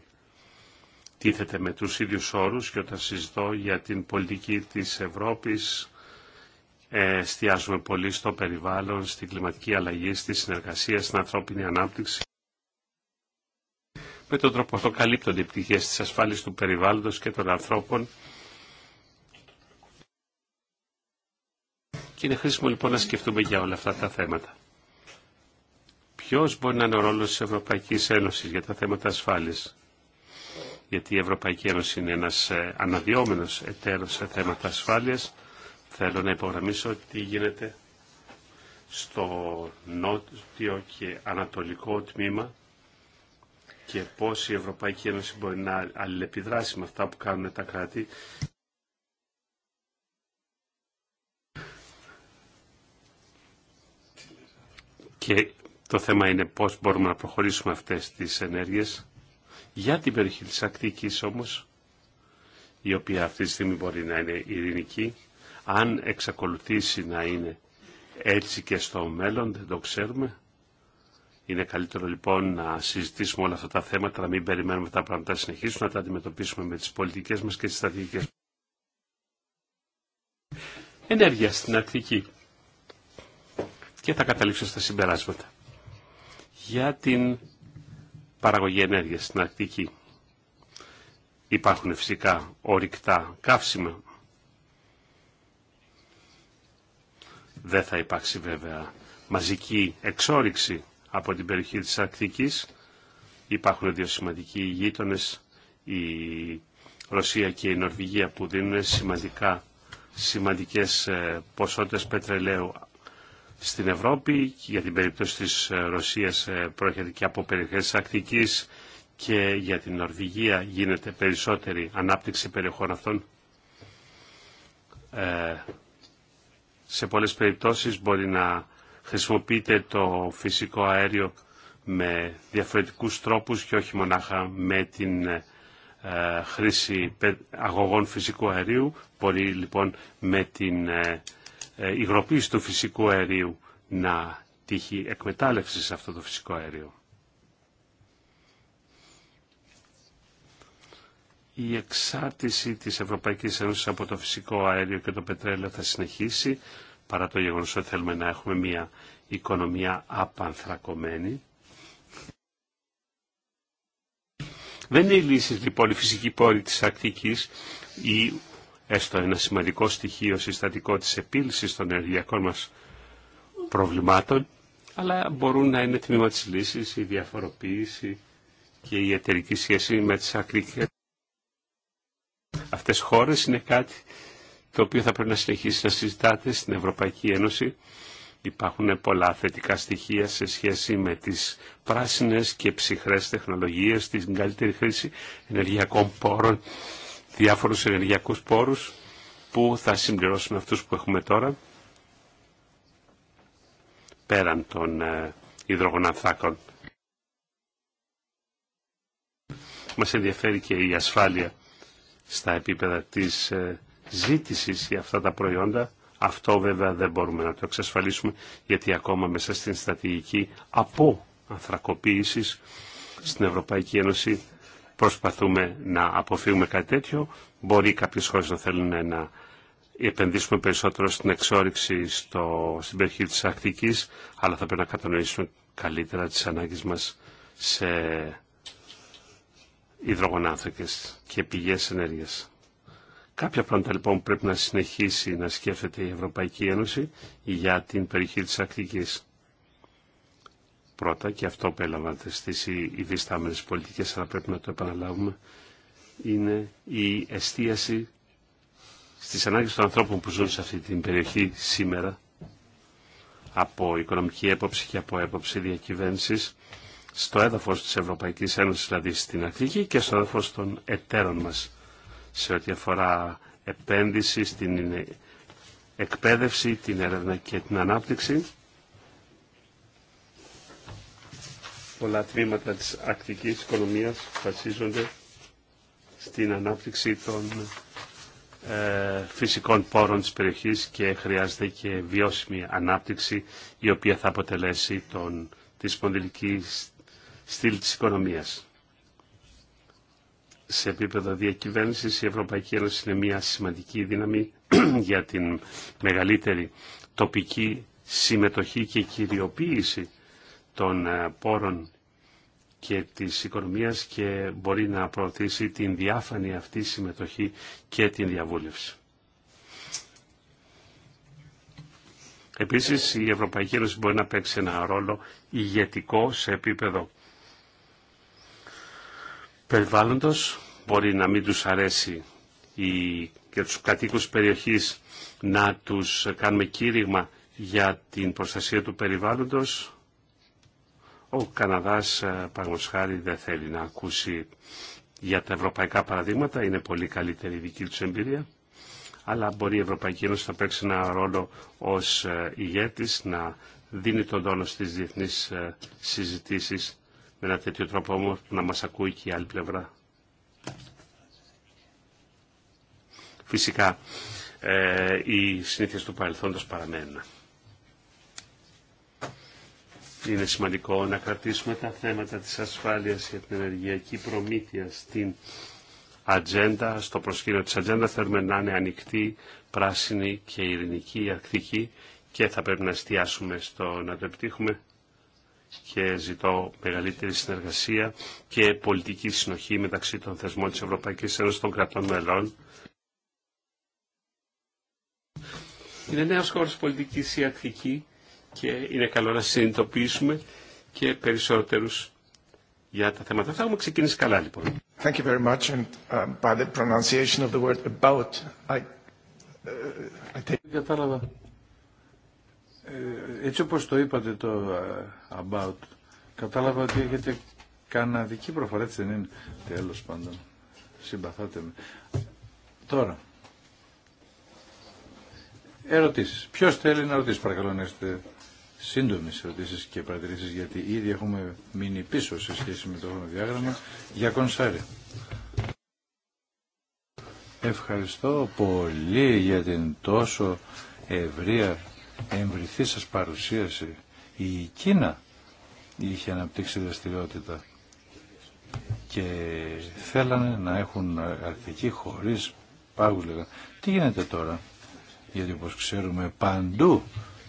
τίθεται με τους ίδιους όρους και όταν συζητώ για την πολιτική της Ευρώπης στιάζουμε εστιάζουμε πολύ στο περιβάλλον, στην κλιματική αλλαγή, στη συνεργασία, στην ανθρώπινη ανάπτυξη. Με τον τρόπο αυτό καλύπτονται οι πτυχές της ασφάλειας του περιβάλλοντος και των ανθρώπων. Και είναι χρήσιμο λοιπόν να σκεφτούμε για όλα αυτά τα θέματα. Ποιος μπορεί να είναι ο ρόλος της Ευρωπαϊκής Ένωσης για τα θέματα ασφάλειας. Γιατί η Ευρωπαϊκή Ένωση είναι ένας ε, αναδυόμενος εταίρος σε θέματα ασφάλειας. Θέλω να υπογραμμίσω τι γίνεται στο νότιο και ανατολικό τμήμα και πώς η Ευρωπαϊκή Ένωση μπορεί να αλληλεπιδράσει με αυτά που κάνουν τα κράτη. Και το θέμα είναι πώς μπορούμε να προχωρήσουμε αυτές τις ενέργειες για την περιοχή της Ακτικής όμως, η οποία αυτή τη στιγμή μπορεί να είναι ειρηνική, αν εξακολουθήσει να είναι έτσι και στο μέλλον, δεν το ξέρουμε. Είναι καλύτερο λοιπόν να συζητήσουμε όλα αυτά τα θέματα, να μην περιμένουμε τα πράγματα να συνεχίσουν, να τα αντιμετωπίσουμε με τις πολιτικές μας και τις στρατηγικές μας. Ενέργεια στην Αρκτική. Και θα καταλήξω στα συμπεράσματα. Για την παραγωγή ενέργειας στην Αρκτική. Υπάρχουν φυσικά ορυκτά καύσιμα. Δεν θα υπάρξει βέβαια μαζική εξόριξη από την περιοχή της Αρκτικής. Υπάρχουν δύο σημαντικοί γείτονες, η Ρωσία και η Νορβηγία, που δίνουν σημαντικά, σημαντικές ε, ποσότητες πετρελαίου στην Ευρώπη. Για την περίπτωση της ε, Ρωσίας ε, προέρχεται και από περιοχές της Αρκτικής και για την Νορβηγία γίνεται περισσότερη ανάπτυξη περιοχών αυτών. Ε, σε πολλές περιπτώσεις μπορεί να χρησιμοποιείται το φυσικό αέριο με διαφορετικούς τρόπους και όχι μονάχα με την ε, χρήση αγωγών φυσικού αερίου. Μπορεί λοιπόν με την ε, ε, υγροποίηση του φυσικού αερίου να τύχει εκμετάλλευση σε αυτό το φυσικό αέριο. Η εξάρτηση της Ευρωπαϊκής Ένωσης από το φυσικό αέριο και το πετρέλαιο θα συνεχίσει παρά το γεγονός ότι θέλουμε να έχουμε μια οικονομία απανθρακωμένη. Δεν είναι η λύση λοιπόν η φυσική πόλη της Ακτικής ή έστω ένα σημαντικό στοιχείο συστατικό της επίλυσης των ενεργειακών μας προβλημάτων, αλλά μπορούν να είναι τμήμα της λύσης η διαφοροποίηση και η εταιρική σχέση με τις Ακτικές. Αυτές χώρες είναι κάτι το οποίο θα πρέπει να συνεχίσει να συζητάτε στην Ευρωπαϊκή Ένωση. Υπάρχουν πολλά θετικά στοιχεία σε σχέση με τις πράσινες και ψυχρές τεχνολογίες, την καλύτερη χρήση ενεργειακών πόρων, διάφορους ενεργειακούς πόρους που θα συμπληρώσουν αυτούς που έχουμε τώρα πέραν των ε, υδρογοναθάκων. Μας ενδιαφέρει και η ασφάλεια στα επίπεδα της ε, ζήτησης για αυτά τα προϊόντα. Αυτό βέβαια δεν μπορούμε να το εξασφαλίσουμε γιατί ακόμα μέσα στην στρατηγική από ανθρακοποίησης στην Ευρωπαϊκή Ένωση προσπαθούμε να αποφύγουμε κάτι τέτοιο. Μπορεί κάποιε χώρε να θέλουν να επενδύσουμε περισσότερο στην εξόριξη στο, στην περιοχή της Αρκτικής, αλλά θα πρέπει να κατανοήσουμε καλύτερα τις ανάγκες μας σε υδρογονάνθρακες και πηγές ενέργειας. Κάποια πράγματα λοιπόν πρέπει να συνεχίσει να σκέφτεται η Ευρωπαϊκή Ένωση για την περιοχή της Ακτικής. Πρώτα, και αυτό που έλαβατε στις υφιστάμενες πολιτικές, αλλά πρέπει να το επαναλάβουμε, είναι η εστίαση στις ανάγκες των ανθρώπων που ζουν σε αυτή την περιοχή σήμερα, από οικονομική έποψη και από έποψη διακυβέρνησης, στο έδαφος της Ευρωπαϊκής Ένωσης, δηλαδή στην Ακτική και στο έδαφος των εταίρων μας σε ό,τι αφορά επένδυση στην εκπαίδευση, την έρευνα και την ανάπτυξη. Πολλά τμήματα της ακτικής οικονομίας βασίζονται στην ανάπτυξη των ε, φυσικών πόρων της περιοχής και χρειάζεται και βιώσιμη ανάπτυξη η οποία θα αποτελέσει τον, τη σπονδυλική στήλη της οικονομίας σε επίπεδο διακυβέρνηση, η Ευρωπαϊκή Ένωση είναι μια σημαντική δύναμη για την μεγαλύτερη τοπική συμμετοχή και κυριοποίηση των ε, πόρων και της οικονομίας και μπορεί να προωθήσει την διάφανη αυτή συμμετοχή και την διαβούλευση. Επίσης η Ευρωπαϊκή Ένωση μπορεί να παίξει ένα ρόλο ηγετικό σε επίπεδο περιβάλλοντος. Μπορεί να μην τους αρέσει η, και τους κατοίκους της περιοχής να τους κάνουμε κήρυγμα για την προστασία του περιβάλλοντος. Ο Καναδάς, ε, παραγωγός δεν θέλει να ακούσει για τα ευρωπαϊκά παραδείγματα. Είναι πολύ καλύτερη η δική του εμπειρία. Αλλά μπορεί η Ευρωπαϊκή Ένωση να παίξει ένα ρόλο ως ε, ηγέτης, να δίνει τον τόνο στις διεθνείς ε, συζητήσεις με ένα τέτοιο τρόπο όμω που να μας ακούει και η άλλη πλευρά. Φυσικά, ε, οι συνήθειες του παρελθόντος παραμένουν. Είναι σημαντικό να κρατήσουμε τα θέματα της ασφάλειας για την ενεργειακή προμήθεια στην ατζέντα, στο προσκήνιο της ατζέντα θέλουμε να είναι ανοιχτή, πράσινη και ειρηνική, αρκτική και θα πρέπει να εστιάσουμε στο να το επιτύχουμε και ζητώ μεγαλύτερη συνεργασία και πολιτική συνοχή μεταξύ των θεσμών της Ευρωπαϊκής Ένωσης των κρατών μελών. Είναι νέος χώρος πολιτικής η και είναι καλό να συνειδητοποιήσουμε και περισσότερους για τα θέματα Θα Έχουμε ξεκινήσει καλά λοιπόν.
Thank you very much and um, by the pronunciation of the word about I,
uh, I take... Ε, έτσι όπως το είπατε το ε, about, κατάλαβα ότι έχετε καναδική προφορά, έτσι δεν είναι. Τέλος πάντων, συμπαθάτε με. Τώρα, ερωτήσεις. Ποιος θέλει να ρωτήσει, παρακαλώ να είστε σύντομες ερωτήσεις και παρατηρήσεις, γιατί ήδη έχουμε μείνει πίσω σε σχέση με το διάγραμμα, για κονσάρι. Ευχαριστώ πολύ για την τόσο ευρία εμβριθή σας παρουσίαση η Κίνα είχε αναπτύξει δραστηριότητα και θέλανε να έχουν αρκτική χωρίς πάγους λέγανε. Τι γίνεται τώρα, γιατί όπως ξέρουμε παντού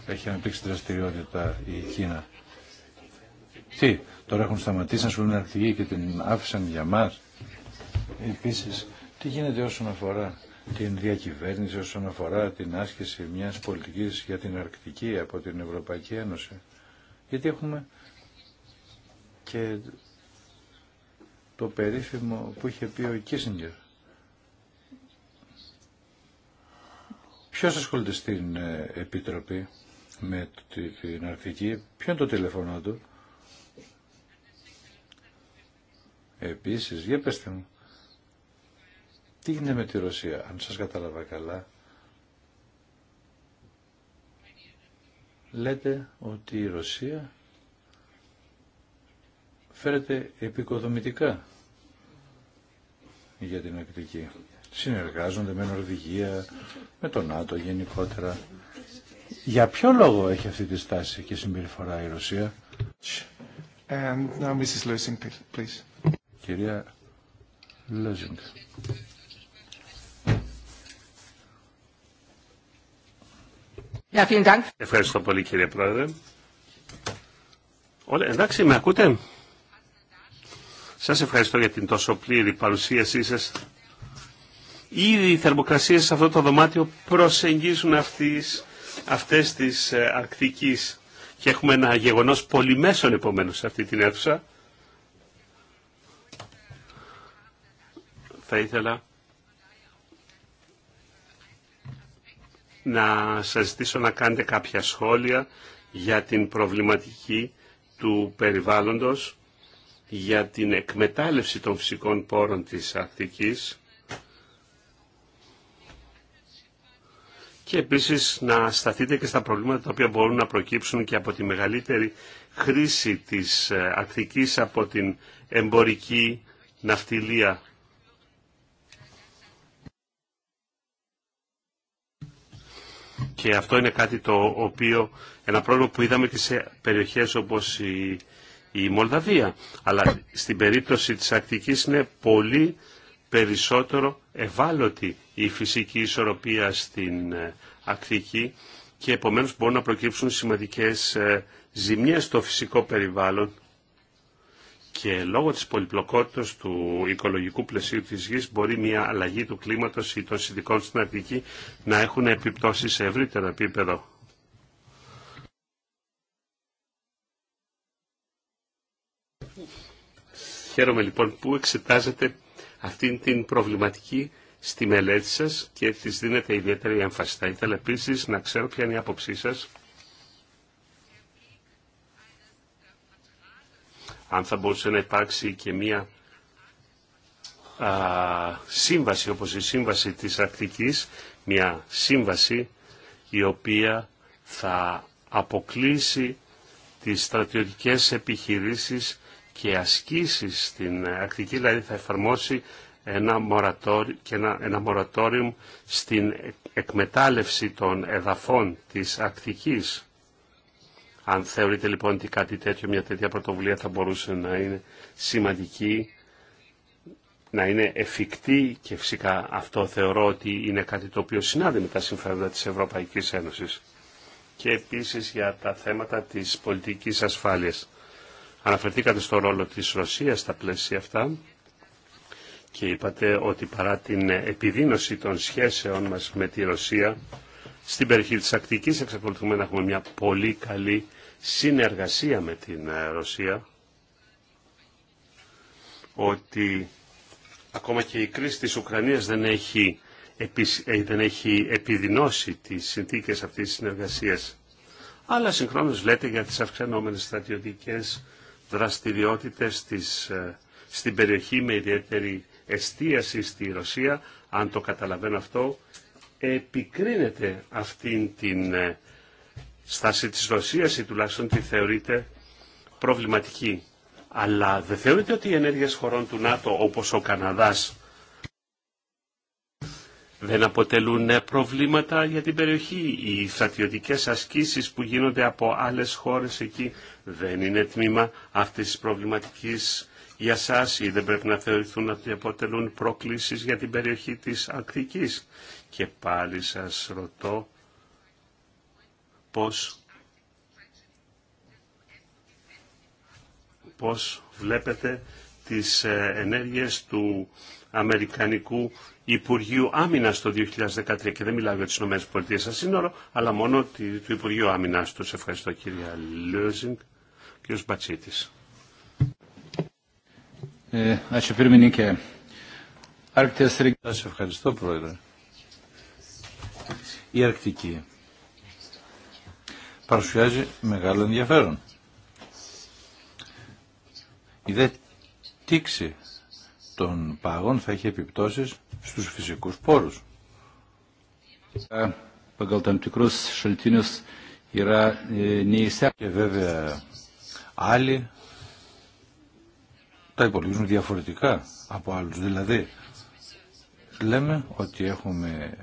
έχει αναπτύξει δραστηριότητα η Κίνα. Τι, τώρα έχουν σταματήσει να σου λένε και την άφησαν για μας. Επίσης, τι γίνεται όσον αφορά την διακυβέρνηση όσον αφορά την άσκηση μιας πολιτικής για την Αρκτική από την Ευρωπαϊκή Ένωση. Γιατί έχουμε και το περίφημο που είχε πει ο Κίσινγκερ. Ποιος ασχολείται στην ε, Επιτροπή με την Αρκτική, ποιο είναι το τηλέφωνο του. Επίσης, για πέστε μου. Τι γίνεται με τη Ρωσία, αν σας κατάλαβα καλά. Λέτε ότι η Ρωσία φέρεται επικοδομητικά για την εκδική. Συνεργάζονται με Νορβηγία, με τον ΝΑΤΟ γενικότερα. Για ποιο λόγο έχει αυτή τη στάση και συμπεριφορά η Ρωσία.
And um, Mrs. Lösing, please.
Κυρία
Lösing. Ευχαριστώ πολύ κύριε Πρόεδρε. εντάξει, με ακούτε. Σας ευχαριστώ για την τόσο πλήρη παρουσίασή σας. Ήδη οι θερμοκρασίες σε αυτό το δωμάτιο προσεγγίζουν αυτής, αυτές τις ε, Αρκτικής και έχουμε ένα γεγονός πολυμέσων επομένως σε αυτή την αίθουσα. Θα ήθελα να σας ζητήσω να κάνετε κάποια σχόλια για την προβληματική του περιβάλλοντος, για την εκμετάλλευση των φυσικών πόρων της ακτική. και επίσης να σταθείτε και στα προβλήματα τα οποία μπορούν να προκύψουν και από τη μεγαλύτερη χρήση της ε, ακτική από την εμπορική ναυτιλία Και αυτό είναι κάτι το οποίο, ένα πρόβλημα που είδαμε και σε περιοχές όπως η, Μολδαβία. Αλλά στην περίπτωση της Αρκτικής είναι πολύ περισσότερο ευάλωτη η φυσική ισορροπία στην ε, Ακτική και επομένως μπορούν να προκύψουν σημαντικές ε, ζημιές στο φυσικό περιβάλλον και λόγω της πολυπλοκότητας του οικολογικού πλαισίου της γης μπορεί μια αλλαγή του κλίματος ή των συνδικών στην Αττική να έχουν επιπτώσεις σε ευρύτερο επίπεδο. Χαίρομαι λοιπόν που εξετάζετε αυτήν την προβληματική στη μελέτη σας και της δίνετε ιδιαίτερη έμφαση. Θα ήθελα επίσης να ξέρω ποια είναι η άποψή σας αν θα μπορούσε να υπάρξει και μία σύμβαση όπως η σύμβαση της Αρκτικής, μία σύμβαση η οποία θα αποκλείσει τις στρατιωτικές επιχειρήσεις και ασκήσεις στην Ακτική, δηλαδή θα εφαρμόσει ένα μορατόριο, και ένα, στην εκμετάλλευση των εδαφών της Αρκτικής. Αν θεωρείτε λοιπόν ότι κάτι τέτοιο, μια τέτοια πρωτοβουλία θα μπορούσε να είναι σημαντική, να είναι εφικτή και φυσικά αυτό θεωρώ ότι είναι κάτι το οποίο συνάδει με τα συμφέροντα της Ευρωπαϊκής Ένωσης. Και επίσης για τα θέματα της πολιτικής ασφάλειας. Αναφερθήκατε στο ρόλο της Ρωσίας στα πλαίσια αυτά και είπατε ότι παρά την επιδείνωση των σχέσεων μας με τη Ρωσία, στην περιοχή της Ακτικής εξακολουθούμε να έχουμε μια πολύ καλή συνεργασία με την ε, Ρωσία ότι ακόμα και η κρίση της Ουκρανίας δεν έχει, ε, δεν έχει επιδεινώσει τις συνθήκες αυτής της συνεργασίας. Αλλά συγχρόνως λέτε για τις αυξανόμενες στρατιωτικές δραστηριότητες της, ε, στην περιοχή με ιδιαίτερη εστίαση στη Ρωσία, αν το καταλαβαίνω αυτό, επικρίνεται αυτήν την στάση της Ρωσίας ή τουλάχιστον τη θεωρείται προβληματική. Αλλά δεν θεωρείται ότι οι ενέργειες χωρών του ΝΑΤΟ όπως ο Καναδάς δεν αποτελούν προβλήματα για την περιοχή. Οι στρατιωτικές ασκήσεις που γίνονται από άλλες χώρες εκεί δεν είναι τμήμα αυτής της προβληματικής για σας ή δεν πρέπει να θεωρηθούν ότι αποτελούν προκλήσεις για την περιοχή της Αρκτικής. Και πάλι σας ρωτώ πώς, πώς βλέπετε τις ε, ενέργειες του Αμερικανικού Υπουργείου Άμυνα το 2013 και δεν μιλάω για τι ΗΠΑ σα σύνορο, αλλά μόνο του Υπουργείου Άμυνα του. Ευχαριστώ κύριε Λόζινγκ. και Μπατσίτη.
Ε, Σας ευχαριστώ πρόεδρε. Η Αρκτική παρουσιάζει μεγάλο ενδιαφέρον. Η δε τήξη των πάγων θα έχει επιπτώσεις στους φυσικούς πόρους. Ε, e, Και βέβαια άλλοι τα υπολογίζουν διαφορετικά από άλλους. Δηλαδή λέμε ότι έχουμε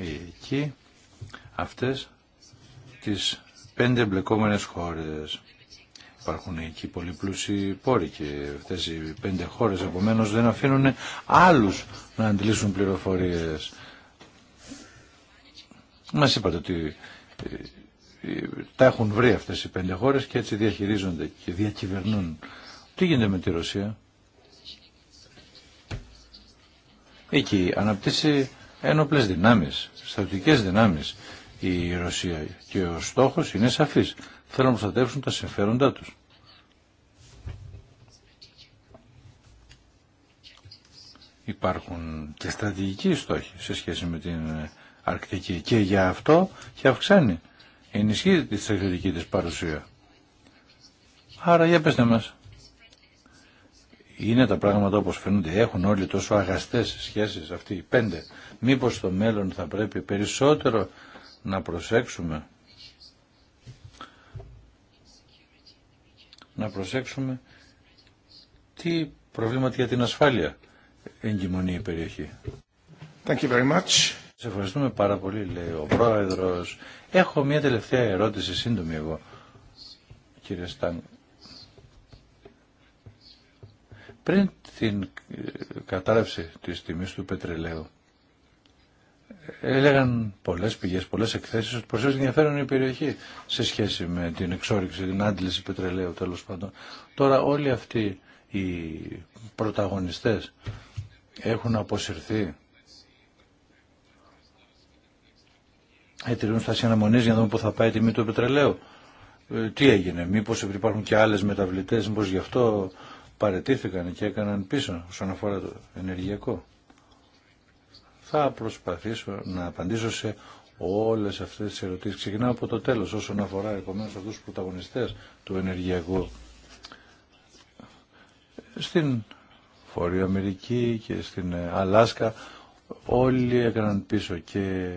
εκεί αυτές τις πέντε εμπλεκόμενες χώρες. Υπάρχουν εκεί πολύ πλούσιοι πόροι και αυτές οι πέντε χώρες επομένω δεν αφήνουν άλλους να αντλήσουν πληροφορίες. Μας είπατε ότι ε, ε, τα έχουν βρει αυτές οι πέντε χώρες και έτσι διαχειρίζονται και διακυβερνούν. Τι γίνεται με τη Ρωσία. Εκεί αναπτύσσει ένοπλες δυνάμεις, στρατιωτικές δυνάμεις η Ρωσία και ο στόχος είναι σαφής. Θέλουν να προστατεύσουν τα συμφέροντά τους. Υπάρχουν και στρατηγικοί στόχοι σε σχέση με την Αρκτική και για αυτό και αυξάνει. Ενισχύει τη στρατηγική της παρουσία. Άρα για πέστε μας. Είναι τα πράγματα όπως φαίνονται. Έχουν όλοι τόσο αγαστές σχέσεις αυτοί οι πέντε. Μήπως στο μέλλον θα πρέπει περισσότερο να προσέξουμε να προσέξουμε τι προβλήματα για την ασφάλεια εγκυμονεί η περιοχή. Thank you very much. Σε ευχαριστούμε πάρα πολύ, λέει ο πρόεδρος. Έχω μια τελευταία ερώτηση, σύντομη εγώ, κύριε Στάν. Πριν την ε, κατάρρευση της τιμής του πετρελαίου, έλεγαν πολλές πηγές, πολλές εκθέσεις ότι προσέχει ενδιαφέρον η περιοχή σε σχέση με την εξόριξη, την άντληση πετρελαίου τέλος πάντων. Τώρα όλοι αυτοί οι πρωταγωνιστές έχουν αποσυρθεί. Ετηρούν λοιπόν, στάση αναμονή για να δούμε πού θα πάει η τιμή του πετρελαίου. Ε, τι έγινε, μήπως υπάρχουν και άλλες μεταβλητές, μήπως γι' αυτό παρετήθηκαν και έκαναν πίσω όσον αφορά το ενεργειακό. Θα προσπαθήσω να απαντήσω σε όλες αυτές τις ερωτήσεις. Ξεκινάω από το τέλος όσον αφορά επομένως αυτούς του πρωταγωνιστές του ενεργειακού. Στην Φόρεια Αμερική και στην Αλάσκα όλοι έκαναν πίσω και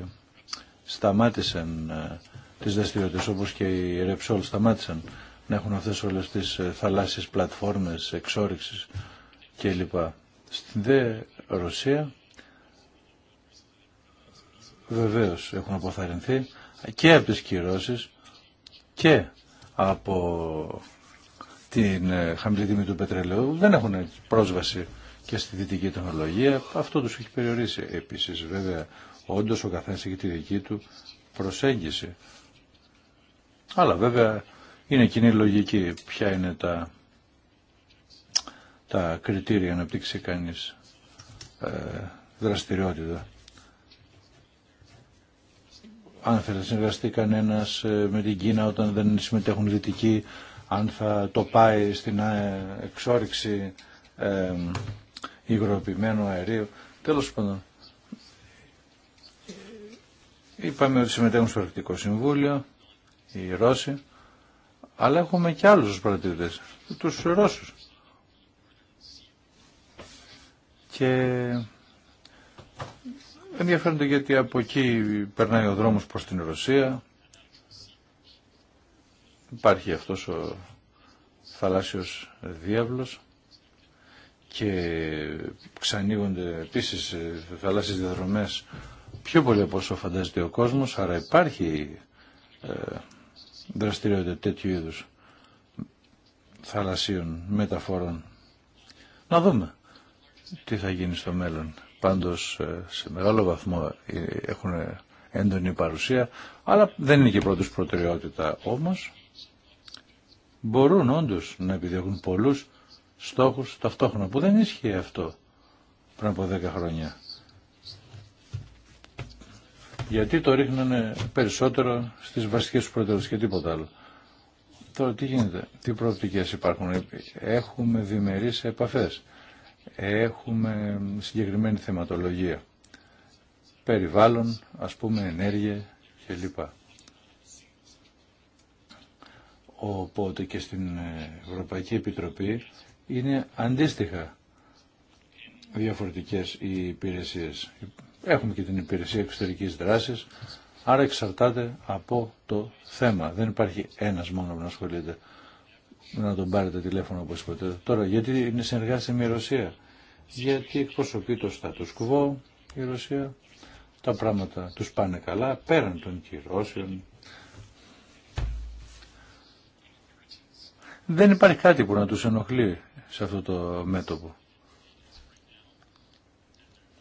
σταμάτησαν ε, τις δραστηριότητες όπως και οι Ρεψόλ σταμάτησαν να έχουν αυτές όλες τις ε, θαλάσσιες πλατφόρμες εξόριξης κλπ. Στην δε Ρωσία βεβαίως έχουν αποθαρρυνθεί και από τις κυρώσεις και από την ε, χαμηλή τιμή του πετρελαίου. Δεν έχουν πρόσβαση και στη δυτική τεχνολογία. Αυτό τους έχει περιορίσει. Επίσης βέβαια όντως ο καθένας έχει τη δική του προσέγγιση. Αλλά βέβαια είναι κοινή λογική ποια είναι τα, τα κριτήρια να πτύξει κανείς ε, δραστηριότητα αν θέλει να συνεργαστεί κανένα ε, με την Κίνα όταν δεν συμμετέχουν δυτικοί, αν θα το πάει στην ε, εξόριξη ε, υγροποιημένου αερίου. Τέλος πάντων, είπαμε ότι συμμετέχουν στο Αρκτικό Συμβούλιο, οι Ρώσοι, αλλά έχουμε και άλλους παρατηρητές, τους Ρώσου. Και ενδιαφέρονται γιατί από εκεί περνάει ο δρόμος προς την Ρωσία. Υπάρχει αυτός ο θαλάσσιος διάβλος και ξανοίγονται επίσης θαλάσσιες διαδρομές πιο πολύ από όσο φαντάζεται ο κόσμος, άρα υπάρχει ε, δραστηριότητα τέτοιου είδους θαλασσίων μεταφορών. Να δούμε τι θα γίνει στο μέλλον πάντως ε, σε μεγάλο βαθμό ε, έχουν έντονη παρουσία, αλλά δεν είναι και πρώτος προτεραιότητα. Όμως μπορούν όντως να επιδιώκουν πολλούς στόχους ταυτόχρονα, που δεν ίσχυε αυτό πριν από 10 χρόνια. Γιατί το ρίχνανε περισσότερο στις βασικές προτεραιότητες και τίποτα άλλο. Τώρα τι γίνεται, τι προοπτικές υπάρχουν. Ε, έχουμε διμερείς επαφές έχουμε συγκεκριμένη θεματολογία. Περιβάλλον, ας πούμε, ενέργεια κλπ. Οπότε και στην Ευρωπαϊκή Επιτροπή είναι αντίστοιχα διαφορετικές οι υπηρεσίες. Έχουμε και την υπηρεσία εξωτερικής δράσης, άρα εξαρτάται από το θέμα. Δεν υπάρχει ένας μόνο που να ασχολείται να τον πάρετε τηλέφωνο όπως είπατε. Τώρα, γιατί είναι συνεργάτη με η Ρωσία. Γιατί εκπροσωπεί το status quo η Ρωσία. Τα πράγματα τους πάνε καλά, πέραν των κυρώσεων. Δεν υπάρχει κάτι που να τους ενοχλεί σε αυτό το μέτωπο.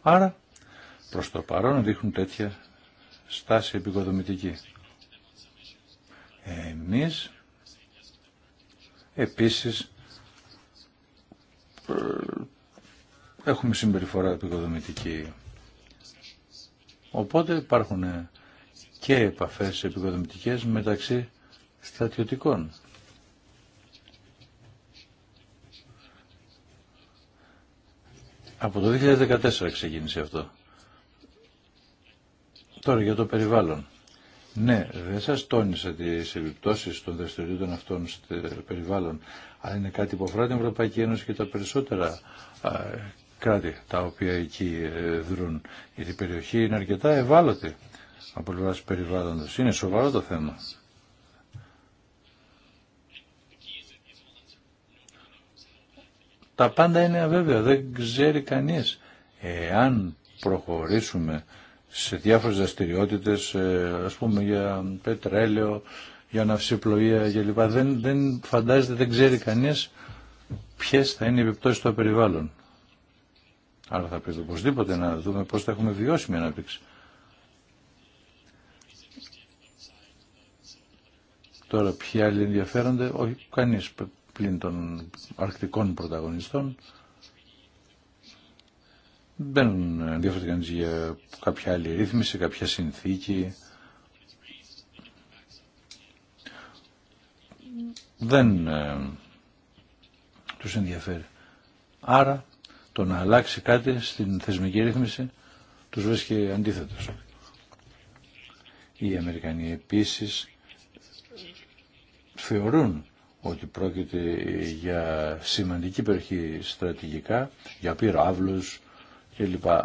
Άρα, προς το παρόν δείχνουν τέτοια στάση επικοδομητική. Εμείς Επίσης, ε, έχουμε συμπεριφορά επικοδομητική. Οπότε υπάρχουν και επαφές επικοδομητικές μεταξύ στρατιωτικών. Από το 2014 ξεκίνησε αυτό. Τώρα για το περιβάλλον. Ναι, δεν σας τόνισα τις επιπτώσεις των δραστηριοτήτων αυτών στο περιβάλλον, αλλά είναι κάτι που αφορά την Ευρωπαϊκή Ένωση και τα περισσότερα κράτη τα οποία εκεί ε, δρούν. Γιατί η περιοχή είναι αρκετά ευάλωτη από πλευρά περιβάλλοντος. Είναι σοβαρό το θέμα. Τα πάντα είναι αβέβαια, δεν ξέρει κανείς. Εάν προχωρήσουμε σε διάφορες δραστηριότητε, ε, ας πούμε για πετρέλαιο, για ναυσιπλοεία κλπ. Δεν, δεν φαντάζεται, δεν ξέρει κανείς ποιες θα είναι οι επιπτώσεις των περιβάλλων. Άρα θα πρέπει οπωσδήποτε να δούμε πώς θα έχουμε βιώσει μια ανάπτυξη. Τώρα ποιοι άλλοι ενδιαφέρονται, όχι κανείς πλην των αρκτικών πρωταγωνιστών. Δεν ενδιαφέρεται κανείς για κάποια άλλη ρύθμιση, κάποια συνθήκη. Δεν ε, τους ενδιαφέρει. Άρα το να αλλάξει κάτι στην θεσμική ρύθμιση τους βρίσκει αντίθετος. Οι Αμερικανοί επίσης θεωρούν ότι πρόκειται για σημαντική περιοχή στρατηγικά, για πυράβλους,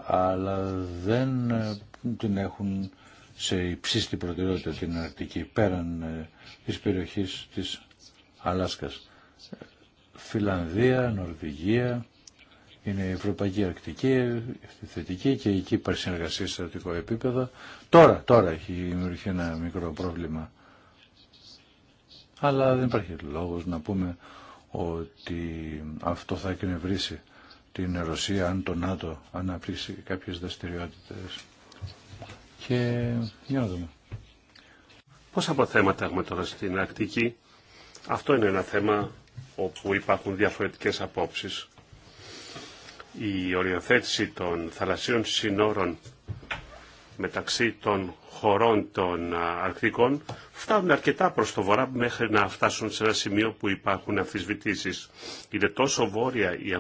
αλλά δεν ε, την έχουν σε υψίστη προτεραιότητα την Αρκτική πέραν ε, της περιοχής της Αλάσκας. Φιλανδία, Νορβηγία, είναι η Ευρωπαϊκή Αρκτική, ε, θετική και εκεί υπάρχει συνεργασία σε αρκτικό επίπεδο. Τώρα, τώρα έχει δημιουργηθεί ένα μικρό πρόβλημα. Αλλά δεν υπάρχει λόγος να πούμε ότι αυτό θα εκνευρίσει την Ρωσία αν το ΝΑΤΟ αναπτύσσει κάποιες δραστηριότητε. Και για να δούμε.
Πόσα θέματα έχουμε τώρα στην Αρκτική. Αυτό είναι ένα θέμα όπου υπάρχουν διαφορετικές απόψεις. Η οριοθέτηση των θαλασσίων συνόρων μεταξύ των χωρών των Αρκτικών φτάνουν αρκετά προς το βορρά μέχρι να φτάσουν σε ένα σημείο που υπάρχουν αμφισβητήσεις. Είναι τόσο βόρεια οι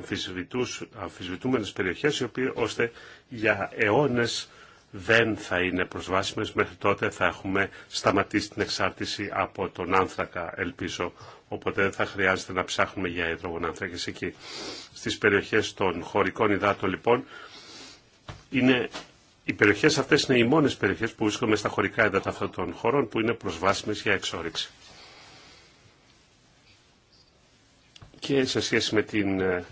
αμφισβητούμενες περιοχές οι οποίες, ώστε για αιώνες δεν θα είναι προσβάσιμες. Μέχρι τότε θα έχουμε σταματήσει την εξάρτηση από τον άνθρακα, ελπίζω. Οπότε δεν θα χρειάζεται να ψάχνουμε για άνθρακες εκεί. Στις περιοχές των χωρικών υδάτων, λοιπόν, είναι οι περιοχές αυτές είναι οι μόνε περιοχές που βρίσκονται στα χωρικά έδατα αυτών των χωρών που είναι προσβάσιμες για εξόριξη. Και σε σχέση με την ε,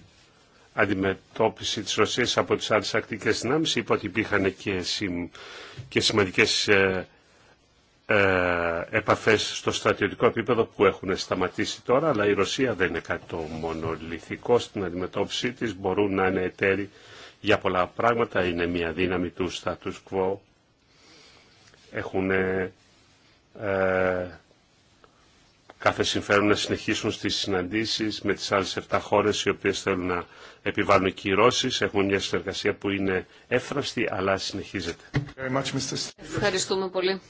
αντιμετώπιση της Ρωσίας από τις άλλες ακτικές δυνάμεις είπα ότι υπήρχαν και, και σημαντικές ε, ε, επαφές στο στρατιωτικό επίπεδο που έχουν σταματήσει τώρα αλλά η Ρωσία δεν είναι κάτι το μονολυθικό στην αντιμετώπιση της, μπορούν να είναι εταίροι για πολλά πράγματα. Είναι μια δύναμη του status quo. Έχουν ε, κάθε συμφέρον να συνεχίσουν στις συναντήσεις με τις άλλες 7 χώρες οι οποίες θέλουν να επιβάλλουν κυρώσεις. Έχουν μια συνεργασία που είναι εύθραυστη αλλά συνεχίζεται.
Ευχαριστούμε πολύ.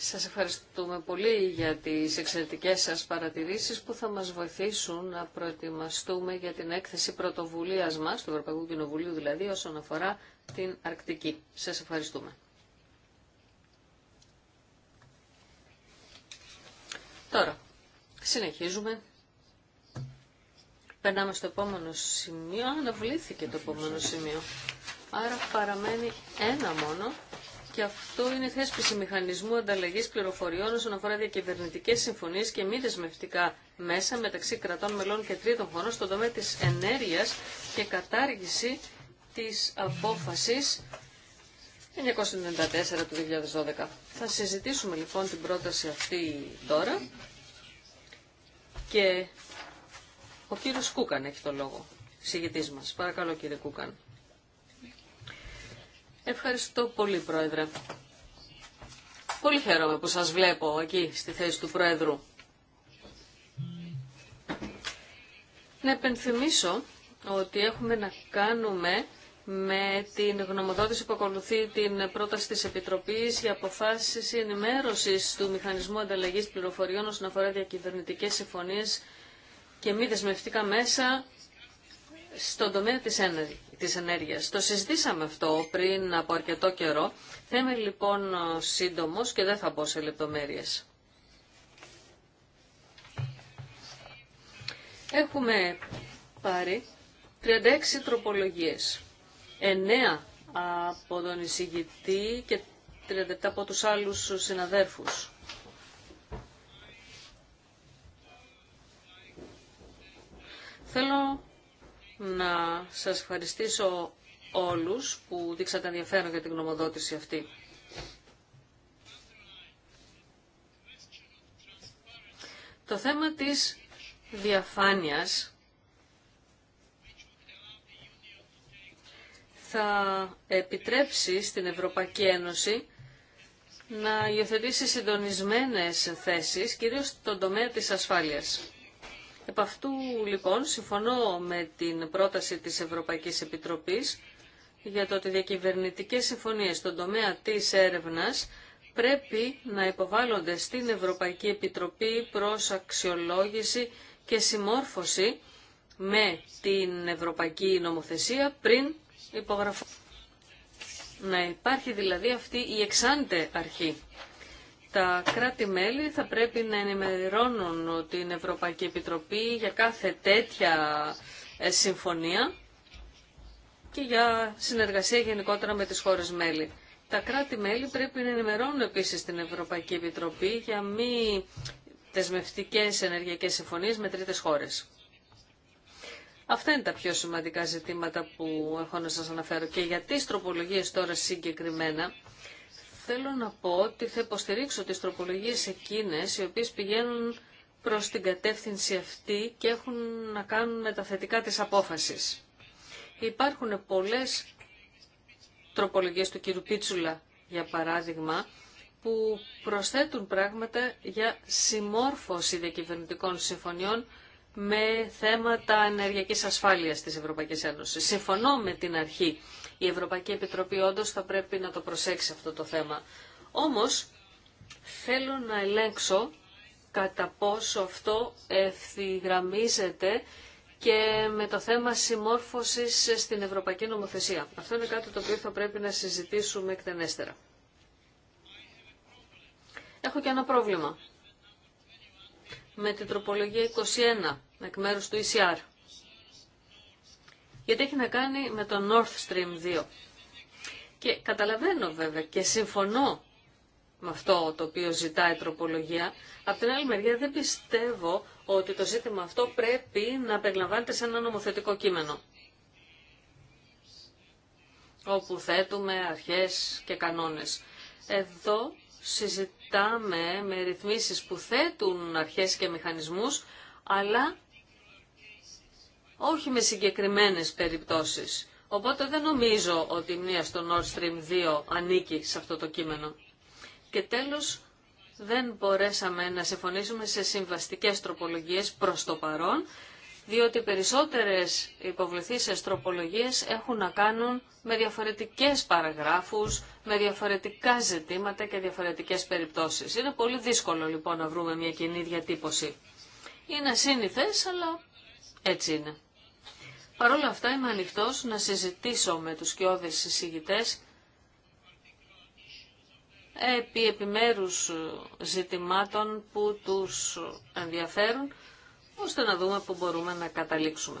Σας ευχαριστούμε πολύ για τις εξαιρετικές σας παρατηρήσεις που θα μας βοηθήσουν να προετοιμαστούμε για την έκθεση πρωτοβουλίας μας, του Ευρωπαϊκού Κοινοβουλίου δηλαδή, όσον αφορά την Αρκτική. Σας ευχαριστούμε. Τώρα, συνεχίζουμε. Περνάμε στο επόμενο σημείο. Αναβλήθηκε το επόμενο σημείο. Άρα παραμένει ένα μόνο και αυτό είναι θέσπιση μηχανισμού ανταλλαγή πληροφοριών όσον αφορά διακυβερνητικέ συμφωνίες και μη δεσμευτικά μέσα μεταξύ κρατών μελών και τρίτων χωρών στον τομέα της ενέργειας και κατάργηση της απόφασης 1994 του 2012. Θα συζητήσουμε λοιπόν την πρόταση αυτή τώρα και ο κύριος Κούκαν έχει το λόγο, συγητής μας. Παρακαλώ κύριε Κούκαν. Ευχαριστώ πολύ, Πρόεδρε. Πολύ χαίρομαι που σας βλέπω εκεί στη θέση του Πρόεδρου. Να επενθυμίσω ότι έχουμε να κάνουμε με την γνωμοδότηση που ακολουθεί την πρόταση της Επιτροπής για αποφάσεις ενημέρωσης του Μηχανισμού Ανταλλαγής Πληροφοριών όσον αφορά διακυβερνητικές συμφωνίες και μη δεσμευτικά μέσα στον τομέα της ένεργης της ενέργειας. Το συζητήσαμε αυτό πριν από αρκετό καιρό. Θα είμαι λοιπόν σύντομος και δεν θα μπω σε λεπτομέρειες. Έχουμε πάρει 36 τροπολογίες. 9 από τον εισηγητή και 37 από τους άλλους συναδέρφους. Θέλω να σας ευχαριστήσω όλους που δείξατε ενδιαφέρον για την γνωμοδότηση αυτή. Το θέμα της διαφάνειας θα επιτρέψει στην Ευρωπαϊκή Ένωση να υιοθετήσει συντονισμένες θέσεις, κυρίως στον τομέα της ασφάλειας. Επ' αυτού λοιπόν συμφωνώ με την πρόταση της Ευρωπαϊκής Επιτροπής για το ότι διακυβερνητικές συμφωνίες στον τομέα της έρευνας πρέπει να υποβάλλονται στην Ευρωπαϊκή Επιτροπή προς αξιολόγηση και συμμόρφωση με την Ευρωπαϊκή Νομοθεσία πριν υπογραφούν, Να υπάρχει δηλαδή αυτή η εξάντε αρχή τα κράτη-μέλη θα πρέπει να ενημερώνουν την Ευρωπαϊκή Επιτροπή για κάθε τέτοια ε, συμφωνία και για συνεργασία γενικότερα με τις χώρες μέλη. Τα κράτη-μέλη πρέπει να ενημερώνουν επίσης την Ευρωπαϊκή Επιτροπή για μη δεσμευτικές ενεργειακές συμφωνίες με τρίτες χώρες. Αυτά είναι τα πιο σημαντικά ζητήματα που έχω να σας αναφέρω. Και για τις τροπολογίες τώρα συγκεκριμένα, θέλω να πω ότι θα υποστηρίξω τις τροπολογίες εκείνες οι οποίες πηγαίνουν προς την κατεύθυνση αυτή και έχουν να κάνουν με τα θετικά της απόφασης. Υπάρχουν πολλές τροπολογίες του κύριου Πίτσουλα, για παράδειγμα, που προσθέτουν πράγματα για συμμόρφωση διακυβερνητικών συμφωνιών με θέματα ενεργειακής ασφάλειας της Ευρωπαϊκής Ένωσης. Συμφωνώ με την αρχή η Ευρωπαϊκή Επιτροπή όντω θα πρέπει να το προσέξει αυτό το θέμα. Όμως θέλω να ελέγξω κατά πόσο αυτό ευθυγραμμίζεται και με το θέμα συμμόρφωσης στην Ευρωπαϊκή Νομοθεσία. Αυτό είναι κάτι το οποίο θα πρέπει να συζητήσουμε εκτενέστερα. Έχω και ένα πρόβλημα με την τροπολογία 21 εκ μέρους του ECR γιατί έχει να κάνει με το North Stream 2. Και καταλαβαίνω βέβαια και συμφωνώ με αυτό το οποίο ζητάει η τροπολογία. από την άλλη μεριά δεν πιστεύω ότι το ζήτημα αυτό πρέπει να περιλαμβάνεται σε ένα νομοθετικό κείμενο όπου θέτουμε αρχές και κανόνες. Εδώ συζητάμε με ρυθμίσεις που θέτουν αρχές και μηχανισμούς, αλλά όχι με συγκεκριμένες περιπτώσεις. Οπότε δεν νομίζω ότι η στο Nord Stream 2 ανήκει σε αυτό το κείμενο. Και τέλος, δεν μπορέσαμε να συμφωνήσουμε σε συμβαστικές τροπολογίες προς το παρόν, διότι περισσότερες υποβληθήσεις τροπολογίες έχουν να κάνουν με διαφορετικές παραγράφους, με διαφορετικά ζητήματα και διαφορετικές περιπτώσεις. Είναι πολύ δύσκολο λοιπόν να βρούμε μια κοινή διατύπωση. Είναι ασύνηθες, αλλά έτσι είναι. Παρ' όλα αυτά είμαι ανοιχτό να συζητήσω με τους κοιόδες συζητητές επί επιμέρους ζητημάτων που τους ενδιαφέρουν, ώστε να δούμε πού μπορούμε να καταλήξουμε.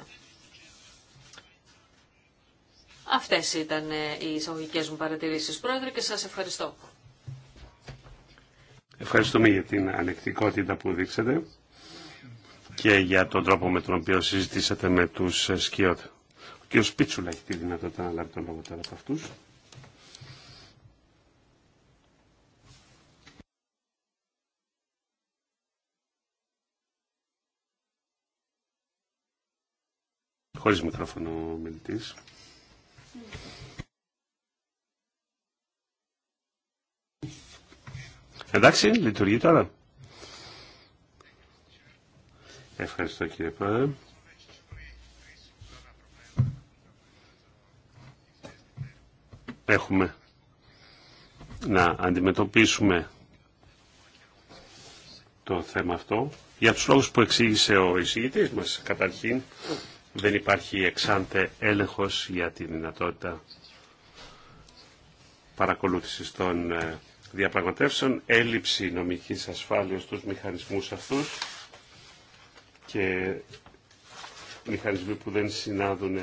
Αυτές ήταν οι εισαγωγικέ μου παρατηρήσεις, Πρόεδρε, και σας ευχαριστώ.
Ευχαριστούμε για την ανεκτικότητα που δείξατε και για τον τρόπο με τον οποίο συζητήσατε με του ε, ΣΚΙΟΤ. Ο κ. Σπίτσουλα έχει τη δυνατότητα να λάβει τον λόγο τώρα από αυτού. Χωρίς μικρόφωνο Εντάξει, λειτουργεί τώρα. Ευχαριστώ κύριε Πρόεδρε. Έχουμε να αντιμετωπίσουμε το θέμα αυτό. Για τους λόγους που εξήγησε ο εισηγητής μας, καταρχήν δεν υπάρχει εξάντε έλεγχος για τη δυνατότητα παρακολούθησης των ε, διαπραγματεύσεων, έλλειψη νομικής ασφάλειας στους μηχανισμούς αυτούς και μηχανισμοί που δεν συνάδουν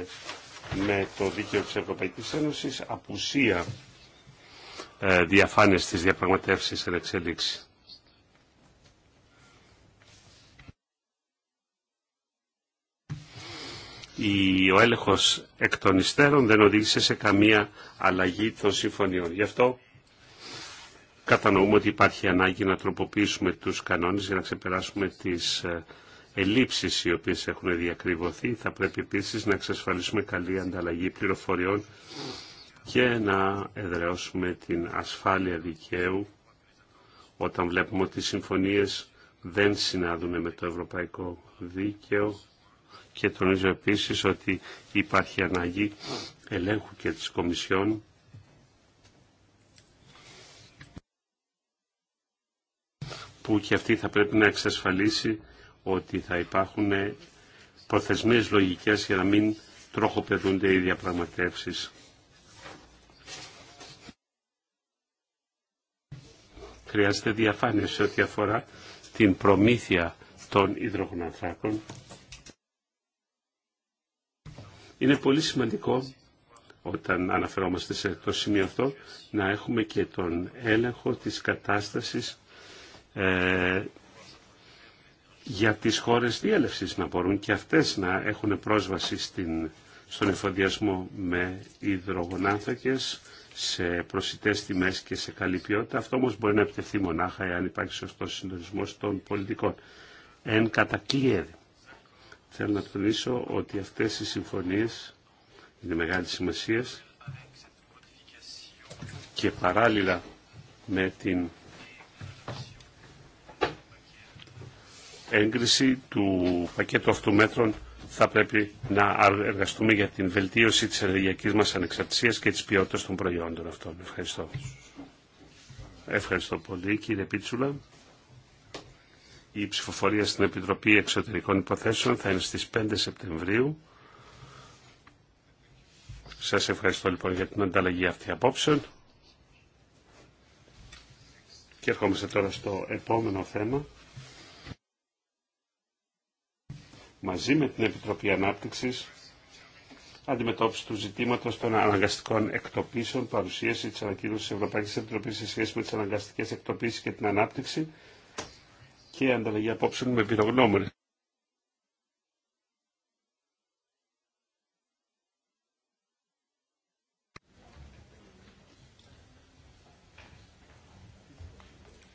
με το δίκαιο της Ευρωπαϊκής Ένωσης, απουσία ε, διαφάνεια στις διαπραγματεύσεις εν εξελίξη. ο έλεγχος εκ των υστέρων δεν οδήγησε σε καμία αλλαγή των συμφωνιών. Γι' αυτό κατανοούμε ότι υπάρχει ανάγκη να τροποποιήσουμε τους κανόνες για να ξεπεράσουμε τις ε, ελλείψεις οι οποίες έχουν διακριβωθεί. Θα πρέπει επίσης να εξασφαλίσουμε καλή ανταλλαγή πληροφοριών και να εδραιώσουμε την ασφάλεια δικαίου όταν βλέπουμε ότι οι συμφωνίες δεν συνάδουν με το ευρωπαϊκό δίκαιο και τονίζω επίσης ότι υπάρχει ανάγκη ελέγχου και της Κομισιόν που και αυτή θα πρέπει να εξασφαλίσει ότι θα υπάρχουν προθεσμίες λογικές για να μην τροχοπεδούνται οι διαπραγματεύσεις. Χρειάζεται διαφάνεια σε ό,τι αφορά την προμήθεια των υδρογοναθράκων. Είναι πολύ σημαντικό όταν αναφερόμαστε σε το σημείο αυτό, να έχουμε και τον έλεγχο της κατάστασης ε, για τις χώρες διέλευσης να μπορούν και αυτές να έχουν πρόσβαση στην, στον εφοδιασμό με υδρογονάνθρακες σε προσιτές τιμές και σε καλή ποιότητα. Αυτό όμως μπορεί να επιτευχθεί μονάχα εάν υπάρχει σωστός συντονισμός των πολιτικών. Εν κατακλείεδη. Θέλω να τονίσω ότι αυτές οι συμφωνίες είναι μεγάλη σημασία και παράλληλα με την έγκριση του πακέτου αυτού μέτρων θα πρέπει να εργαστούμε για την βελτίωση της ενεργειακής μας ανεξαρτησίας και της ποιότητας των προϊόντων αυτών. Ευχαριστώ. Ευχαριστώ πολύ κύριε Πίτσουλα. Η ψηφοφορία στην Επιτροπή Εξωτερικών Υποθέσεων θα είναι στις 5 Σεπτεμβρίου. Σας ευχαριστώ λοιπόν για την ανταλλαγή αυτή απόψεων. Και ερχόμαστε τώρα στο επόμενο θέμα. μαζί με την Επιτροπή Ανάπτυξης αντιμετώπιση του ζητήματο των αναγκαστικών εκτοπίσεων, παρουσίαση τη ανακοίνωση τη Ευρωπαϊκή Επιτροπή σε σχέση με τι αναγκαστικέ εκτοπίσει και την ανάπτυξη και ανταλλαγή απόψεων με πυρογνώμονε.